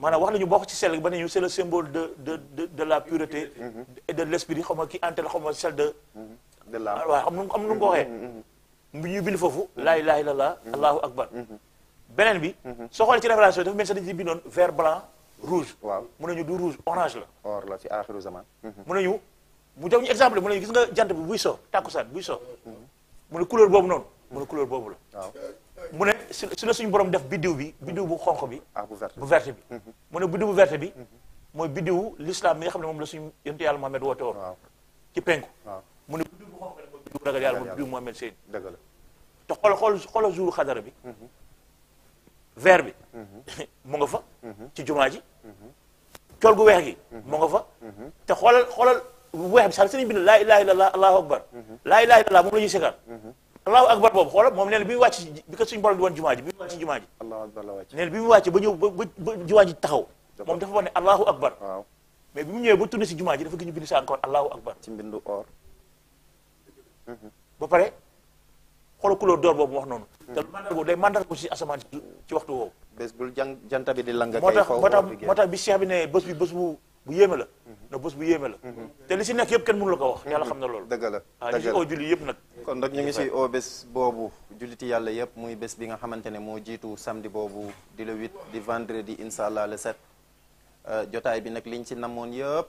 maanaam wax nañu bokk ci sel ba ne ñu c'est le symbole de de de la pureté. Mm-hmm. et de l'esprit xaw ma kii antenne xaw ma sel de. la waaw xam nu am nu mu ko waxee. bu ñuy bind foofu. laa ilaaha illallah allahu akbar. beneen bi. soo xoolee ci révélation dafa mel ni sax dañu ci blanc rouge. waaw mu ne ñu du rouge orange la. or la ci axiru zaman. mu ne ñu mu exemple mu ne gis nga jant bi buy so tàkkusaan buy so. mu na couleur boobu noonu. mu ne couleur boobu la. mu ne si si la suñu boroom def biddiw bi biddiw bu xonq bi ah, bu verte bi mhm. mu ne biddiw bu verte bi mhm. mooy biddiwu l'islam bi nga xam ne moom la suñu yonent yàlla Mohamed woote woon ci penku mu ne biddiw bu xonq bi mooy biddiw ragal yàlla mooy biddiw Mohamed Seen te xool xool xoolal jour xadara bi mhm. vert bi <laughs> mu nga fa ci jumaa ji cool gu weex gi mu fa te xoolal xoolal weex bi sax sëriñ bi ne laa ilaha illallah allahu akbar laa ilaha moom la ñuy sikar allahu akbar boobu xoolal moom nee na bi mu wàcc bi ko suñu borom di woon jumaaji ji bi mu wàcc jumaa ji nee na bi mu wàcc ba ñëw ba jumaa taxaw moom dafa wax allahu akbar mais bi mu ñëwee ba tourné si jumaa ji dafa gën a bind encore allahu akbar ci mbindu or mhm. ba pare xoolal couleur d'or boobu mu wax noonu mhm. te mandarga boobu day mandarga si asamaan ci waxtu woowu bés bul jant bi di lang moo tax moo tax bi cheikh bi ne bés bi bés bu bu yéeme la na bés bu yéeme la mhm. te li si nekk yëpp kenn mënu la ko wax yàlla xam na loolu dëgg la waaw ñu si oo julli yëpp nag kon nag ñu ngi si oo bés boobu julliti yàlla yëpp muy bés bi nga xamante ne moo jiitu samedi boobu di le 8 di vendredi incha allah le 7 euh, jotaay bi nag liñ si namoon yëpp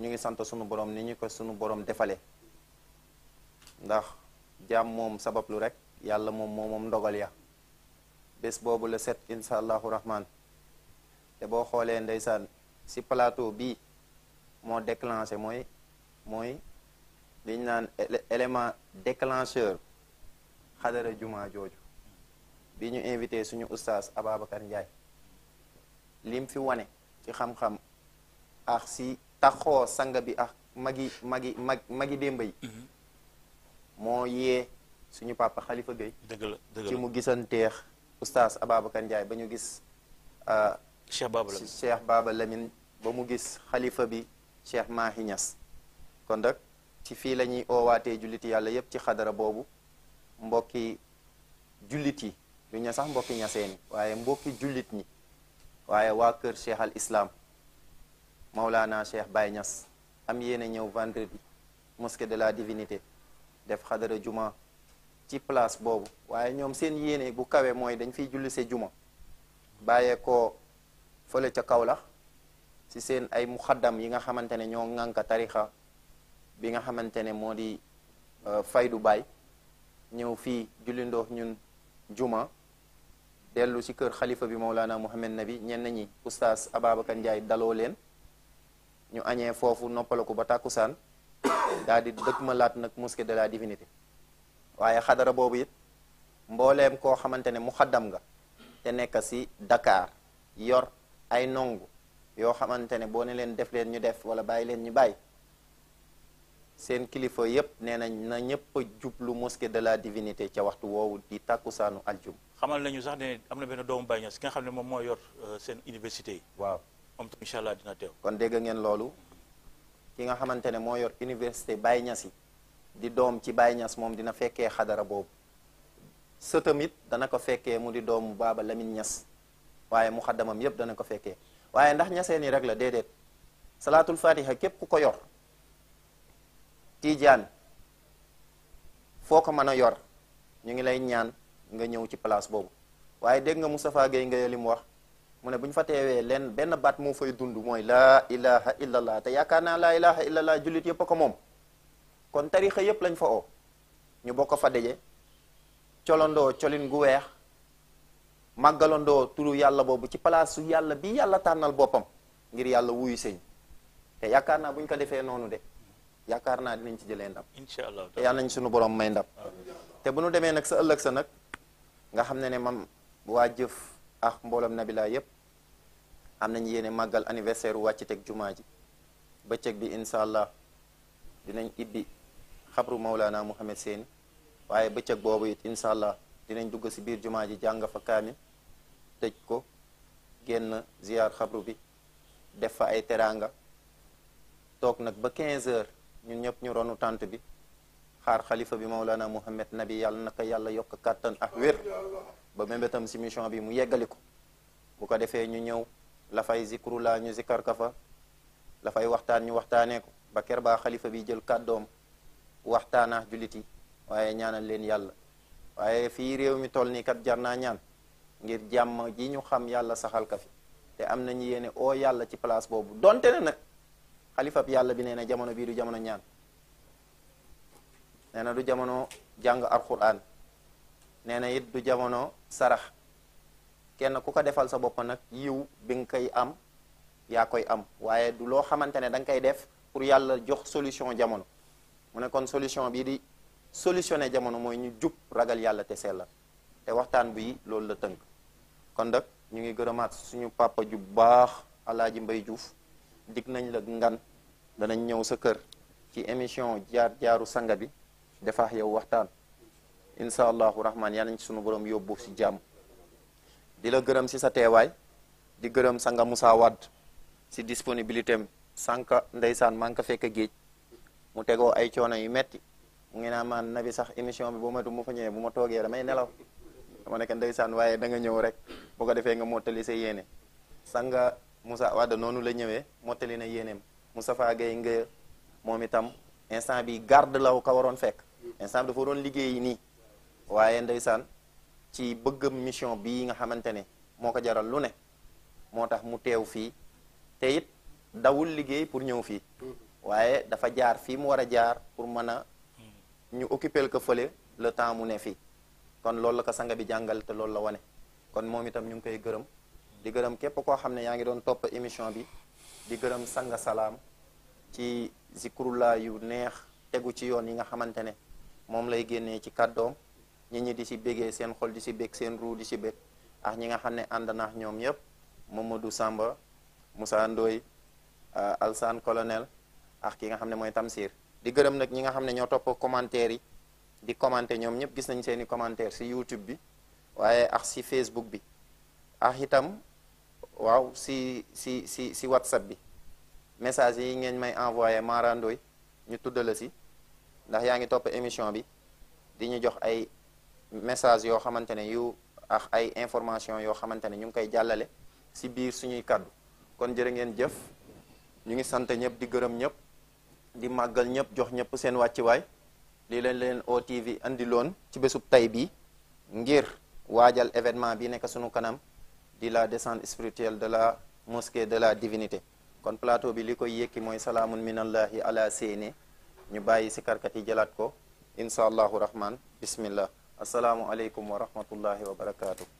ñu ngi sant sunu borom ni ñu ko sunu borom defale ndax jaam moom sabablu rek yàlla moom moo moom ndogal ya bés boobu la set incha allahu rahman te boo xoolee ndeysaan si plateau bi moo déclenché mooy mooy li nan élément déclencheur khadara juma jooju bi ñu invité suñu oustaz ababakar Ndiaye lim fi wane ci xam-xam ak si taxo sang bi ak magi magi magi dembay yi mhm. moo yee suñu papa Khalifa Gueye dëgg la dëgg la ci mu gisanteex oustaz ababakar Ndiaye bañu ñu euh Cheikh Baba Lamine Cheikh Baba Lamine ba mu gis xalifa bi Cheikh Mahi ñas kon nag ci fii lañuy ñuy oowaatee julliti yàlla yépp ci xadara boobu mbokki jullit yi du ña sax mbokki ñaseeni waaye mbokki jullit ñi waaye waa kër Cheikh al Islam Maulana Cheikh Baye Niass am yéen a ñëw vendredi mosquée de la divinité def xadara juma ci place boobu waaye ñoom seen yéene bu kawe mooy dañ fiy julli se juma bàyyee ko fole ca kaw la si seen ay muxaddam yi nga xamante ne ñoo ŋànka tarixa bi nga xamante ne moo di fay euh, faydu baay ñëw fii jullindoo ñun juma dellu si kër xalifa bi Mawlana Mouhamed Nabi ñenn nañu oustaz Ababacar Ndiaye daloo leen ñu añee foofu noppalaku ba tàkkusaan daal di dëkk ma laat nag mosquée de la divinité waaye xadara boobu it mbooleem koo xamante ne muxaddam nga te nekk si dakaar yor ay nongu yoo xamante ne boo ne leen def leen ñu def wala bàyyi leen ñu bàyyi seen kilifa yépp nee nañ na ñëpp jublu mosquée de la divinité ca waxtu woowu di tàkkusaanu aljum xamal nañu sax ne am na benn doomu Baay Ñas ki nga xam ne moom moo yor euh, seen université yi waaw moom tam allah dina teew kon dégg ngeen loolu ki nga xamante ne moo yor université Baay Ñas yi di doom ci bàyyi Ñas moom dina fekkee xadara boobu sëtamit dana ko fekkee mu di doomu Baaba lamin Ñas waaye muxaddamam yépp dana ko fekkee waaye ndax ñaseen yi rek la déedéet salaatul fatiha képp ku ko yor tijaan foo ko mën a yor ñu ngi lay ñaan nga ñëw ci place boobu waaye dégg nga Moustapha Gueye nga li mu wax mu ne bu ñu fa teewee leen benn baat moo fay dund mooy laa ilaha illallah te yaakaar naa ilaha illallah yëpp ko moom kon yëpp lañ fa oo ñu bokk fa daje colin gu weex màggalandoo turu yàlla boobu ci palaasu yàlla bi yàlla tànnal boppam ngir yàlla wuyu sëñ te yaakaar naa bu ñu ko defee noonu de yaakaar naa dinañ ci jëlee ndam. incha allah te yàlla nañ suñu borom may ndam. te bu nu demee nag sa ëllëg sa nag nga xam ne ne mam waa jëf ak mbooloom Nabila yëpp am nañ yéene màggal anniversaire wàcc teg jumaa ji bëccëg bi incha allah dinañ ibbi xabru Maulana Mouhamed Seen waaye bëccëg boobu it incha allah dinañ dugg si biir jumaa ji jàng tëj ko génn ziar xabru bi def fa ay teraanga toog nag ba 15 heures ñun ñëpp ñu ronu tànt bi xaar xalifa bi Maulana Mouhamed Nabi yàlla naka yàlla yokk kàttan ak wér ba mémbétam si mission bi mu yeggali ko bu ko defee ñu ñëw lafay fay zikru laa ñu zikar ka fa la waxtaan ñu waxtaanee ko ba ker xalifa bi jël doom waxtaanaa jullit yi waaye ñaanal leen yàlla waaye fii réew mi toll nii kat jar naa ñaan ngir jàmm ji ñu xam yàlla saxal ka fi te am nañu yéene o yàlla ci place boobu donte ne nag xalifab yàlla bi nee na jamono bii du jamono ñaan nee du jamono jàng alquran nee na du jamono sarah kenn ku ko defal sa bopp yiw bi nga koy am ya koy am waaye du loo xamante ne da def pour yàlla jox solution jamono mu ne kon solution bii di solutionné jamono mooy ñu jub ragal yàlla te sellal te waxtaan bi loolu la tënk kon nag ñu ngi gërëmaat suñu papa ju baax alaaji mbay juuf dig nañ la ngan danañ ñëw sa kër ci émission jaar jaaru sanga bi defaax yow waxtaan incha allahu rahman yal ci sunu borom yóbbu si jàmm di la gërëm si sa teewaay di gërëm sanga Moussa Wade si disponibilité am sànq ndeysaan maa ngi ko fekk géej mu tegoo ay coono yu metti ngi naa maan nabi sax émission bi bu ma du mu fa ñëwee bu ma toogee damay nelaw dama nekk ndeysaan waaye da nga ñëw rek boo ko defee nga mottali sa yéene sanga Moussa Wade noonu la ñëwee mottali na yéeneem Moustapha Gueye nga moom itam instant bi garde law ko waroon fekk instant bi dafa waroon liggéey nii waaye ndeysaan ci bëggam mission bii nga xamante ne moo ko jaral lu ne moo tax mu teew fii te it dawul liggéey pour ñëw fii waaye dafa jaar fii mu war a jaar pour mën a ñu occuper ko fële le temps mu ne fii kon loolu ka ko sanga bi jàngal te loolu la wane kon moom itam ñu ngi koy gërëm di gërëm képp koo xam ne yaa ngi doon topp émission bi di gërëm sanga salaam ci zikrullah yu neex tegu ci yoon yi nga xamante ne moom lay génnee ci kàddoom ñi ñi di si bégee seen xol di si bég seen ruu di si bég ak ñi nga xam ne ànd naax ñoom yépp Mamadou Samba Moussa handoi, euh, Alsane Colonel ak ki nga xam ne mooy Tamsir di gërëm nag ñi nga xam ne ñoo topp commentaire yi di commenter ñoom ñëpp gis nañ seen i commentaire si YouTube bi waaye ak si Facebook bi ak itam waaw si si si si WhatsApp bi message yi ngeen may envoyé Mara Ndoye ñu tuddala si ndax yaa ngi topp émission bi di ñu jox ay message yoo xamante ne yu ak ay information yoo xamante ne ñu ngi koy jàllale si biir suñuy kàddu kon jërë ngeen jëf ñu ngi sant ñëpp di gërëm ñëpp di màggal ñëpp jox ñëpp seen wàcciwaay lii lañ leen OTV andiloon ci bésub tay bi ngir waajal événement bi nekk sunu kanam di la descente spirituelle de la mosquée de la divinité kon plateau bi li koy yëkki mooy salaamun minallahi ala séene ñu bàyyi si karkat yi jëlaat ko incha allahu rahman bismillah asalaamualeykum wa rahmatullahi wa barakaatu.